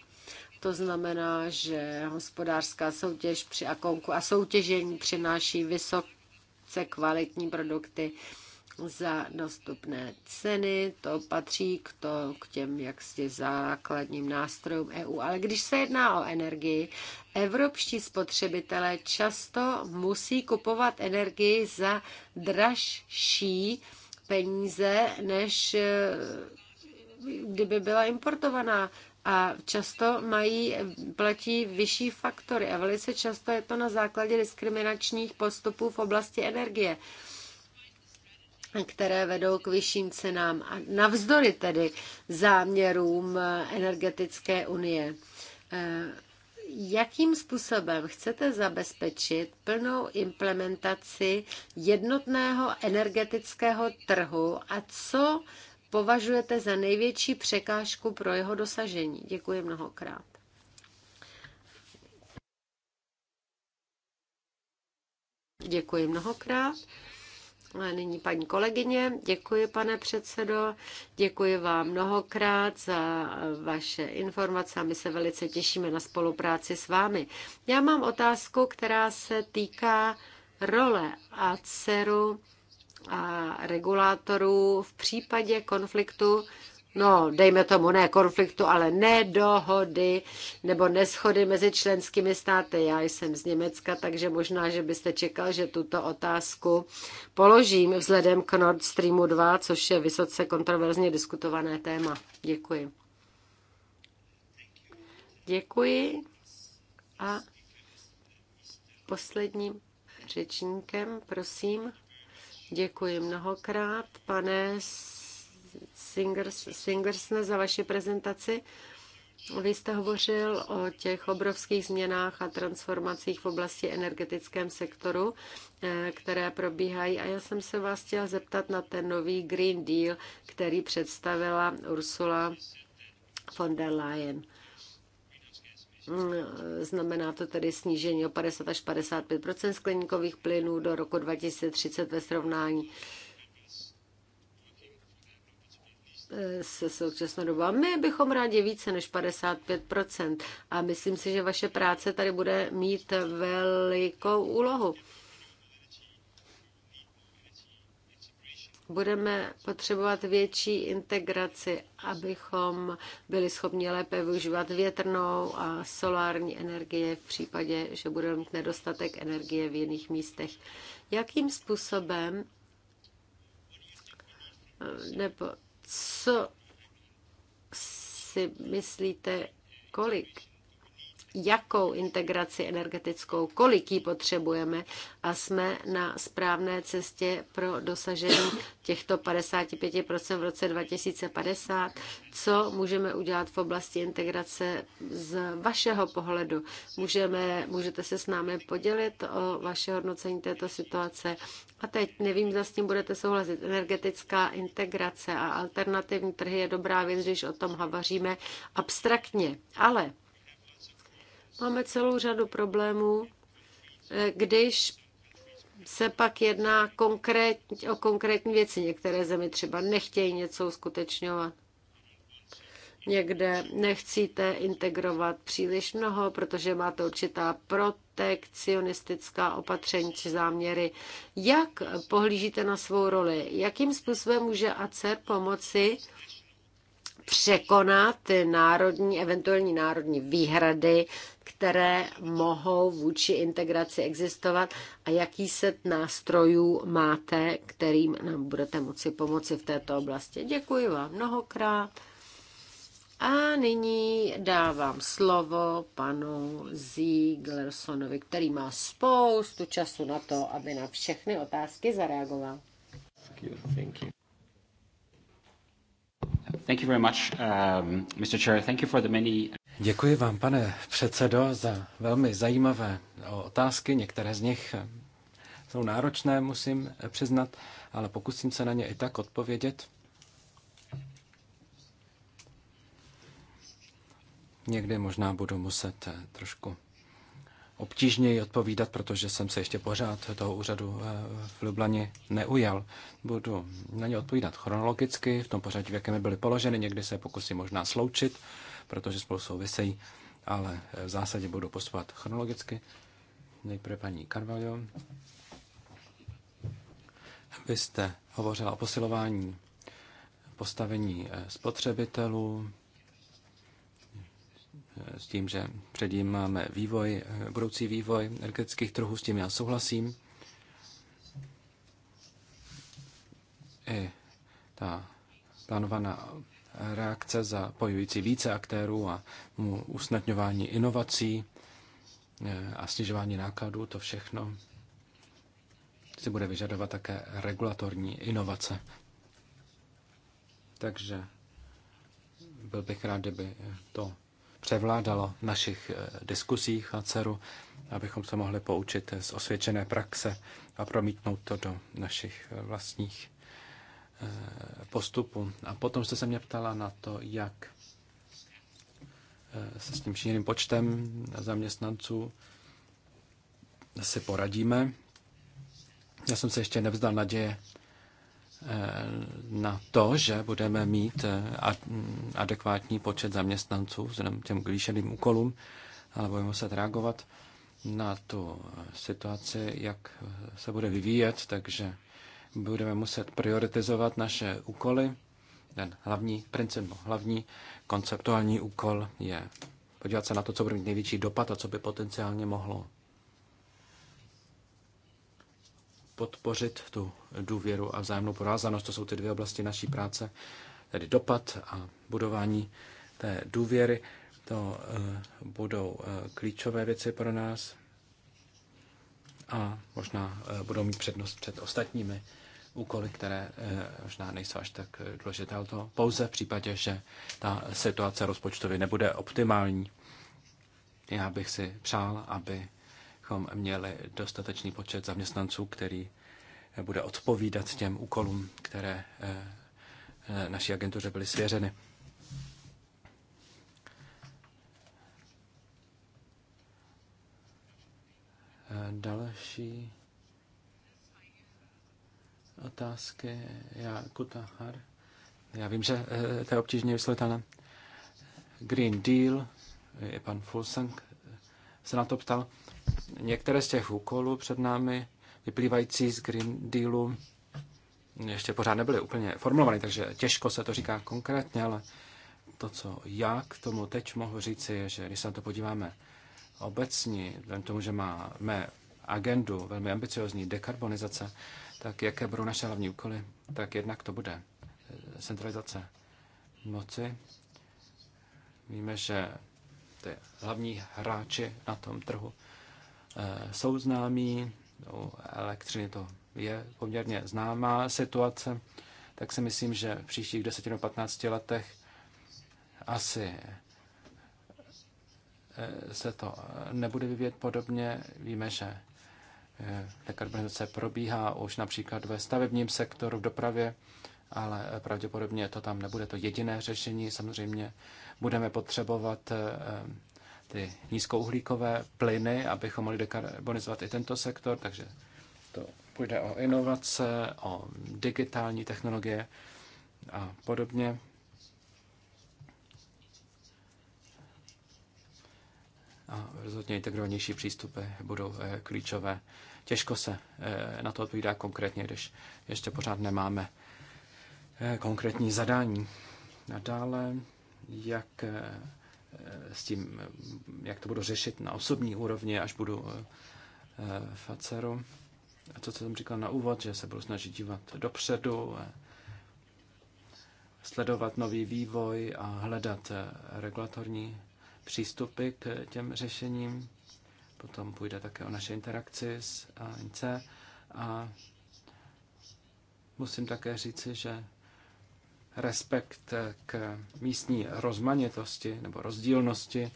to znamená, že hospodářská soutěž při a, konku, a soutěžení přináší vysoce kvalitní produkty za dostupné ceny. To patří k, to, k těm jaksi základním nástrojům EU. Ale když se jedná o energii, evropští spotřebitelé často musí kupovat energii za dražší peníze, než eh, kdyby byla importovaná a často mají, platí vyšší faktory a velice často je to na základě diskriminačních postupů v oblasti energie které vedou k vyšším cenám a navzdory tedy záměrům energetické unie. Eh, jakým způsobem chcete zabezpečit plnou implementaci jednotného energetického trhu a co považujete za největší překážku pro jeho dosažení? Děkuji mnohokrát. Děkuji mnohokrát. Nyní paní kolegyně, děkuji pane předsedo, děkuji vám mnohokrát za vaše informace a my se velice těšíme na spolupráci s vámi. Já mám otázku, která se týká role ACERu a regulátorů v případě konfliktu no, dejme tomu ne konfliktu, ale nedohody nebo neschody mezi členskými státy. Já jsem z Německa, takže možná, že byste čekal, že tuto otázku položím vzhledem k Nord Streamu 2, což je vysoce kontroverzně diskutované téma. Děkuji. Děkuji. A posledním řečníkem, prosím. Děkuji mnohokrát, pane Singers, Singers za vaši prezentaci. Vy jste hovořil o těch obrovských změnách a transformacích v oblasti energetickém sektoru, eh, které probíhají. A já jsem se vás chtěla zeptat na ten nový Green Deal, který představila Ursula von der Leyen. Mm, znamená to tedy snížení o 50 až 55 skleníkových plynů do roku 2030 ve srovnání se současnou dobou. My bychom rádi více než 55% a myslím si, že vaše práce tady bude mít velikou úlohu. budeme potřebovat větší integraci, abychom byli schopni lépe využívat větrnou a solární energie v případě, že budeme mít nedostatek energie v jiných místech. Jakým způsobem nebo co si myslíte, kolik jakou integraci energetickou, kolik ji potřebujeme a jsme na správné cestě pro dosažení těchto 55% v roce 2050. Co můžeme udělat v oblasti integrace z vašeho pohledu? Můžeme, můžete se s námi podělit o vaše hodnocení této situace? A teď nevím, zda s tím budete souhlasit. Energetická integrace a alternativní trhy je dobrá věc, když o tom havaříme abstraktně. Ale Máme celou řadu problémů, eh, když se pak jedná konkrét, o konkrétní věci. Některé zemi třeba nechtějí něco uskutečňovat. Někde nechcíte integrovat příliš mnoho, protože máte určitá protekcionistická opatření či záměry. Jak pohlížíte na svou roli? Jakým způsobem může ACER pomoci překonat ty národní, eventuální národní výhrady, které mohou vůči integraci existovat a jaký set nástrojů máte, kterým nám budete moci pomoci v této oblasti. Děkuji vám mnohokrát. A nyní dávám slovo panu Zieglersonovi, který má spoustu času na to, aby na všechny otázky zareagoval. Thank you. Děkuji vám, pane předsedo, za velmi zajímavé otázky. Některé z nich eh, jsou náročné, musím eh, přiznat, ale pokusím se na ně i tak odpovědět. Někdy možná budu muset eh, trošku obtížněji odpovídat, protože jsem se ještě pořád toho úřadu eh, v Lublani neujal. Budu na ně odpovídat chronologicky, v tom pořadí, v jakém byly položeny. Někdy se pokusím možná sloučit, protože spolu souvisejí, ale eh, v zásadě budu postupovat chronologicky. Nejprve paní Karvaljo. Vy jste hovořila o posilování postavení eh, spotřebitelů, s tím, že před ním máme vývoj, budoucí vývoj energetických trhů, s tím já souhlasím. I ta plánovaná reakce zapojující více aktérů a usnadňování inovací eh, a snižování nákladů, to všechno si bude vyžadovat také regulatorní inovace. Takže byl bych rád, kdyby to převládalo v našich eh, diskusích a dceru, abychom se mohli poučit z osvědčené praxe a promítnout to do našich eh, vlastních eh, postupů. A potom jste se mě ptala na to, jak se s tím šířeným počtem zaměstnanců si poradíme. Já jsem se ještě nevzdal naděje, na to, že budeme mít eh, mm, adekvátní počet zaměstnanců vzhledem těm klíšeným úkolům, ale budeme muset reagovat na tu eh, situaci, jak se bude vyvíjet, takže budeme muset prioritizovat naše úkoly. Ten hlavní princip, hlavní konceptuální úkol je podívat se na to, co bude mít největší dopad a co by potenciálně mohlo podpořit tu důvěru a vzájemnou provázanost. To jsou ty dvě oblasti naší práce, tedy dopad a budování té důvěry. To eh, budou eh, klíčové věci pro nás a možná eh, budou mít přednost před ostatními úkoly, které možná nejsou až tak důležité, ale to pouze v případě, že ta situace rozpočtově nebude optimální. Já bych si přál, aby abychom měli dostatečný počet zaměstnanců, který bude odpovídat těm úkolům, které eh, naší agentuře byly svěřeny. Eh, další otázky. Já, Kutahar. Já vím, že eh, to je obtížně vysvětlitelné. Green Deal, je pan Fulsang se na to ptal. Některé z těch úkolů před námi, vyplývající z Green Dealu, ještě pořád nebyly úplně formulované, takže těžko se to říká konkrétně, ale to, co já k tomu teď mohu říci, je, že když se na to podíváme obecně, vzhledem tomu, že máme agendu velmi ambiciozní dekarbonizace, tak jaké budou naše hlavní úkoly, tak jednak to bude centralizace moci. Víme, že je hlavní hráči na tom trhu eh, jsou známí, u elektřiny to je poměrně známá situace, tak si myslím, že v příštích 10 nebo 15 letech asi eh, se to eh, nebude vyvíjet podobně. Víme, že dekarbonizace probíhá už například ve stavebním sektoru, v dopravě ale pravděpodobně to tam nebude to jediné řešení. Samozřejmě budeme potřebovat eh, ty nízkouhlíkové plyny, abychom mohli dekarbonizovat i tento sektor, takže to půjde o inovace, o digitální technologie a podobně. A rozhodně integrovanější přístupy budou eh, klíčové. Těžko se eh, na to odpovídá konkrétně, když ještě pořád nemáme Eh, konkrétní zadání. A dále, jak eh, eh, s tím, jak to budu řešit na osobní úrovni, až budu v A to, co jsem říkal na úvod, že se budu snažit dívat dopředu, sledovat nový vývoj a hledat regulatorní přístupy k těm řešením. Potom půjde také o naše interakci s ANC a musím také říci, že Respekt k místní rozmanitosti nebo rozdílnosti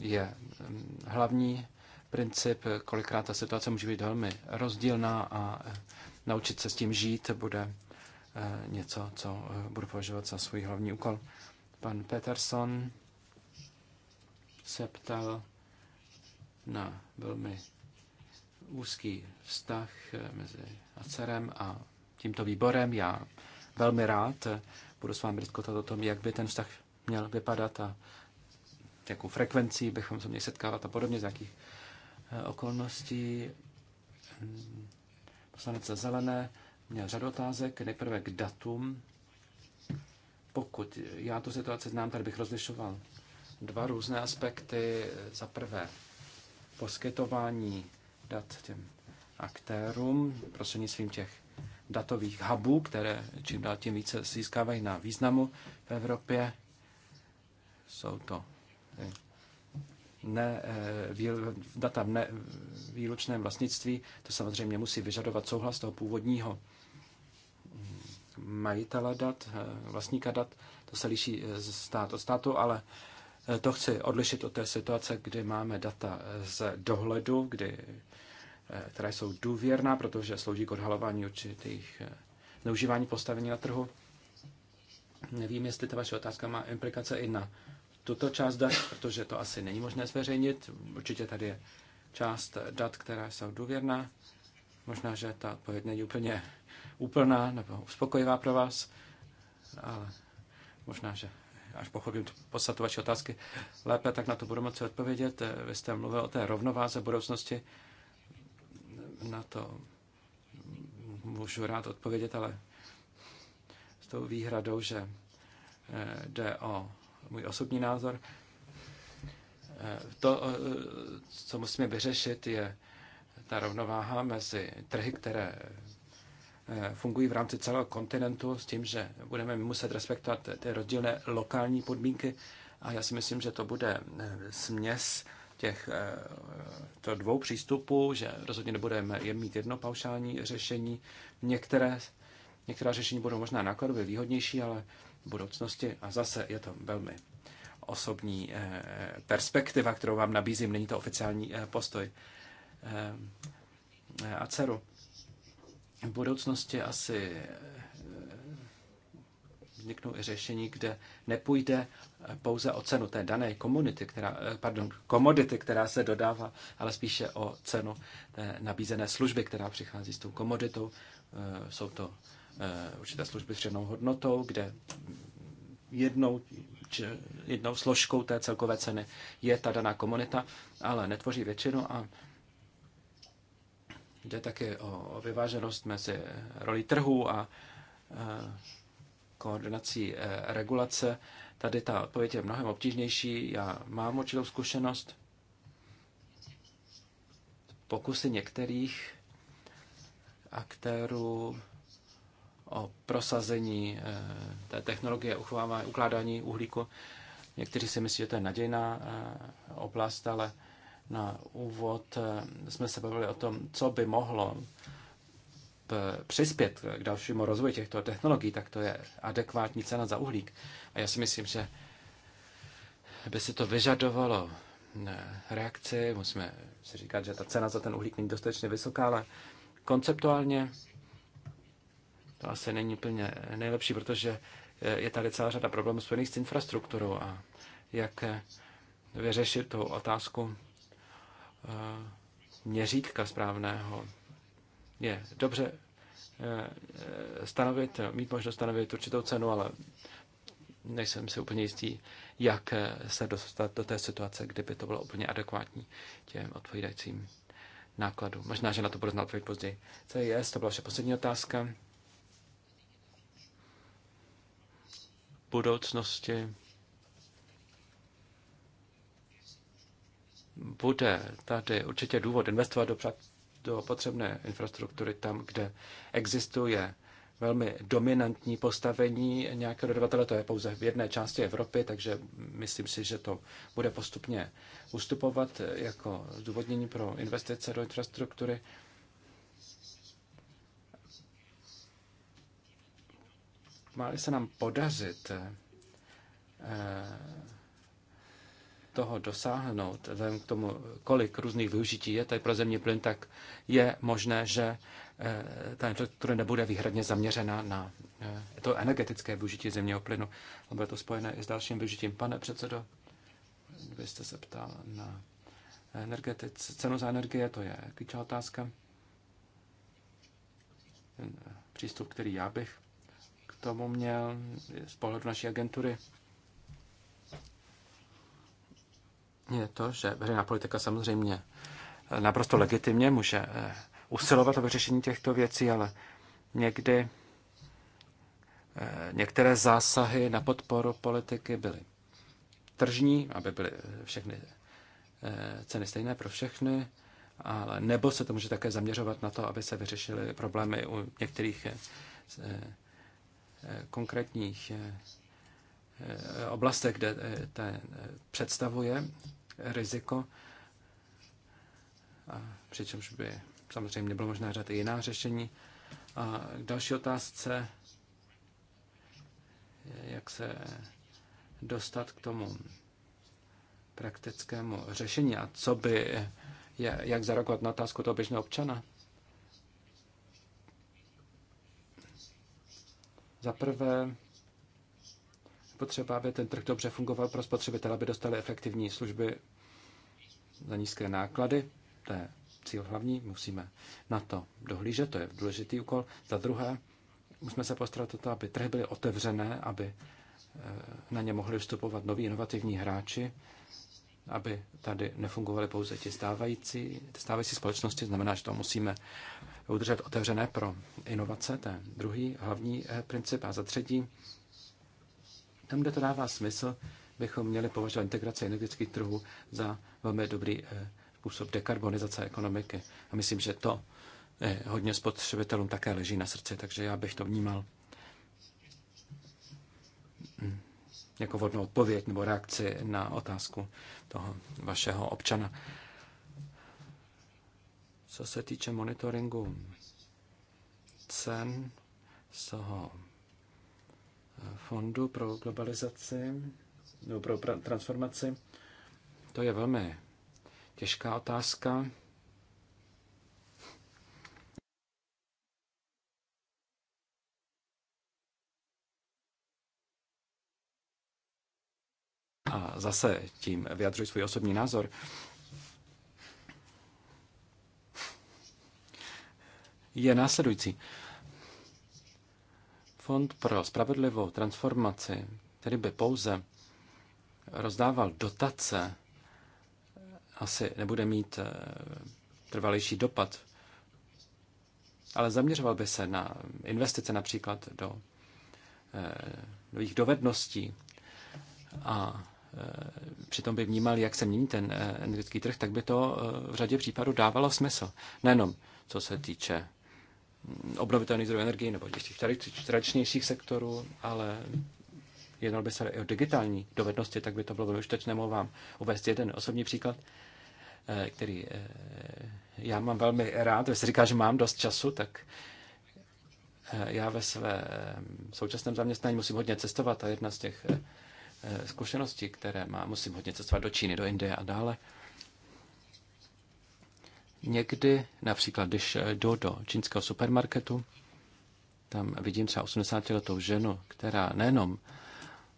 je hlavní princip. Kolikrát ta situace může být velmi rozdílná a naučit se s tím žít bude eh, něco, co eh, budu považovat za svůj hlavní úkol. Pan Peterson se ptal na velmi úzký vztah eh, mezi Acerem a tímto výborem. Já velmi rád eh, budu s vámi diskutovat o tom, jak by ten vztah měl vypadat a jakou frekvencí bychom se měli setkávat a podobně, z jakých eh, okolností. Mm, poslanec Zelené měl řadu otázek, nejprve k datum. Pokud já tu situaci znám, tady bych rozlišoval dva různé aspekty. Za prvé, poskytování dat těm aktérům prostřednictvím těch datových hubů, které čím dál tím více získávají na významu v Evropě. Jsou to eh, ne, eh, data v výlučném vlastnictví. To samozřejmě musí vyžadovat souhlas toho původního mm, majitele dat, eh, vlastníka dat. To se liší stát od státu, ale to chci odlišit od té situace, kdy máme data z dohledu, kdy Eh, která jsou důvěrná, protože slouží k odhalování určitých eh, neužívání postavení na trhu. Nevím, jestli ta vaše otázka má implikace i na tuto část dat, protože to asi není možné zveřejnit. Určitě tady je část dat, která jsou důvěrná. Možná, že ta odpověď není úplně úplná nebo uspokojivá pro vás, ale možná, že až pochopím tu podstatu vaší otázky lépe, tak na to budu moci odpovědět. Eh, vy jste mluvil o té rovnováze budoucnosti na to můžu rád odpovědět, ale s tou výhradou, že eh, jde o můj osobní názor. Eh, to, eh, co musíme vyřešit, je ta rovnováha mezi trhy, které fungují v rámci celého kontinentu s tím, že budeme muset respektovat ty rozdílné lokální podmínky a já si myslím, že to bude směs těch eh, to dvou přístupů, že rozhodně nebudeme je mít jedno paušální řešení. Některé, některá řešení budou možná nákladově výhodnější, ale v budoucnosti a zase je to velmi osobní eh, perspektiva, kterou vám nabízím, není to oficiální eh, postoj a dceru. V budoucnosti asi vzniknou i řešení, kde nepůjde pouze o cenu té dané komunity, která, pardon, komodity, která se dodává, ale spíše o cenu té nabízené služby, která přichází s tou komoditou. Eh, jsou to eh, určité služby s přednou hodnotou, kde jednou, jednou složkou té celkové ceny je ta daná komunita, ale netvoří většinu a jde také o, o vyváženost mezi roli trhu a eh, koordinací eh, regulace. Tady ta odpověď je mnohem obtížnější. Já mám určitou zkušenost. Pokusy některých aktérů o prosazení eh, té technologie ukládání uhlíku. Někteří si myslí, že to je nadějná eh, oblast, ale na úvod jsme se bavili o tom, co by mohlo přispět k dalšímu rozvoji těchto technologií, tak to je adekvátní cena za uhlík. A já si myslím, že by si to vyžadovalo eh, reakci. Musíme si říkat, že ta cena za ten uhlík není dostatečně vysoká, ale konceptuálně to asi není úplně nejlepší, protože eh, je tady celá řada problémů spojených s infrastrukturou a jak eh, vyřešit tu otázku měřítka správného je dobře eh, eh, stanovit, mít možnost stanovit určitou cenu, ale nejsem si úplně jistý, jak eh, se dostat do té situace, kdyby to bylo úplně adekvátní těm odpovídajícím nákladům. Možná, že na to budu znát odpověď později. je, to byla vše poslední otázka. Budoucnosti bude tady určitě důvod investovat do do potřebné infrastruktury tam, kde existuje velmi dominantní postavení nějakého dodavatele, to je pouze v jedné části Evropy, takže myslím si, že to bude postupně ustupovat jako zdůvodnění pro investice do infrastruktury. Máli se nám podařit eh, toho dosáhnout, vzhledem k tomu, kolik různých využití je tady pro zemní plyn, tak je možné, že eh, ta infrastruktura nebude výhradně zaměřena na eh, to energetické využití zemního plynu, ale bude to spojené i s dalším využitím. Pane předsedo, vy jste se ptal na energetic, cenu za energie, to je klíčová otázka. Eh, přístup, který já bych k tomu měl z pohledu naší agentury, je to, že veřejná politika samozřejmě eh, naprosto legitimně může eh, usilovat o vyřešení těchto věcí, ale někdy eh, některé zásahy na podporu politiky byly tržní, aby byly všechny ceny stejné pro všechny, ale nebo se to může také zaměřovat na to, aby se vyřešily problémy u některých konkrétních oblastech, kde ten představuje riziko, a přičemž by samozřejmě bylo možné hledat i jiná řešení. A k další otázce, jak se dostat k tomu praktickému řešení a co by, jak zareagovat na otázku toho běžného občana. Za prvé, potřeba, aby ten trh dobře fungoval pro spotřebitele, aby dostali efektivní služby za nízké náklady. To je cíl hlavní, musíme na to dohlížet, to je důležitý úkol. Za druhé, musíme se postarat o to, aby trhy byly otevřené, aby eh, na ně mohli vstupovat noví inovativní hráči, aby tady nefungovaly pouze ti stávající, ty stávající společnosti. Znamená, že to musíme udržet otevřené pro inovace, to je druhý hlavní eh, princip. A za třetí, tam, kde to dává smysl, bychom měli považovat integraci energetických trhů za velmi dobrý eh, způsob dekarbonizace ekonomiky. A myslím, že to eh, hodně spotřebitelům také leží na srdci, takže já bych to vnímal hm, jako vodnou odpověď nebo reakci na otázku toho vašeho občana. Co se týče monitoringu cen z toho fondu pro globalizaci nebo pro transformaci, to je velmi těžká otázka. A zase tím vyjadřuji svůj osobní názor. Je následující. Fond pro spravedlivou transformaci, který by pouze rozdával dotace, asi nebude mít eh, trvalejší dopad, ale zaměřoval by se na investice například do eh, nových dovedností a eh, přitom by vnímal, jak se mění ten energetický trh, tak by to v řadě případů dávalo smysl. Nejenom co se týče obnovitelných zdrojů energie nebo těch tradičnějších sektorů, ale jednal by se i o digitální dovednosti, tak by to bylo velmi užitečné. Mohu vám uvést jeden osobní příklad, eh, který eh, já mám velmi rád. Vy se říká, že mám dost času, tak eh, já ve své současném zaměstnání musím hodně cestovat a jedna z těch zkušeností, které mám, musím hodně cestovat do Číny, do Indie a dále, Někdy, například když eh, jdu do čínského supermarketu, tam vidím třeba 80-letou ženu, která nejenom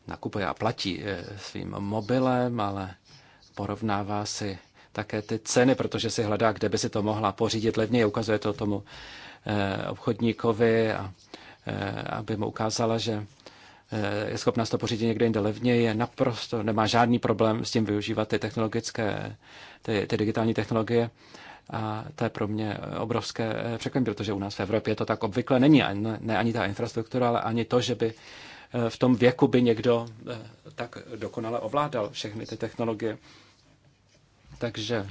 nakupuje a platí eh, svým mobilem, ale porovnává si také ty ceny, protože si hledá, kde by si to mohla pořídit levněji. Ukazuje to tomu eh, obchodníkovi, a, aby mu ukázala, že je schopná to pořídit někde jinde levněji, je naprosto, nemá žádný problém s tím využívat ty technologické, ty, ty digitální technologie. A to je pro mě eh, obrovské eh, překvapení, protože u nás v Evropě to tak obvykle není. Ne ani ta infrastruktura, ale ani to, že by eh, v tom věku by někdo tak dokonale ovládal všechny ty technologie. Takže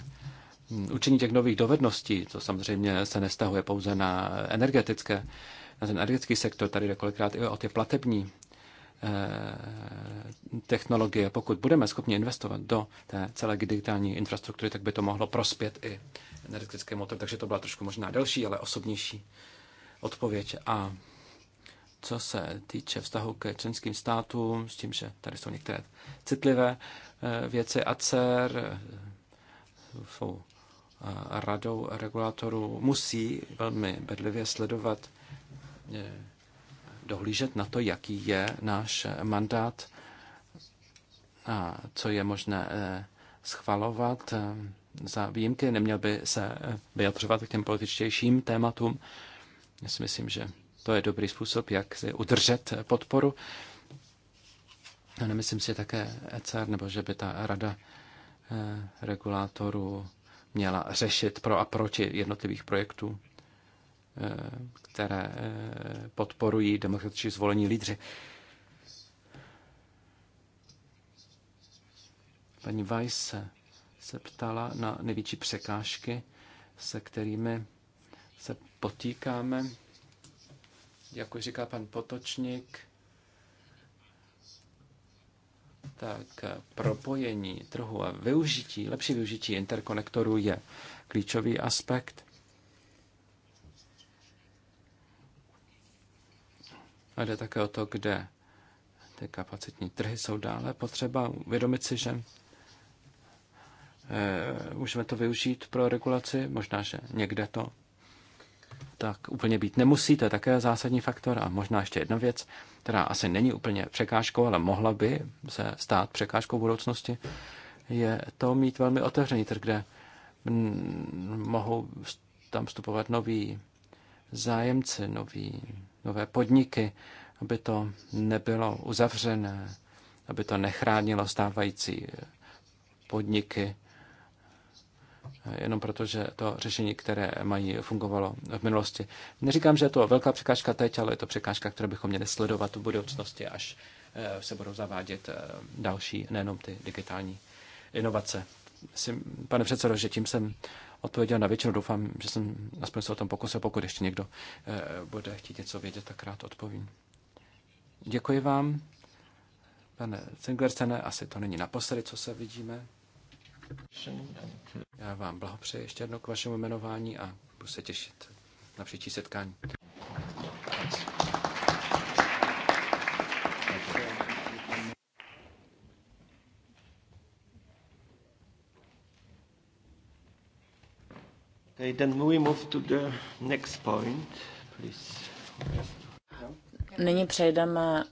hm, učení těch nových dovedností, to samozřejmě se nestahuje pouze na energetické, na ten energetický sektor, tady jde kolikrát i o ty platební Eh, technologie. Pokud budeme schopni investovat do té celé digitální infrastruktury, tak by to mohlo prospět i energetické motor. Takže to byla trošku možná delší, ale osobnější odpověď. A co se týče vztahu ke členským státům, s tím, že tady jsou některé citlivé eh, věci, ACER eh, jsou radou regulatorů, musí velmi bedlivě sledovat dohlížet na to, jaký je náš mandát a co je možné eh, schvalovat eh, za výjimky. Neměl by se eh, vyjadřovat k těm političtějším tématům. Já si myslím, že to je dobrý způsob, jak si udržet podporu. A nemyslím si také ECR, nebo že by ta rada regulátorů měla řešit pro a proti jednotlivých projektů které eh, podporují demokraticky zvolení lídři. Paní Weiss se ptala na největší překážky, se kterými se potýkáme. Jak už říká pan Potočník, tak propojení trhu a využití, lepší využití interkonektorů je klíčový aspekt. A jde také o to, kde ty kapacitní trhy jsou dále potřeba. Uvědomit si, že eh, můžeme to využít pro regulaci, možná, že někde to tak úplně být nemusí, to je také zásadní faktor. A možná ještě jedna věc, která asi není úplně překážkou, ale mohla by se stát překážkou budoucnosti, je to mít velmi otevřený trh, kde mohou tam vstupovat noví zájemci, noví nové podniky, aby to nebylo uzavřené, aby to nechránilo stávající podniky, jenom protože to řešení, které mají, fungovalo v minulosti. Neříkám, že je to velká překážka teď, ale je to překážka, kterou bychom měli sledovat v budoucnosti, až eh, se budou zavádět eh, další, nejenom ty digitální inovace. Myslím, pane předsedo, že tím jsem odpověděl na většinu. Doufám, že jsem aspoň se o tom pokusil. Pokud ještě někdo eh, bude chtít něco vědět, tak rád odpovím. Děkuji vám. Pane Zingerstene, asi to není naposledy, co se vidíme. Já vám blahopřeji ještě jednou k vašemu jmenování a budu se těšit na příští setkání. you. Okay, then we move to the next point, please. Nyní přejdeme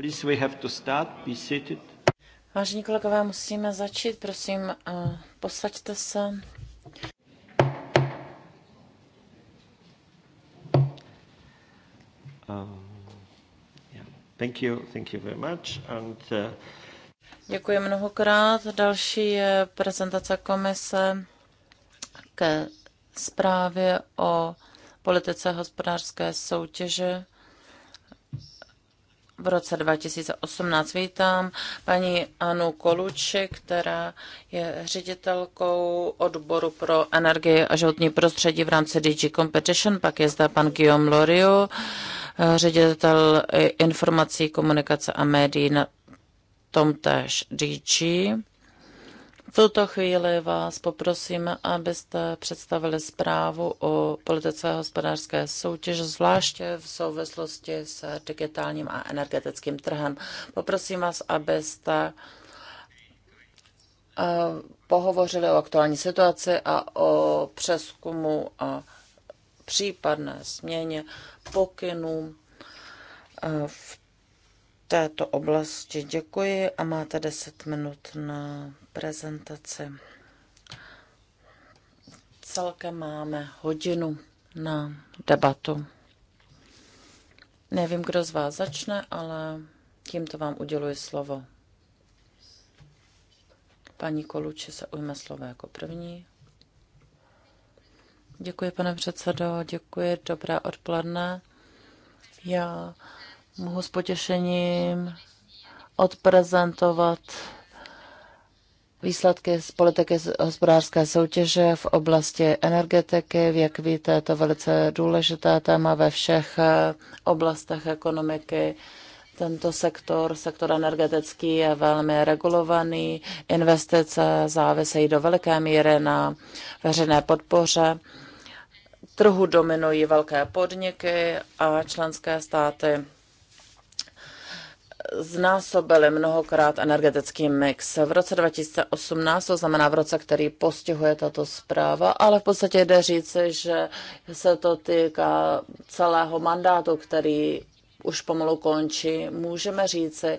Please, we have to start. Be seated. Vážení kolegové, musíme začít. Prosím, eh, posaďte se. Um, thank you, thank you very much. And, uh, Děkuji mnohokrát. Další je prezentace komise ke zprávě o politice hospodářské soutěže v roce 2018. Vítám paní Anu Koluči, která je ředitelkou odboru pro energie a životní prostředí v rámci DG Competition. Pak je zde pan Guillaume Lorio, ředitel informací, komunikace a médií na tom též DG. V tuto chvíli vás poprosím, abyste představili zprávu o politice hospodářské soutěže, zvláště v souvislosti s digitálním a energetickým trhem. Poprosím vás, abyste eh, pohovořili o aktuální situaci a o přeskumu a případné změně pokynů eh, v této oblasti. Děkuji a máte 10 minut na prezentaci. Celkem máme hodinu na debatu. Nevím, kdo z vás začne, ale tímto vám uděluji slovo. Paní Koluči se ujme slovo jako první. Děkuji, pane předsedo, děkuji, dobré odpoledne. Já mohu s potěšením odprezentovat výsledky z politiky hospodářské soutěže v oblasti energetiky. Jak víte, je to velice důležité téma ve všech eh, oblastech ekonomiky. Tento sektor, sektor energetický, je velmi regulovaný. Investice závisejí do velké míry na veřejné podpoře. Trhu dominují velké podniky a členské státy znásobili mnohokrát energetický mix. V roce 2018, to znamená v roce, který postihuje tato zpráva, ale v podstatě jde říci, že se to týká celého mandátu, který už pomalu končí. Můžeme říci,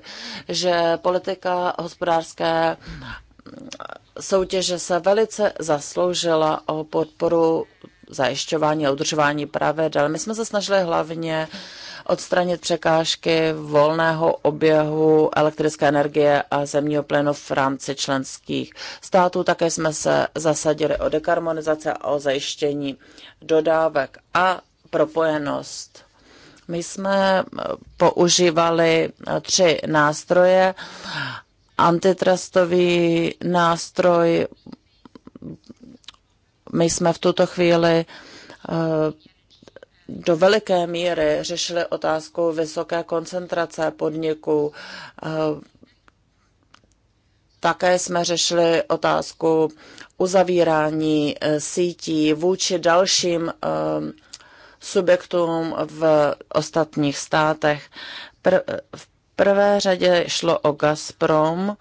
že politika hospodářské soutěže se velice zasloužila o podporu zajišťování a udržování pravidel. My jsme se snažili hlavně odstranit překážky volného oběhu elektrické energie a zemního plynu v rámci členských států. Také jsme se zasadili o dekarbonizaci a o zajištění dodávek a propojenost. My jsme používali tři nástroje. Antitrustový nástroj my jsme v tuto chvíli eh, do veliké míry řešili otázku vysoké koncentrace podniků. Eh, také jsme řešili otázku uzavírání eh, sítí vůči dalším subjektům v ostatních státech. v prvé řadě šlo o Gazprom,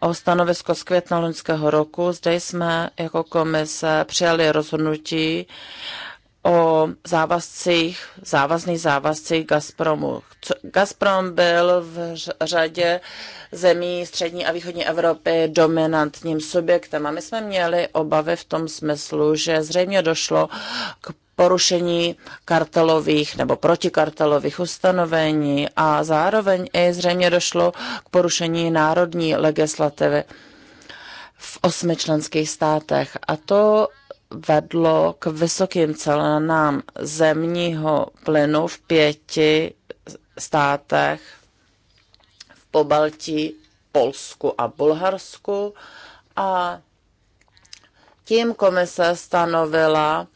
o stanovisko z května loňského roku. Zde jsme jako komise přijali rozhodnutí o závazcích, závazných závazcích Gazpromu. Gazprom byl v řadě zemí střední a východní Evropy dominantním subjektem a my jsme měli obavy v tom smyslu, že zřejmě došlo k porušení kartelových nebo protikartelových ustanovení a zároveň i zřejmě došlo k porušení národní legislativy v osmi členských státech. A to vedlo k vysokým cenám zemního plynu v pěti státech v Pobaltí, Polsku a Bulharsku a tím komise stanovila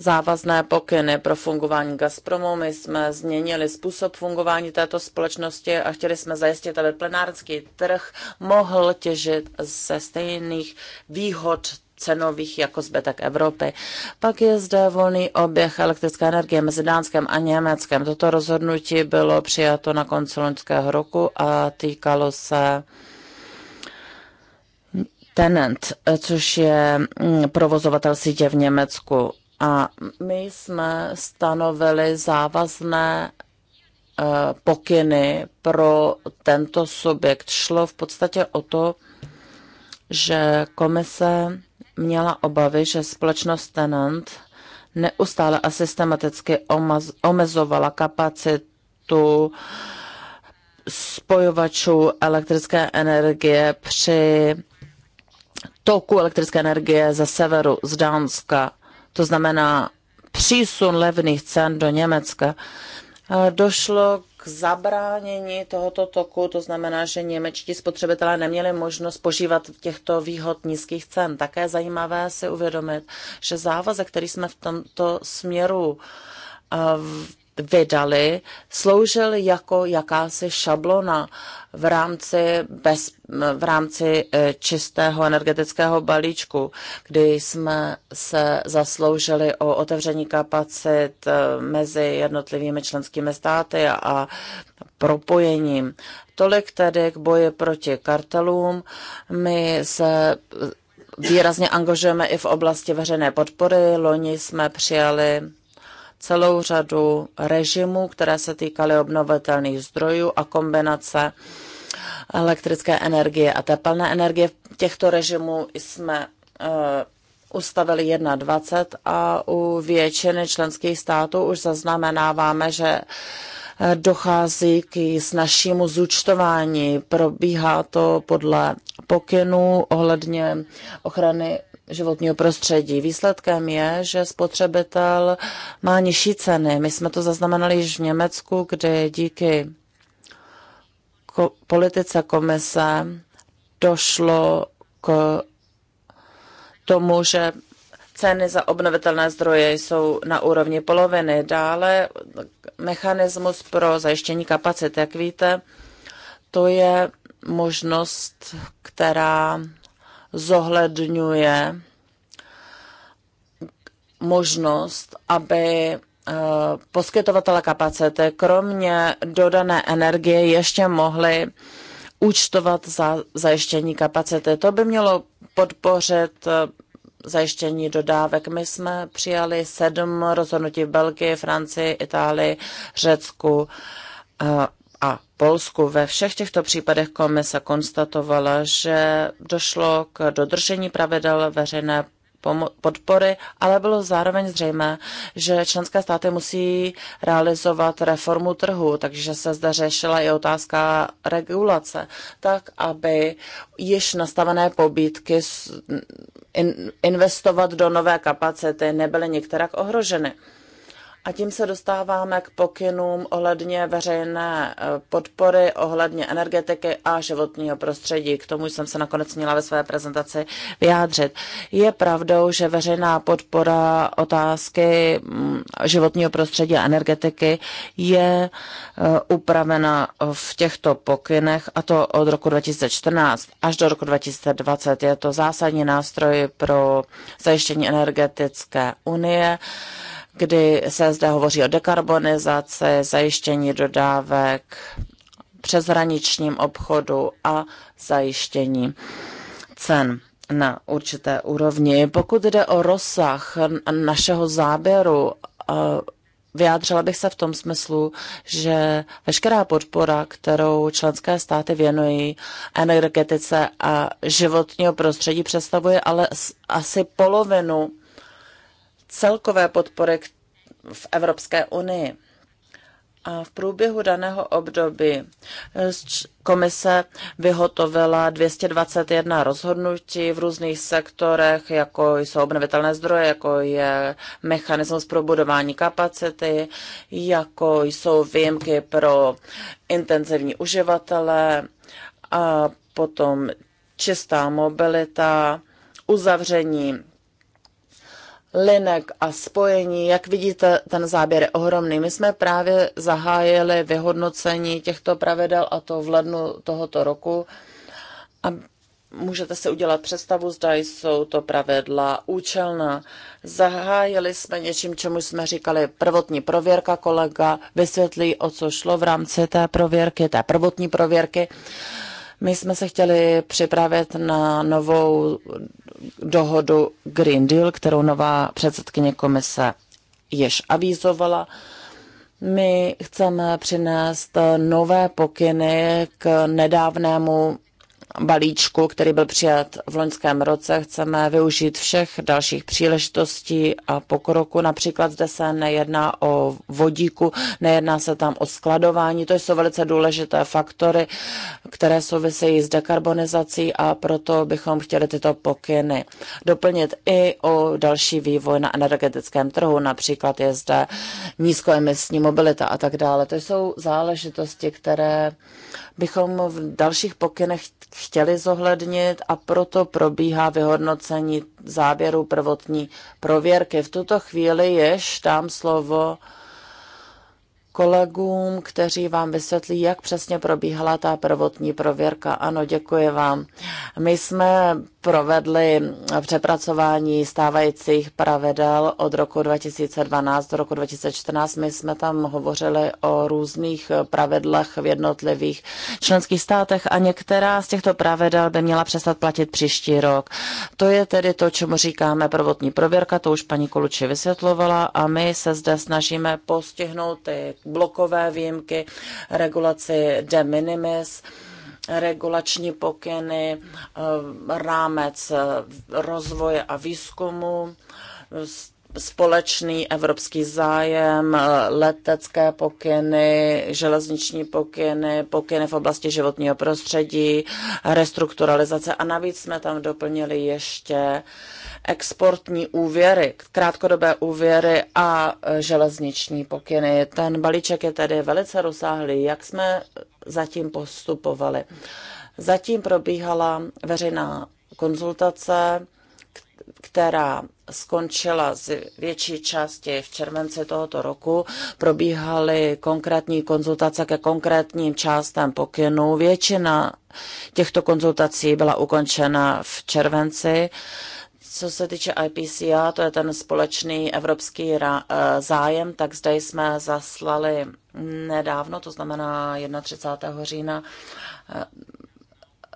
závazné pokyny pro fungování Gazpromu. My jsme změnili způsob fungování této společnosti a chtěli jsme zajistit, aby plenárský trh mohl těžit ze stejných výhod cenových jako zbytek Evropy. Pak je zde volný oběh elektrické energie mezi Dánskem a Německem. Toto rozhodnutí bylo přijato na konci loňského roku a týkalo se Tenant, což je mm, provozovatel sítě v Německu. A my jsme stanovili závazné eh, pokyny pro tento subjekt. Šlo v podstatě o to, že komise měla obavy, že společnost Tenant neustále a systematicky omezovala kapacitu spojovačů elektrické energie při toku elektrické energie ze severu, z Dánska to znamená přísun levných cen do Německa, došlo k zabránění tohoto toku, to znamená, že němečtí spotřebitelé neměli možnost požívat těchto výhod nízkých cen. Také zajímavé si uvědomit, že závazek, který jsme v tomto směru vydali, sloužil jako jakási šablona v rámci, bez, v rámci e, čistého energetického balíčku, kdy jsme se zasloužili o otevření kapacit e, mezi jednotlivými členskými státy a propojením. Tolik tedy k boji proti kartelům. My se výrazně angažujeme i v oblasti veřejné podpory. Loni jsme přijali celou řadu režimů, které se týkaly obnovitelných zdrojů a kombinace elektrické energie a tepelné energie. V těchto režimů jsme eh, ustavili 1,20 a u většiny členských států už zaznamenáváme, že eh, dochází k snažšímu zúčtování. Probíhá to podle pokynů ohledně ochrany životního prostředí. Výsledkem je, že spotřebitel má nižší ceny. My jsme to zaznamenali již v Německu, kde díky ko- politice komise došlo k tomu, že ceny za obnovitelné zdroje jsou na úrovni poloviny. Dále mechanismus pro zajištění kapacit, jak víte, to je možnost, která zohledňuje možnost, aby eh, poskytovatele kapacity kromě dodané energie ještě mohli účtovat za zajištění kapacity. To by mělo podpořit eh, zajištění dodávek. My jsme přijali sedm rozhodnutí v Belgii, Francii, Itálii, Řecku eh, a Polsku. Ve všech těchto případech komise konstatovala, že došlo k dodržení pravidel veřejné podpory, ale bylo zároveň zřejmé, že členské státy musí realizovat reformu trhu, takže se zde řešila i otázka regulace, tak aby již nastavené pobídky investovat do nové kapacity nebyly některak ohroženy. A tím se dostáváme k pokynům ohledně veřejné eh, podpory, ohledně energetiky a životního prostředí. K tomu jsem se nakonec měla ve své prezentaci vyjádřit. Je pravdou, že veřejná podpora otázky mm, životního prostředí a energetiky je eh, upravena v těchto pokynech, a to od roku 2014 až do roku 2020. Je to zásadní nástroj pro zajištění energetické unie kdy se zde hovoří o dekarbonizaci, zajištění dodávek, přeshraničním obchodu a zajištění cen na určité úrovni. Pokud jde o rozsah našeho záběru, eh, vyjádřila bych se v tom smyslu, že veškerá podpora, kterou členské státy věnují energetice a životního prostředí, představuje ale asi polovinu celkové podpory v Evropské unii. A v průběhu daného období eh, komise vyhotovila 221 rozhodnutí v různých sektorech, jako jsou obnovitelné zdroje, jako je mechanismus pro budování kapacity, jako jsou výjimky pro intenzivní uživatele a potom čistá mobilita, uzavření linek a spojení. Jak vidíte, ten záběr je ohromný. My jsme právě zahájili vyhodnocení těchto pravidel a to v lednu tohoto roku. A můžete si udělat představu, zda jsou to pravidla účelná. Zahájili jsme něčím, čemu jsme říkali prvotní prověrka. Kolega vysvětlí, o co šlo v rámci té prověrky, té prvotní prověrky. Uh, my jsme se chtěli připravit na novou dohodu Green Deal, kterou nová předsedkyně komise již avízovala. My chceme přinést nové pokyny k nedávnému balíčku, který byl přijat v loňském roce. Chceme využít všech dalších příležitostí a pokroku. Například zde se nejedná o vodíku, nejedná se tam o skladování. To jsou velice důležité faktory, které souvisejí s dekarbonizací a proto bychom chtěli tyto pokyny doplnit i o další vývoj na energetickém trhu. Například je zde nízkoemisní mobilita a tak dále. To jsou záležitosti, které bychom v dalších pokynech chtěli zohlednit a proto probíhá vyhodnocení záběru prvotní prověrky. V tuto chvíli jež dám slovo kolegům, kteří vám vysvětlí, jak přesně probíhala ta prvotní prověrka. Ano, děkuji vám. My jsme provedli přepracování stávajících pravidel od roku 2012 do roku 2014. My jsme tam hovořili o různých pravidlech v jednotlivých členských státech a některá z těchto pravidel by měla přestat platit příští rok. To je tedy to, čemu říkáme prvotní prověrka, to už paní Koluči vysvětlovala a my se zde snažíme postihnout ty blokové výjimky, regulaci de minimis, regulační pokyny, eh, rámec eh, rozvoje a výzkumu, společný evropský zájem, eh, letecké pokyny, železniční pokyny, pokyny v oblasti životního prostředí, restrukturalizace a navíc jsme tam doplnili ještě exportní úvěry, krátkodobé úvěry a e, železniční pokyny. Ten balíček je tedy velice rozsáhlý. Jak jsme zatím postupovali? Zatím probíhala veřejná konzultace, která skončila z větší části v červenci tohoto roku. Probíhaly konkrétní konzultace ke konkrétním částem pokynu. Většina těchto konzultací byla ukončena v červenci. Co se týče IPCA, to je ten společný evropský eh, zájem, tak zde jsme zaslali nedávno, to znamená 31. října, eh,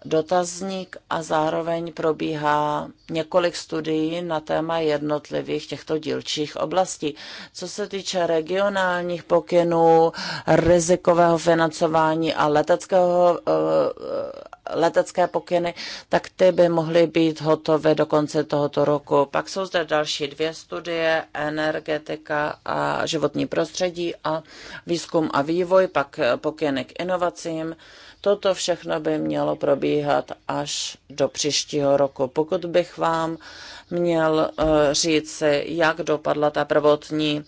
dotazník a zároveň probíhá několik studií na téma jednotlivých těchto dílčích oblastí. Co se týče regionálních pokynů, rizikového financování a leteckého eh, letecké pokyny, tak ty by mohly být hotové do konce tohoto roku. Pak jsou zde další dvě studie, energetika a životní prostředí a výzkum a vývoj, pak pokyny k inovacím. Toto všechno by mělo probíhat až do příštího roku. Pokud bych vám měl eh, říci, jak dopadla ta prvotní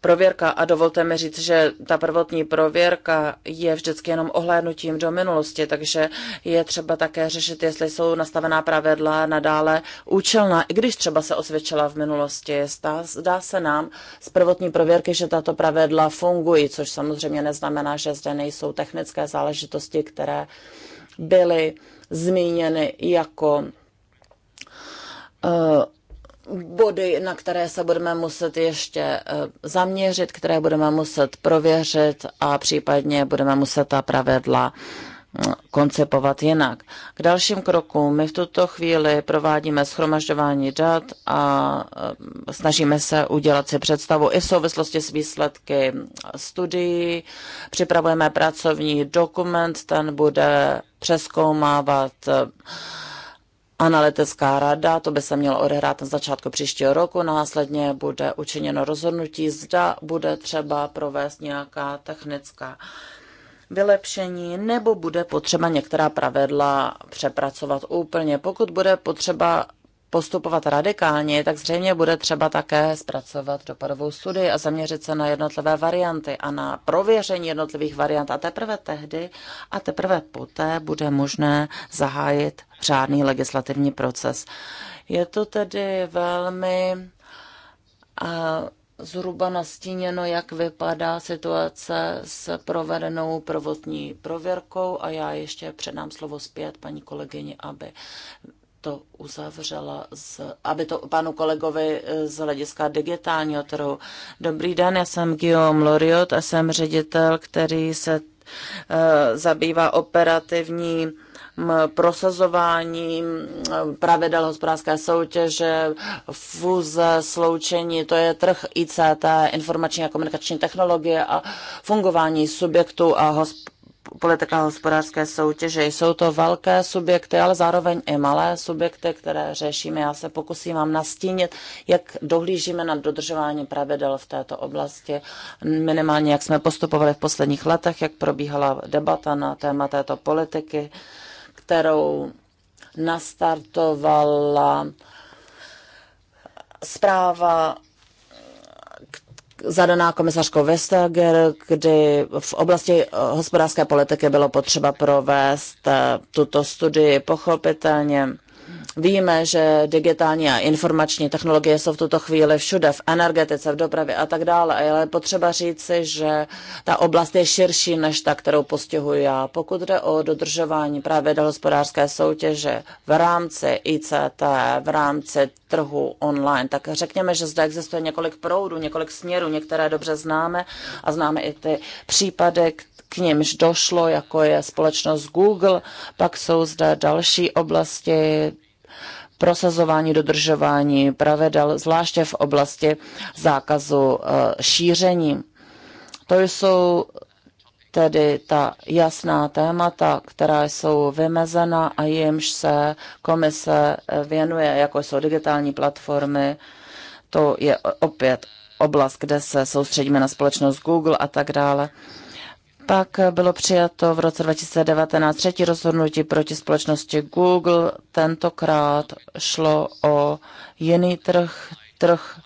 prověrka a dovolte mi říct, že ta prvotní prověrka je vždycky jenom ohlédnutím do minulosti, takže je třeba také řešit, jestli jsou nastavená pravidla nadále účelná, i když třeba se osvědčila v minulosti. Zdá, zdá se nám z prvotní prověrky, že tato pravidla fungují, což samozřejmě neznamená, že zde nejsou technické záležitosti, které byly zmíněny jako eh, body, na které se budeme muset ještě eh, zaměřit, které budeme muset prověřit a případně budeme muset ta pravidla mm, koncipovat jinak. K dalším krokům my v tuto chvíli provádíme schromažďování dat a eh, snažíme se udělat si představu i v souvislosti s výsledky studií. Připravujeme pracovní dokument, ten bude přeskoumávat eh, analytická rada, to by se mělo odehrát na začátku příštího roku, následně bude učiněno rozhodnutí, zda bude třeba provést nějaká technická vylepšení, nebo bude potřeba některá pravidla přepracovat úplně. Pokud bude potřeba postupovat radikálně, tak zřejmě bude třeba také zpracovat dopadovou studii a zaměřit se na jednotlivé varianty a na prověření jednotlivých variant. A teprve tehdy a teprve poté bude možné zahájit řádný legislativní proces. Je to tedy velmi zhruba nastíněno, jak vypadá situace s provedenou prvotní prověrkou a já ještě předám slovo zpět paní kolegyni, aby to uzavřela, z, aby to panu kolegovi eh, z hlediska digitálního trhu. Dobrý den, já jsem Guillaume Loriot a jsem ředitel, který se eh, zabývá operativním prosazováním eh, pravidel hospodářské soutěže, fuze, sloučení, to je trh ICT, informační a komunikační technologie a fungování subjektu a hospodářství politika hospodářské soutěže. Jsou to velké subjekty, ale zároveň i malé subjekty, které řešíme. Já se pokusím vám nastínit, jak dohlížíme na dodržování pravidel v této oblasti, minimálně jak jsme postupovali v posledních letech, jak probíhala debata na téma této politiky, kterou nastartovala zpráva zadaná komisařkou Vestager, kdy v oblasti eh, hospodářské politiky bylo potřeba provést eh, tuto studii pochopitelně. Víme, že digitální a informační technologie jsou v tuto chvíli všude, v energetice, v dopravě a tak dále, ale potřeba říci, že ta oblast je širší než ta, kterou postihuji já. Pokud jde o dodržování pravidel hospodářské soutěže v rámci ICT, v rámci trhu online, tak řekněme, že zde existuje několik proudů, několik směrů, některé dobře známe a známe i ty případy, k nímž došlo, jako je společnost Google, pak jsou zde další oblasti, prosazování dodržování pravidel, zvláště v oblasti zákazu eh, šíření. To jsou tedy ta jasná témata, která jsou vymezena a jimž se komise eh, věnuje, jako jsou digitální platformy. To je opět oblast, kde se soustředíme na společnost Google a tak dále. Pak bylo přijato v roce 2019 třetí rozhodnutí proti společnosti Google. Tentokrát šlo o jiný trh, trh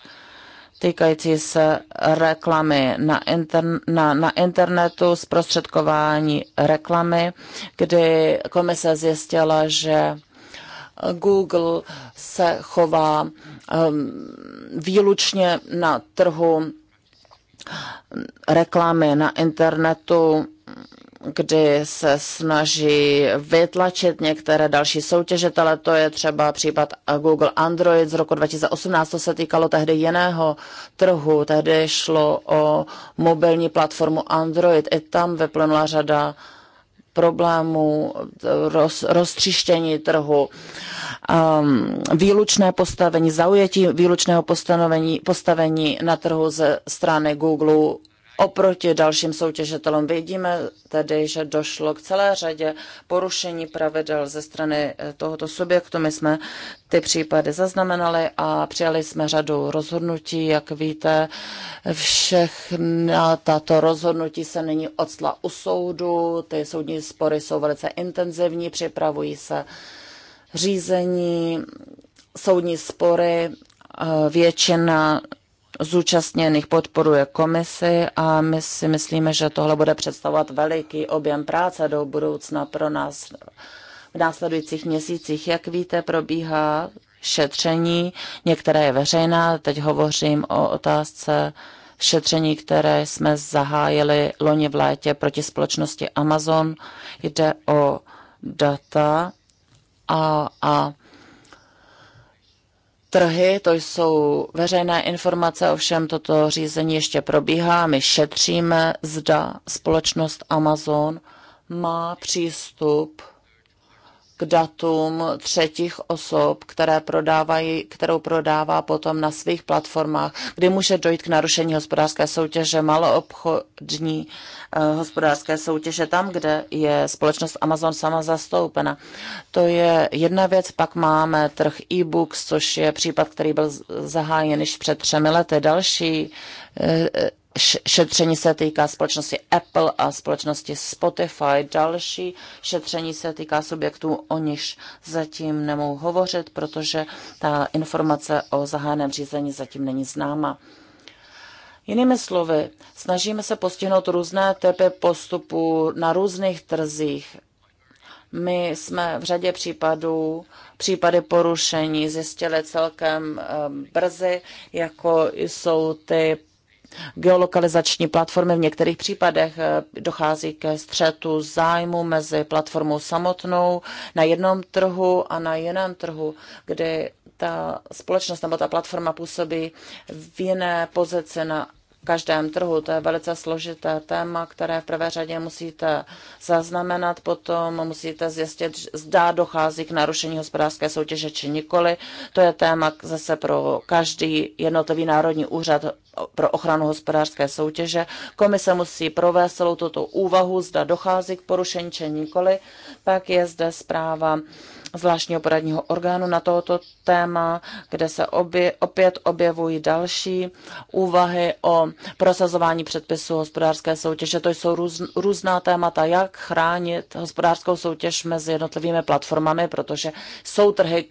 týkající se reklamy na, interne, na, na internetu, zprostředkování reklamy, kdy komise zjistila, že Google se chová um, výlučně na trhu reklamy na internetu, kdy se snaží vytlačit některé další soutěžitele. To je třeba případ Google Android z roku 2018. To se týkalo tehdy jiného trhu. Tehdy šlo o mobilní platformu Android. I tam vyplynula řada problémů, roz, roztřištění trhu. Um, výlučné postavení, zaujetí výlučného postavení, postavení na trhu ze strany Google Oproti dalším soutěžitelům vidíme tedy, že došlo k celé řadě porušení pravidel ze strany eh, tohoto subjektu. My jsme ty případy zaznamenali a přijali jsme řadu rozhodnutí. Jak víte, všechna tato rozhodnutí se nyní odstla u soudu. Ty soudní spory jsou velice intenzivní, připravují se řízení, soudní spory, eh, většina zúčastněných podporuje komisi a my si myslíme, že tohle bude představovat veliký objem práce do budoucna pro nás v následujících měsících. Jak víte, probíhá šetření, některé je veřejná, teď hovořím o otázce šetření, které jsme zahájili loni v létě proti společnosti Amazon. Jde o data a, a trhy, to jsou veřejné informace, ovšem toto řízení ještě probíhá. My šetříme, zda společnost Amazon má přístup datům třetích osob, které prodávají, kterou prodává potom na svých platformách, kdy může dojít k narušení hospodářské soutěže, maloobchodní eh, hospodářské soutěže, tam, kde je společnost Amazon sama zastoupena. To je jedna věc, pak máme trh e-books, což je případ, který byl zahájen již před třemi lety. Další eh, šetření se týká společnosti Apple a společnosti Spotify. Další šetření se týká subjektů, o nichž zatím nemohu hovořit, protože ta informace o zahájeném řízení zatím není známa. Jinými slovy, snažíme se postihnout různé typy postupů na různých trzích. My jsme v řadě případů případy porušení zjistili celkem eh, brzy, jako jsou ty geolokalizační platformy. V některých případech eh, dochází ke střetu zájmu mezi platformou samotnou na jednom trhu a na jiném trhu, kdy ta společnost nebo ta platforma působí v jiné pozici na každém trhu. To je velice složité téma, které v prvé řadě musíte zaznamenat, potom musíte zjistit, zda dochází k narušení hospodářské soutěže či nikoli. To je téma zase pro každý jednotlivý národní úřad pro ochranu hospodářské soutěže. Komise musí provést celou tuto úvahu, zda dochází k porušení či nikoli. Pak je zde zpráva zvláštního poradního orgánu na tohoto téma, kde se obě, opět objevují další úvahy o prosazování předpisů hospodářské soutěže. To jsou růz, různá témata, jak chránit hospodářskou soutěž mezi jednotlivými platformami, protože jsou trhy,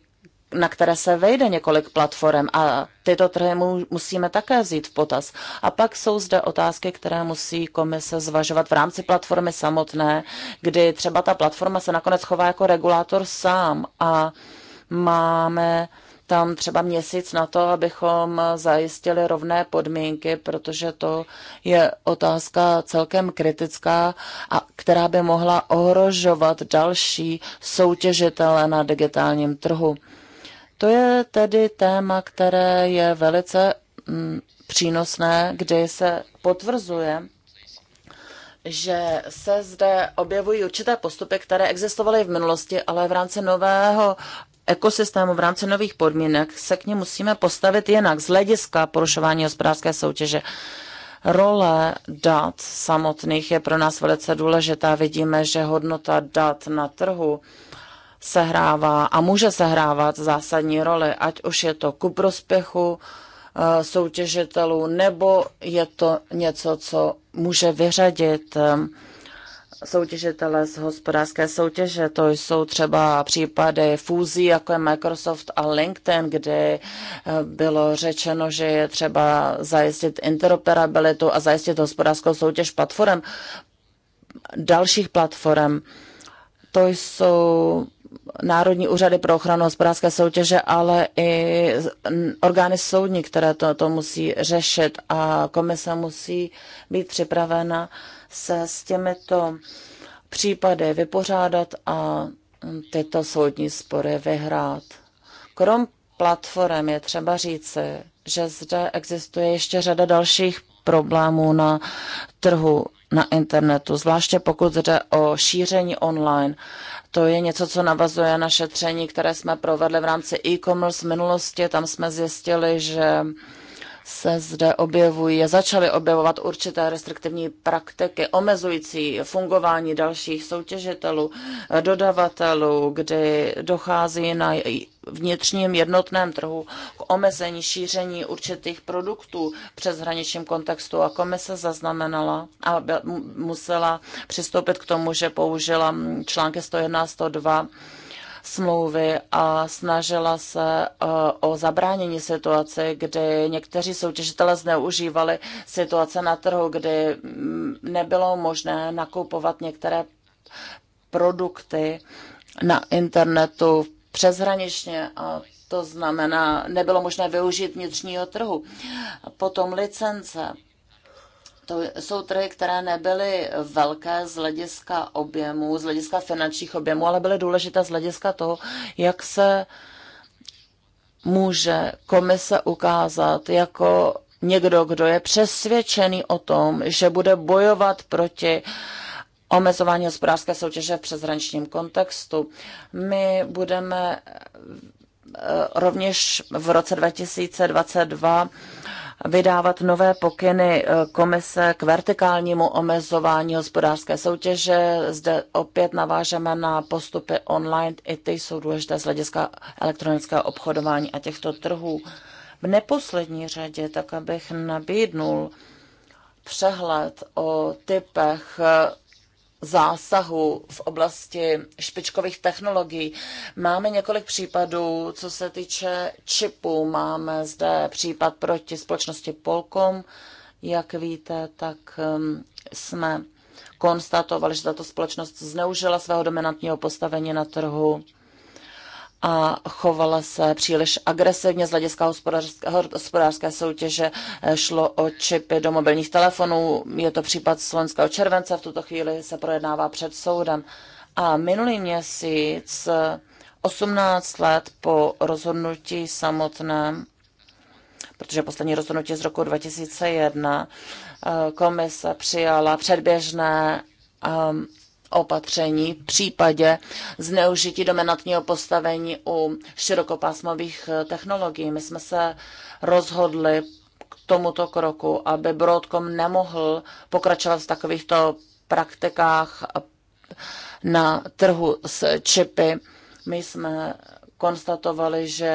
na které se vejde několik platform a tyto trhy mu, musíme také vzít v potaz. A pak jsou zde otázky, které musí komise zvažovat v rámci platformy samotné, kdy třeba ta platforma se nakonec chová jako regulátor sám a uh, máme tam třeba měsíc na to, abychom zajistili rovné podmínky, protože to je otázka celkem kritická, a která by mohla ohrožovat další soutěžitele na digitálním trhu. To je tedy téma, které je velice mm, přínosné, kdy se potvrzuje, že se zde objevují určité postupy, které existovaly v minulosti, ale v rámci nového ekosystému v rámci nových podmínek se k ní musíme postavit jinak z hlediska porušování hospodářské soutěže. Role dat samotných je pro nás velice důležitá. Vidíme, že hodnota dat na trhu sehrává a může sehrávat zásadní roli, ať už je to ku prospěchu eh, soutěžitelů, nebo je to něco, co může vyřadit eh, soutěžitele z hospodářské soutěže. To jsou třeba případy fúzí, jako je Microsoft a LinkedIn, kdy eh, bylo řečeno, že je třeba zajistit interoperabilitu a zajistit hospodářskou soutěž platform, dalších platform. To jsou Národní úřady pro ochranu hospodářské soutěže, ale i orgány soudní, které to, to musí řešit a komise musí být připravena se s těmito případy vypořádat a tyto soudní spory vyhrát. Krom platform je třeba říci, že zde existuje ještě řada dalších problémů na trhu na internetu, zvláště pokud jde o šíření online. To je něco, co navazuje na šetření, které jsme provedli v rámci e-commerce v minulosti. Tam jsme zjistili, že se zde objevují a začaly objevovat určité restriktivní praktiky omezující fungování dalších soutěžitelů, dodavatelů, kdy dochází na vnitřním jednotném trhu k omezení šíření určitých produktů přes hraničním kontextu a komise zaznamenala a musela přistoupit k tomu, že použila články 101 a 102 smlouvy a snažila se eh, o zabránění situace, kdy někteří soutěžitelé zneužívali situace na trhu, kdy mm, nebylo možné nakupovat některé produkty na internetu přeshraničně a to znamená, nebylo možné využít vnitřního trhu. Potom licence to jsou trhy, které nebyly velké z hlediska objemu, z hlediska finančních objemů, ale byly důležité z hlediska toho, jak se může komise ukázat jako někdo, kdo je přesvědčený o tom, že bude bojovat proti omezování hospodářské soutěže v přeshraničním kontextu. My budeme eh, rovněž v roce 2022 vydávat nové pokyny eh, komise k vertikálnímu omezování hospodářské soutěže. Zde opět navážeme na postupy online, i ty jsou důležité z hlediska elektronického obchodování a těchto trhů. V neposlední řadě tak, abych nabídnul přehled o typech eh, zásahu v oblasti špičkových technologií. Máme několik případů, co se týče čipů. Máme zde případ proti společnosti Polkom. Jak víte, tak um, jsme konstatovali, že tato společnost zneužila svého dominantního postavení na trhu a chovala se příliš agresivně z hlediska hospodářské, hospodářské soutěže. Šlo o čipy do mobilních telefonů, je to případ slovenského července, v tuto chvíli se projednává před soudem. A minulý měsíc, 18 let po rozhodnutí samotném, protože poslední rozhodnutí z roku 2001, eh, komise přijala předběžné ehm, opatření v případě zneužití dominantního postavení u širokopásmových eh, technologií. My jsme se rozhodli k tomuto kroku, aby Broadcom nemohl pokračovat v takovýchto praktikách na trhu s čipy. My jsme konstatovali, že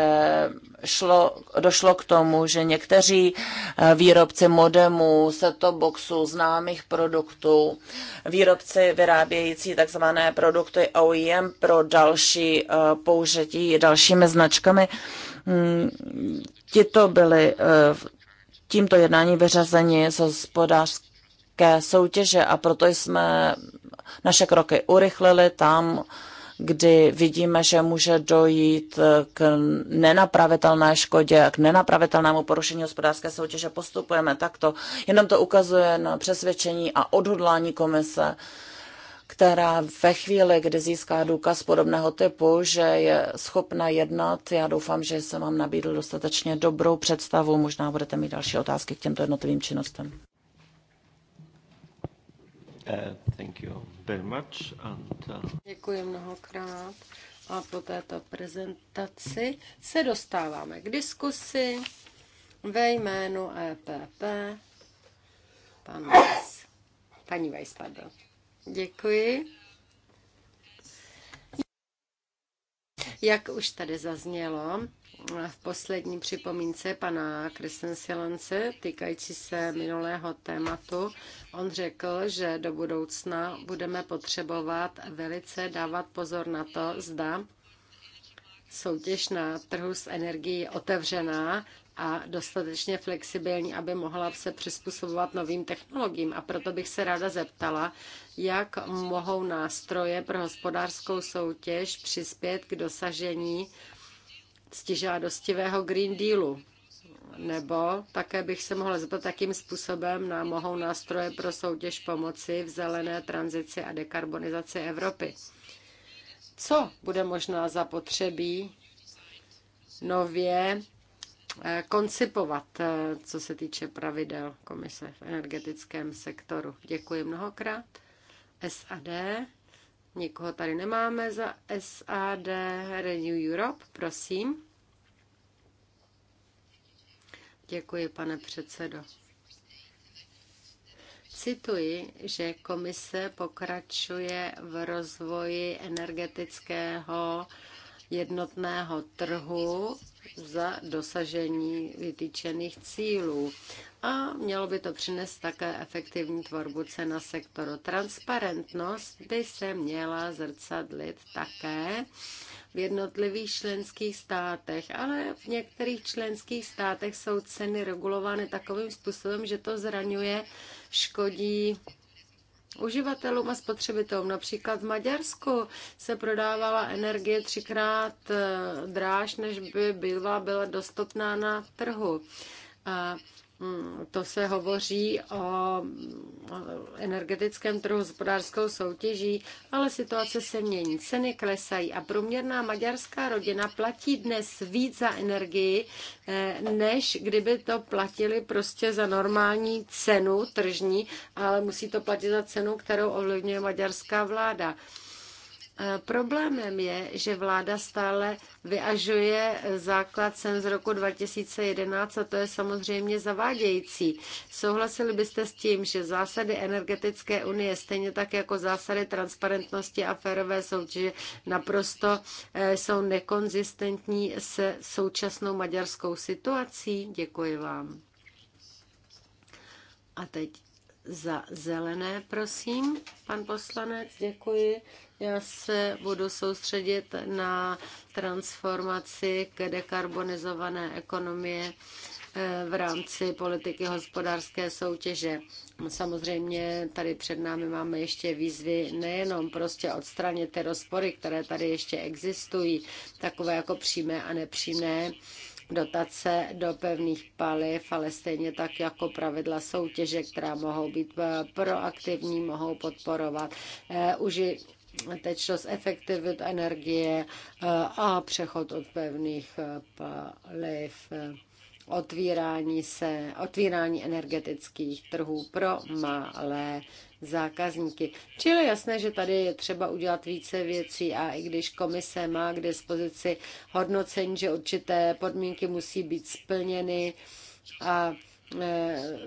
šlo, došlo k tomu, že někteří eh, výrobci modemů, set boxů, známých produktů, výrobci vyrábějící takzvané produkty OEM pro další eh, použití dalšími značkami, mm, tito byli eh, tímto jednání vyřazeni z hospodářské soutěže a proto jsme naše kroky urychlili tam, kdy vidíme, že může dojít k nenapravitelné škodě a k nenapravitelnému porušení hospodářské soutěže, postupujeme takto. Jenom to ukazuje na přesvědčení a odhodlání komise, která ve chvíli, kdy získá důkaz podobného typu, že je schopna jednat. Já doufám, že jsem vám nabídl dostatečně dobrou představu. Možná budete mít další otázky k těmto jednotlivým činnostem. Uh, thank you very much and, uh... Děkuji mnohokrát. A po této prezentaci se dostáváme k diskusi ve jménu EPP. Pan Weiss. Paní Weiss, pardon. Děkuji. Jak už tady zaznělo, v poslední připomínce pana Kristensilance týkající se minulého tématu. On řekl, že do budoucna budeme potřebovat velice dávat pozor na to, zda soutěž na trhu s energií je otevřená a dostatečně flexibilní, aby mohla se přizpůsobovat novým technologiím. A proto bych se ráda zeptala, jak mohou nástroje pro hospodářskou soutěž přispět k dosažení ctižádostivého Green Dealu. Nebo také bych se mohla zeptat, jakým způsobem nám mohou nástroje pro soutěž pomoci v zelené tranzici a dekarbonizaci Evropy. Co bude možná zapotřebí nově eh, koncipovat, eh, co se týče pravidel komise v energetickém sektoru. Děkuji mnohokrát. SAD. Nikoho tady nemáme za SAD Renew Europe, prosím. Děkuji, pane předsedo. Cituji, že komise pokračuje v rozvoji energetického jednotného trhu za dosažení vytýčených cílů. A mělo by to přinést také efektivní tvorbu cen na sektoru. Transparentnost by se měla zrcadlit také v jednotlivých členských státech, ale v některých členských státech jsou ceny regulovány takovým způsobem, že to zraňuje, škodí uživatelům a spotřebitelům. Například v Maďarsku se prodávala energie třikrát eh, dráž, než by byla, byla dostupná na trhu. A Hmm, to se hovoří o energetickém trhu s hospodářskou soutěží, ale situace se mění. Ceny klesají a průměrná maďarská rodina platí dnes víc za energii, eh, než kdyby to platili prostě za normální cenu tržní, ale musí to platit za cenu, kterou ovlivňuje maďarská vláda. Eh, problémem je, že vláda stále vyažuje základ sem z roku 2011 a to je samozřejmě zavádějící. Souhlasili byste s tím, že zásady energetické unie, stejně tak jako zásady transparentnosti a férové soutěže, naprosto eh, jsou nekonzistentní se současnou maďarskou situací? Děkuji vám. A teď za zelené, prosím, pan poslanec, děkuji. Já se budu soustředit na transformaci k dekarbonizované ekonomie eh, v rámci politiky hospodářské soutěže. Samozřejmě tady před námi máme ještě výzvy nejenom prostě odstranit ty rozpory, které tady ještě existují, takové jako přímé a nepřímé dotace do pevných paliv, ale stejně tak jako pravidla soutěže, která mohou být eh, proaktivní, mohou podporovat eh, uži tečnost, efektivit energie eh, a přechod od pevných eh, paliv eh, otvírání se, otvírání energetických trhů pro malé zákazníky. Čili jasné, že tady je třeba udělat více věcí a i když komise má k dispozici hodnocení, že určité podmínky musí být splněny a Eh,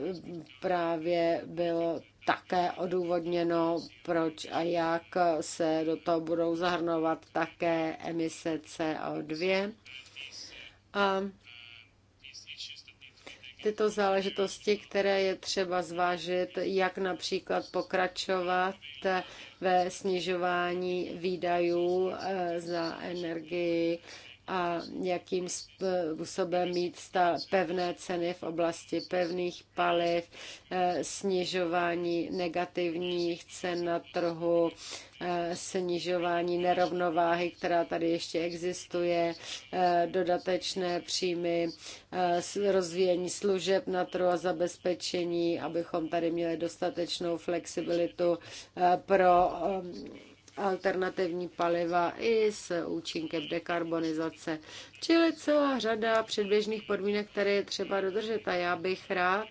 právě bylo také odůvodněno, proč a jak se do toho budou zahrnovat také emise CO2. A tyto záležitosti, které je třeba zvážit, jak například pokračovat ve snižování výdajů eh, za energii a jakým způsobem mít pevné ceny v oblasti pevných paliv, eh, snižování negativních cen na trhu, eh, snižování nerovnováhy, která tady ještě existuje, eh, dodatečné příjmy, rozvíjení služeb na trhu a zabezpečení, abychom tady měli dostatečnou flexibilitu pro alternativní paliva i s účinkem dekarbonizace. Čili celá řada předběžných podmínek, které je třeba dodržet a já bych rád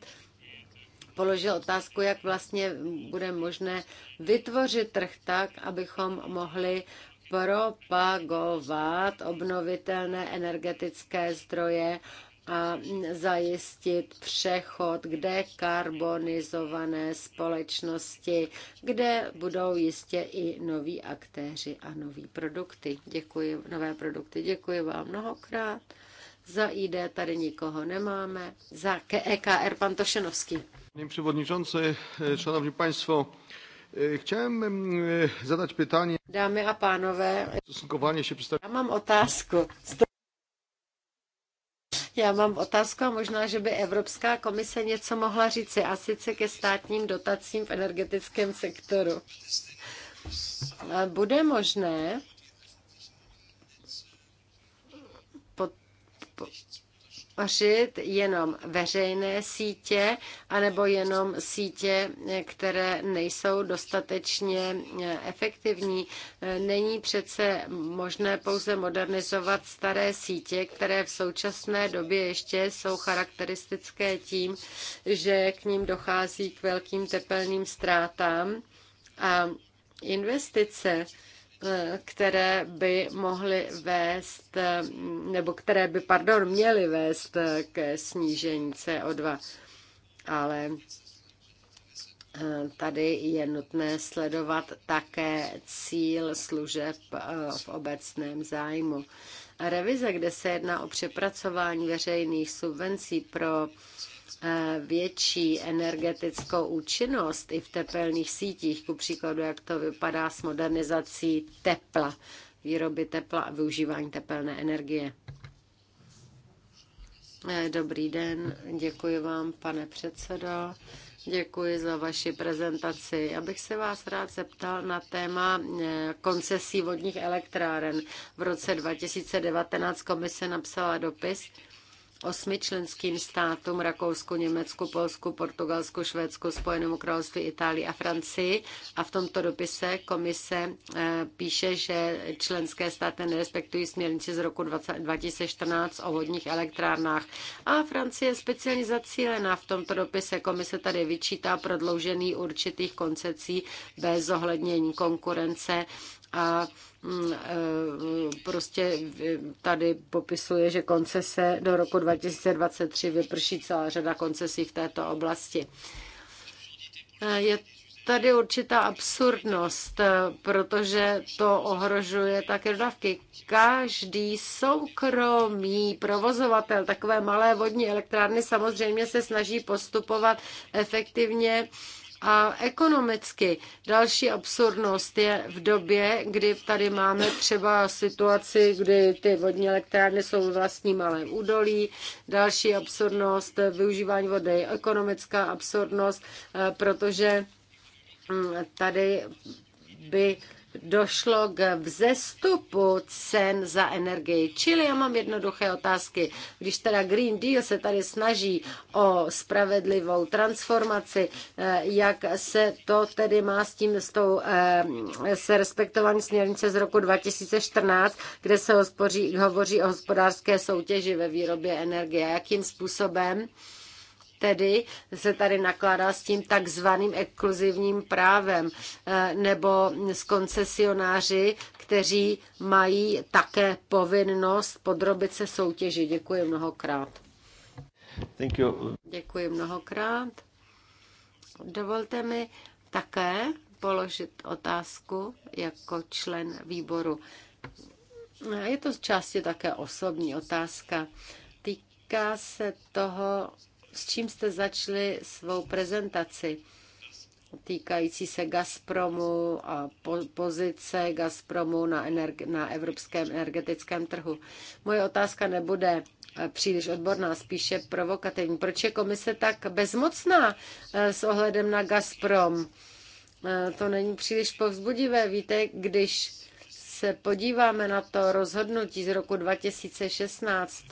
položil otázku, jak vlastně bude možné vytvořit trh tak, abychom mohli propagovat obnovitelné energetické zdroje a zajistit přechod k dekarbonizované společnosti, kde budou jistě i noví aktéři a noví produkty. Děkuji, nové produkty. Děkuji vám mnohokrát. Za ID tady nikoho nemáme. Za KEKR pan Tošenovský. Panie przewodniczący, szanowni państwo, chciałem mm, zadać pytanie. Dámy a pánové, stosunkowanie się představ... Já mám otázku. Já mám otázku a možná, že by Evropská komise něco mohla říci, a sice ke státním dotacím v energetickém sektoru. Bude možné, podpořit jenom veřejné sítě, anebo jenom sítě, které nejsou dostatečně eh, efektivní. Eh, není přece možné pouze modernizovat staré sítě, které v současné době ještě jsou charakteristické tím, že k ním dochází k velkým tepelným ztrátám a investice které by mohly vést, nebo které by, pardon, měly vést ke snížení CO2. Ale eh, tady je nutné sledovat také cíl služeb eh, v obecném zájmu. Revize, kde se jedná o přepracování veřejných subvencí pro Eh, větší energetickou účinnost i v tepelných sítích, ku příkladu, jak to vypadá s modernizací tepla, výroby tepla a využívání tepelné energie. Eh, dobrý den, děkuji vám, pane předsedo. Děkuji za vaši prezentaci. Já bych se vás rád zeptal na téma eh, koncesí vodních elektráren. V roce 2019 komise napsala dopis, osmi členským státům Rakousku, Německu, Polsku, Portugalsku, Švédsku, Spojenému království, Itálii a Francii. A v tomto dopise komise eh, píše, že členské státy nerespektují směrnici z roku 20, 2014 o vodních elektrárnách. A Francie je speciálně zacílená. V tomto dopise komise tady vyčítá prodloužený určitých koncepcí bez zohlednění konkurence a Mm, eh, prostě eh, tady popisuje, že koncese do roku 2023 vyprší celá řada koncesí v této oblasti. Eh, je tady určitá absurdnost, protože to ohrožuje také dodavky. Každý soukromý provozovatel takové malé vodní elektrárny samozřejmě se snaží postupovat efektivně a ekonomicky další absurdnost je v době, kdy tady máme třeba situaci, kdy ty vodní elektrárny jsou vlastní malé údolí, další absurdnost využívání vody, ekonomická absurdnost, eh, protože hm, tady by došlo k vzestupu cen za energii. Čili já mám jednoduché otázky. Když teda Green Deal se tady snaží o spravedlivou transformaci, eh, jak se to tedy má s tím, s tou, eh, se respektování směrnice z roku 2014, kde se hospoří, hovoří o hospodářské soutěži ve výrobě energie. Jakým způsobem? tedy se tady nakládá s tím takzvaným exkluzivním právem eh, nebo s koncesionáři, kteří mají také povinnost podrobit se soutěži. Děkuji mnohokrát. Thank you. Děkuji mnohokrát. Dovolte mi také položit otázku jako člen výboru. Je to z části také osobní otázka. Týká se toho, s čím jste začali svou prezentaci týkající se Gazpromu a pozice Gazpromu na, energ- na evropském energetickém trhu. Moje otázka nebude eh, příliš odborná, spíše provokativní. Proč je komise tak bezmocná eh, s ohledem na Gazprom? Eh, to není příliš povzbudivé. Víte, když se podíváme na to rozhodnutí z roku 2016,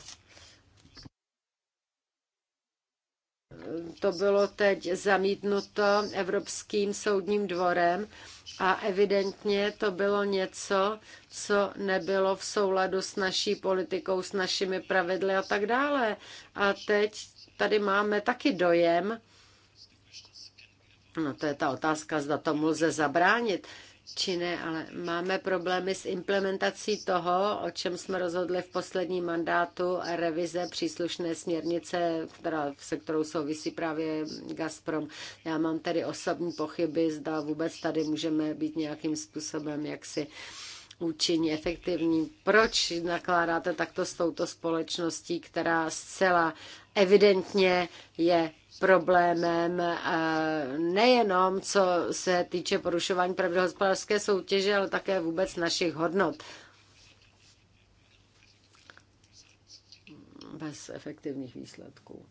to bylo teď zamítnuto Evropským soudním dvorem a evidentně to bylo něco, co nebylo v souladu s naší politikou, s našimi pravidly a tak dále. A teď tady máme taky dojem, No to je ta otázka, zda tomu lze zabránit či ne, ale máme problémy s implementací toho, o čem jsme rozhodli v posledním mandátu revize příslušné směrnice, která, se kterou souvisí právě Gazprom. Já mám tedy osobní pochyby, zda vůbec tady můžeme být nějakým způsobem jaksi účinní, efektivní. Proč nakládáte takto s touto společností, která zcela evidentně je problémem eh, nejenom co se týče porušování pravidel hospodářské soutěže, ale také vůbec našich hodnot. Bez efektivních výsledků.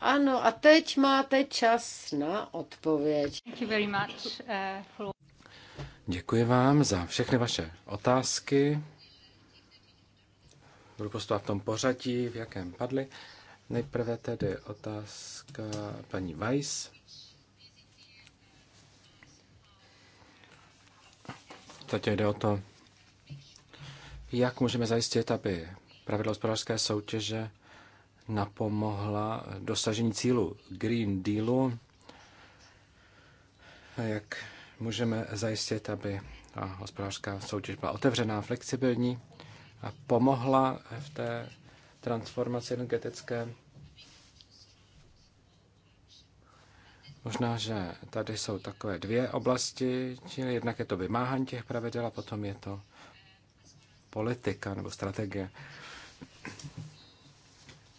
Ano, a teď máte čas na odpověď. Thank you very much, uh, eh, for... Děkuji vám za všechny vaše otázky. Budu postupovat v tom pořadí, v jakém padly. Nejprve tedy otázka paní Weiss. Teď jde o to, jak můžeme zajistit, aby pravidla hospodářské soutěže napomohla dosažení cílu Green Dealu, jak můžeme zajistit, aby hospodářská soutěž byla otevřená, flexibilní a pomohla v té transformaci energetické. Možná, že tady jsou takové dvě oblasti, čili jednak je to vymáhání těch pravidel a potom je to politika nebo strategie.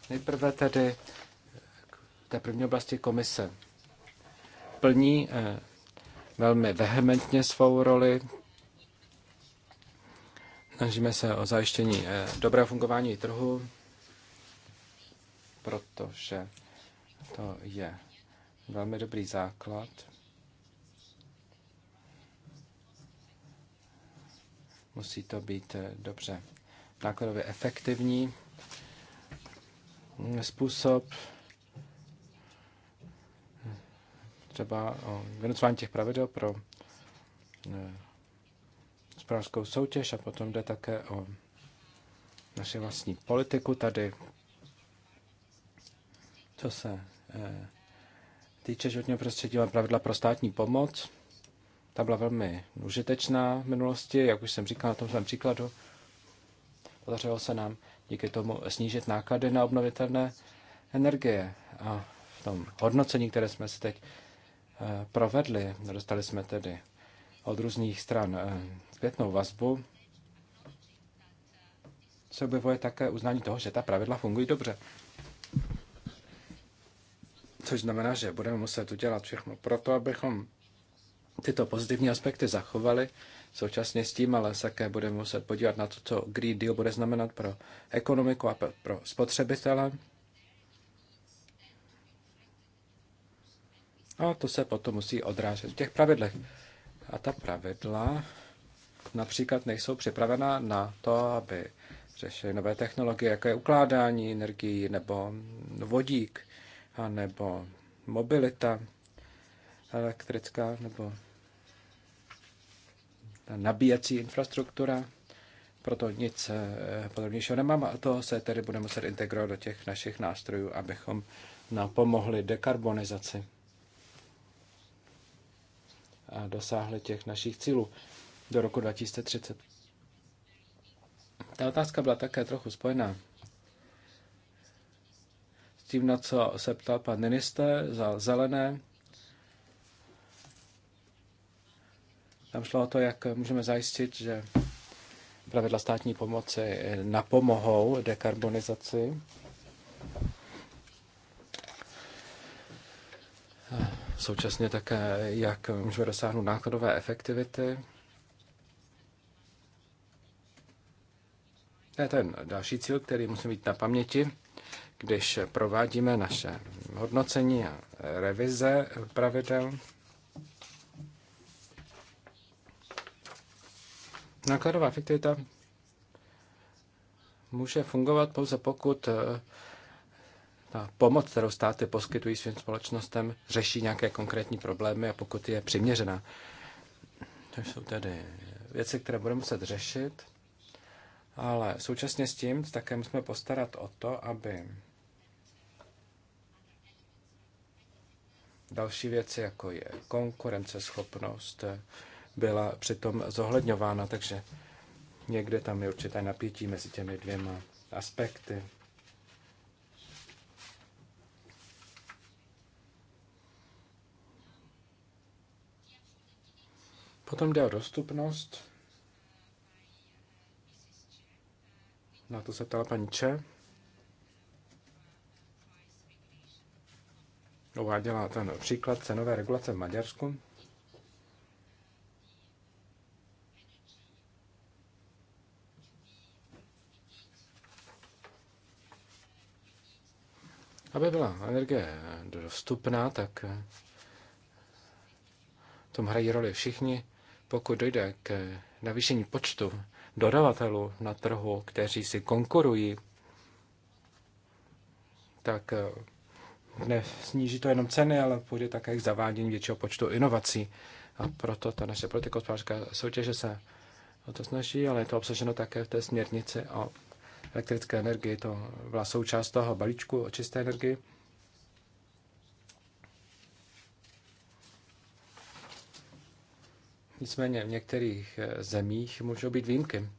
Nejprve tedy té první oblasti komise. Plní eh, velmi vehementně svou roli. Snažíme se o zajištění eh, dobrého fungování trhu, protože to je velmi dobrý základ. Musí to být eh, dobře nákladově efektivní způsob třeba o vynucování těch pravidel pro eh, správskou soutěž a potom jde také o naši vlastní politiku tady, co se eh, týče životního prostředí, máme pravidla pro státní pomoc. Ta byla velmi užitečná v minulosti, jak už jsem říkal na tom svém příkladu. Podařilo se nám díky tomu snížit náklady na obnovitelné energie. A v tom hodnocení, které jsme si teď Eh, provedli. Dostali jsme tedy od různých stran eh, zpětnou vazbu. Se objevuje také uznání toho, že ta pravidla fungují dobře. Což znamená, že budeme muset udělat všechno pro to, abychom tyto pozitivní aspekty zachovali. Současně s tím ale také budeme muset podívat na to, co Green Deal bude znamenat pro ekonomiku a pro spotřebitele. A to se potom musí odrážet v těch pravidlech. A ta pravidla například nejsou připravena na to, aby řešili nové technologie, jako je ukládání energií, nebo vodík, nebo mobilita elektrická, nebo nabíjecí infrastruktura. Proto nic eh, podrobnějšího nemám a to se tedy bude muset integrovat do těch našich nástrojů, abychom napomohli dekarbonizaci a dosáhli těch našich cílů do roku 2030. Ta otázka byla také trochu spojená s tím, na co se ptal pan minister za zelené. Tam šlo o to, jak můžeme zajistit, že pravidla státní pomoci napomohou dekarbonizaci Současně také, jak můžeme dosáhnout nákladové efektivity. To je ten další cíl, který musí mít na paměti, když provádíme naše hodnocení a revize pravidel. Nákladová efektivita může fungovat pouze pokud pomoc, kterou státy poskytují svým společnostem, řeší nějaké konkrétní problémy a pokud je přiměřená. To jsou tedy věci, které budeme muset řešit, ale současně s tím také musíme postarat o to, aby další věci, jako je konkurenceschopnost, byla přitom zohledňována, takže někde tam je určité napětí mezi těmi dvěma aspekty. Potom jde o dostupnost. Na to se ptala paní Če. Uváděla ten příklad cenové regulace v Maďarsku. Aby byla energie dostupná, tak tom hrají roli všichni pokud dojde k navýšení počtu dodavatelů na trhu, kteří si konkurují, tak eh, nesníží to jenom ceny, ale půjde také k zavádění většího počtu inovací. A proto ta naše politika hospodářská soutěže se o to snaží, ale je to obsaženo také v té směrnici o elektrické energii. To byla součást toho balíčku o čisté energii. Nicméně v některých eh, zemích můžou být výjimky.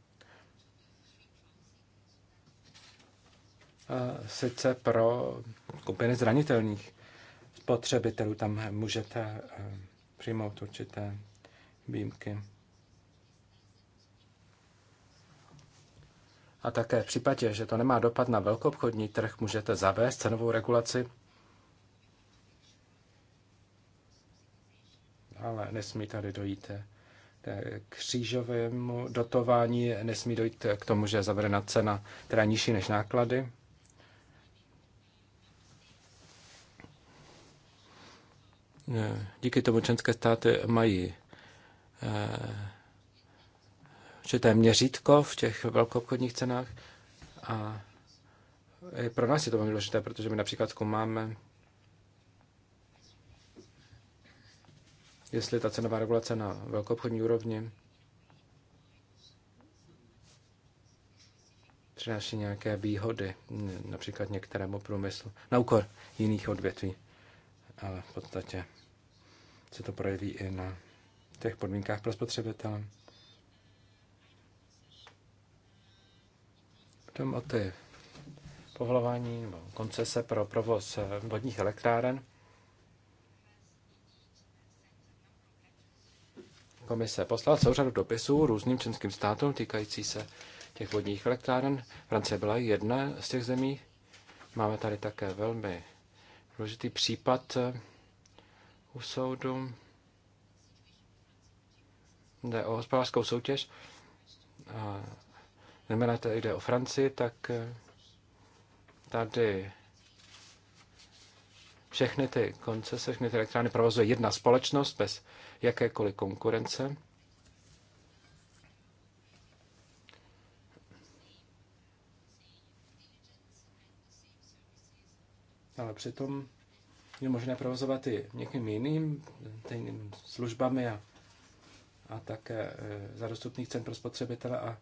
A sice pro skupiny zranitelných spotřebitelů tam můžete eh, přijmout určité výjimky. A také v případě, že to nemá dopad na obchodní trh, můžete zavést cenovou regulaci ale nesmí tady dojít eh, k křížovému dotování, nesmí dojít k tomu, že je zavedena cena, která je nižší než náklady. Díky tomu členské státy mají eh, určité měřítko v těch velkoobchodních cenách a pro nás je to velmi důležité, protože my například zkoumáme jestli ta cenová regulace na velkoobchodní úrovni přináší nějaké výhody, například některému průmyslu, na úkor jiných odvětví, ale v podstatě se to projeví i na těch podmínkách pro spotřebitele. Potom o ty povolování nebo koncese pro provoz vodních elektráren. komise poslala celou řadu dopisů různým členským státům týkající se těch vodních elektráren. Francie byla jedna z těch zemí. Máme tady také velmi důležitý případ eh, u soudu. Jde o hospodářskou soutěž. A znamená, jde o Francii, tak eh, tady všechny ty koncese, všechny ty elektrárny provozuje jedna společnost bez jakékoliv konkurence. Ale přitom je možné provozovat i někým jiným, jiným službami a, a také e, za dostupných cen pro spotřebitele a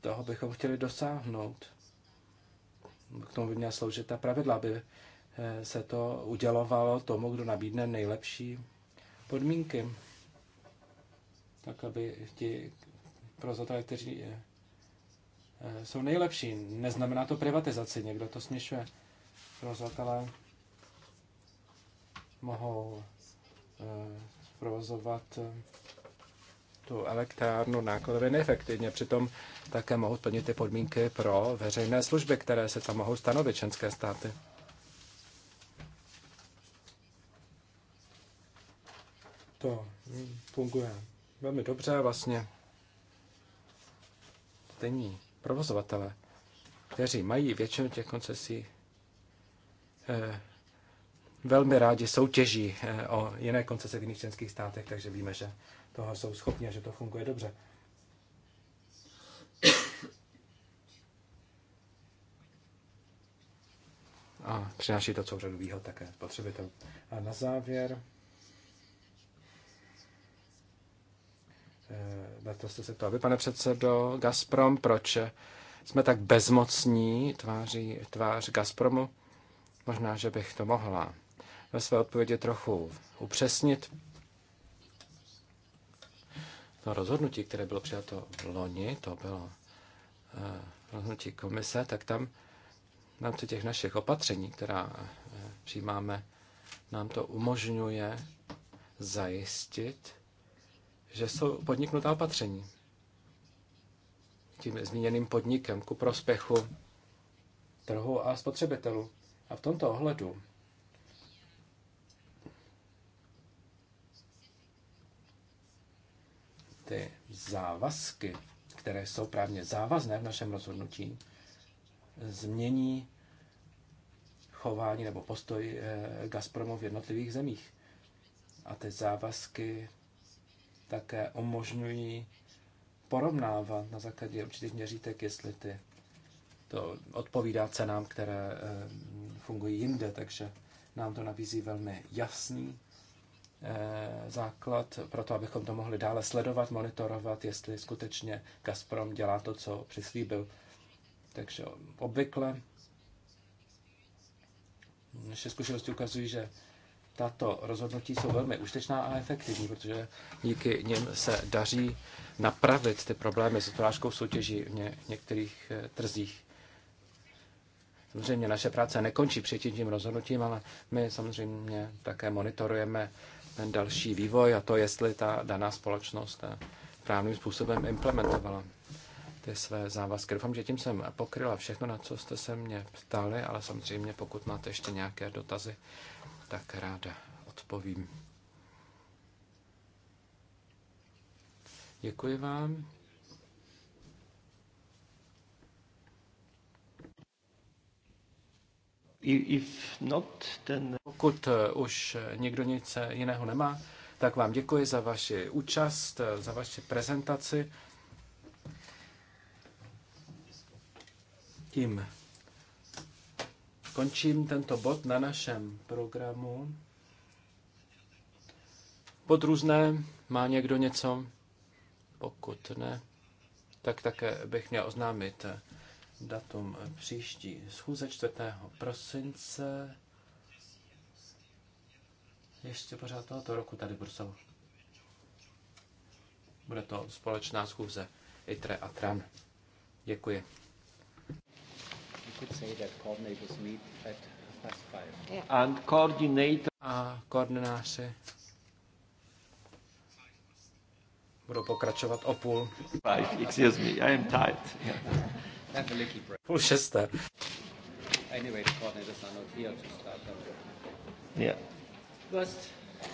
toho bychom chtěli dosáhnout k tomu by měla sloužit ta pravidla, aby eh, se to udělovalo tomu, kdo nabídne nejlepší podmínky. Tak, aby ti provozatelé, kteří eh, eh, jsou nejlepší, neznamená to privatizaci, někdo to směšuje. Provozatelé mohou provozovat tu elektrárnu nákladově neefektivně. Přitom také mohou splnit ty podmínky pro veřejné služby, které se tam mohou stanovit členské státy. To funguje velmi dobře vlastně. Stejní provozovatele, kteří mají většinu těch koncesí, eh, velmi rádi soutěží eh, o jiné koncese v jiných členských státech, takže víme, že toho jsou schopni a že to funguje dobře. A přináší to celou řadu výhod také spotřebitel. A na závěr, eh, na to jste se ptal vy, pane předsedo, Gazprom, proč jsme tak bezmocní tváří, tvář Gazpromu? Možná, že bych to mohla ve své odpovědi trochu upřesnit to rozhodnutí, které bylo přijato v loni, to bylo eh, rozhodnutí komise, tak tam nám to těch našich opatření, která eh, přijímáme, nám to umožňuje zajistit, že jsou podniknutá opatření tím zmíněným podnikem ku prospěchu trhu a spotřebitelů. A v tomto ohledu ty závazky, které jsou právně závazné v našem rozhodnutí, změní chování nebo postoj eh, Gazpromu v jednotlivých zemích. A ty závazky také umožňují porovnávat na základě určitých měřítek, jestli ty to odpovídá cenám, které eh, fungují jinde, takže nám to nabízí velmi jasný Eh, základ pro to, abychom to mohli dále sledovat, monitorovat, jestli skutečně Gazprom dělá to, co přislíbil. Takže obvykle naše zkušenosti ukazují, že tato rozhodnutí jsou velmi užitečná a efektivní, protože díky nim se daří napravit ty problémy s hospodářskou soutěží v ně, některých eh, trzích. Samozřejmě naše práce nekončí přijetím tím rozhodnutím, ale my samozřejmě také monitorujeme ten další vývoj a to, jestli ta daná společnost právným způsobem implementovala ty své závazky. Doufám, že tím jsem pokryla všechno, na co jste se mě ptali, ale samozřejmě, pokud máte ještě nějaké dotazy, tak ráda odpovím. Děkuji vám. If not, then... Pokud eh, už eh, někdo nic eh, jiného nemá, tak vám děkuji za vaši účast, za vaši prezentaci. Tím končím tento bod na našem programu. Pod různé, má někdo něco? Pokud ne, tak také bych měl oznámit datum příští schůze 4. prosince. Ještě pořád tohoto roku tady v Bruselu. Bude to společná schůze ITRE a TRAN. Děkuji. A koordináři budou pokračovat o půl. excuse me, I am tired. Yeah. Půl šesté. Anyway, the coordinators are not here to start. Yeah. First,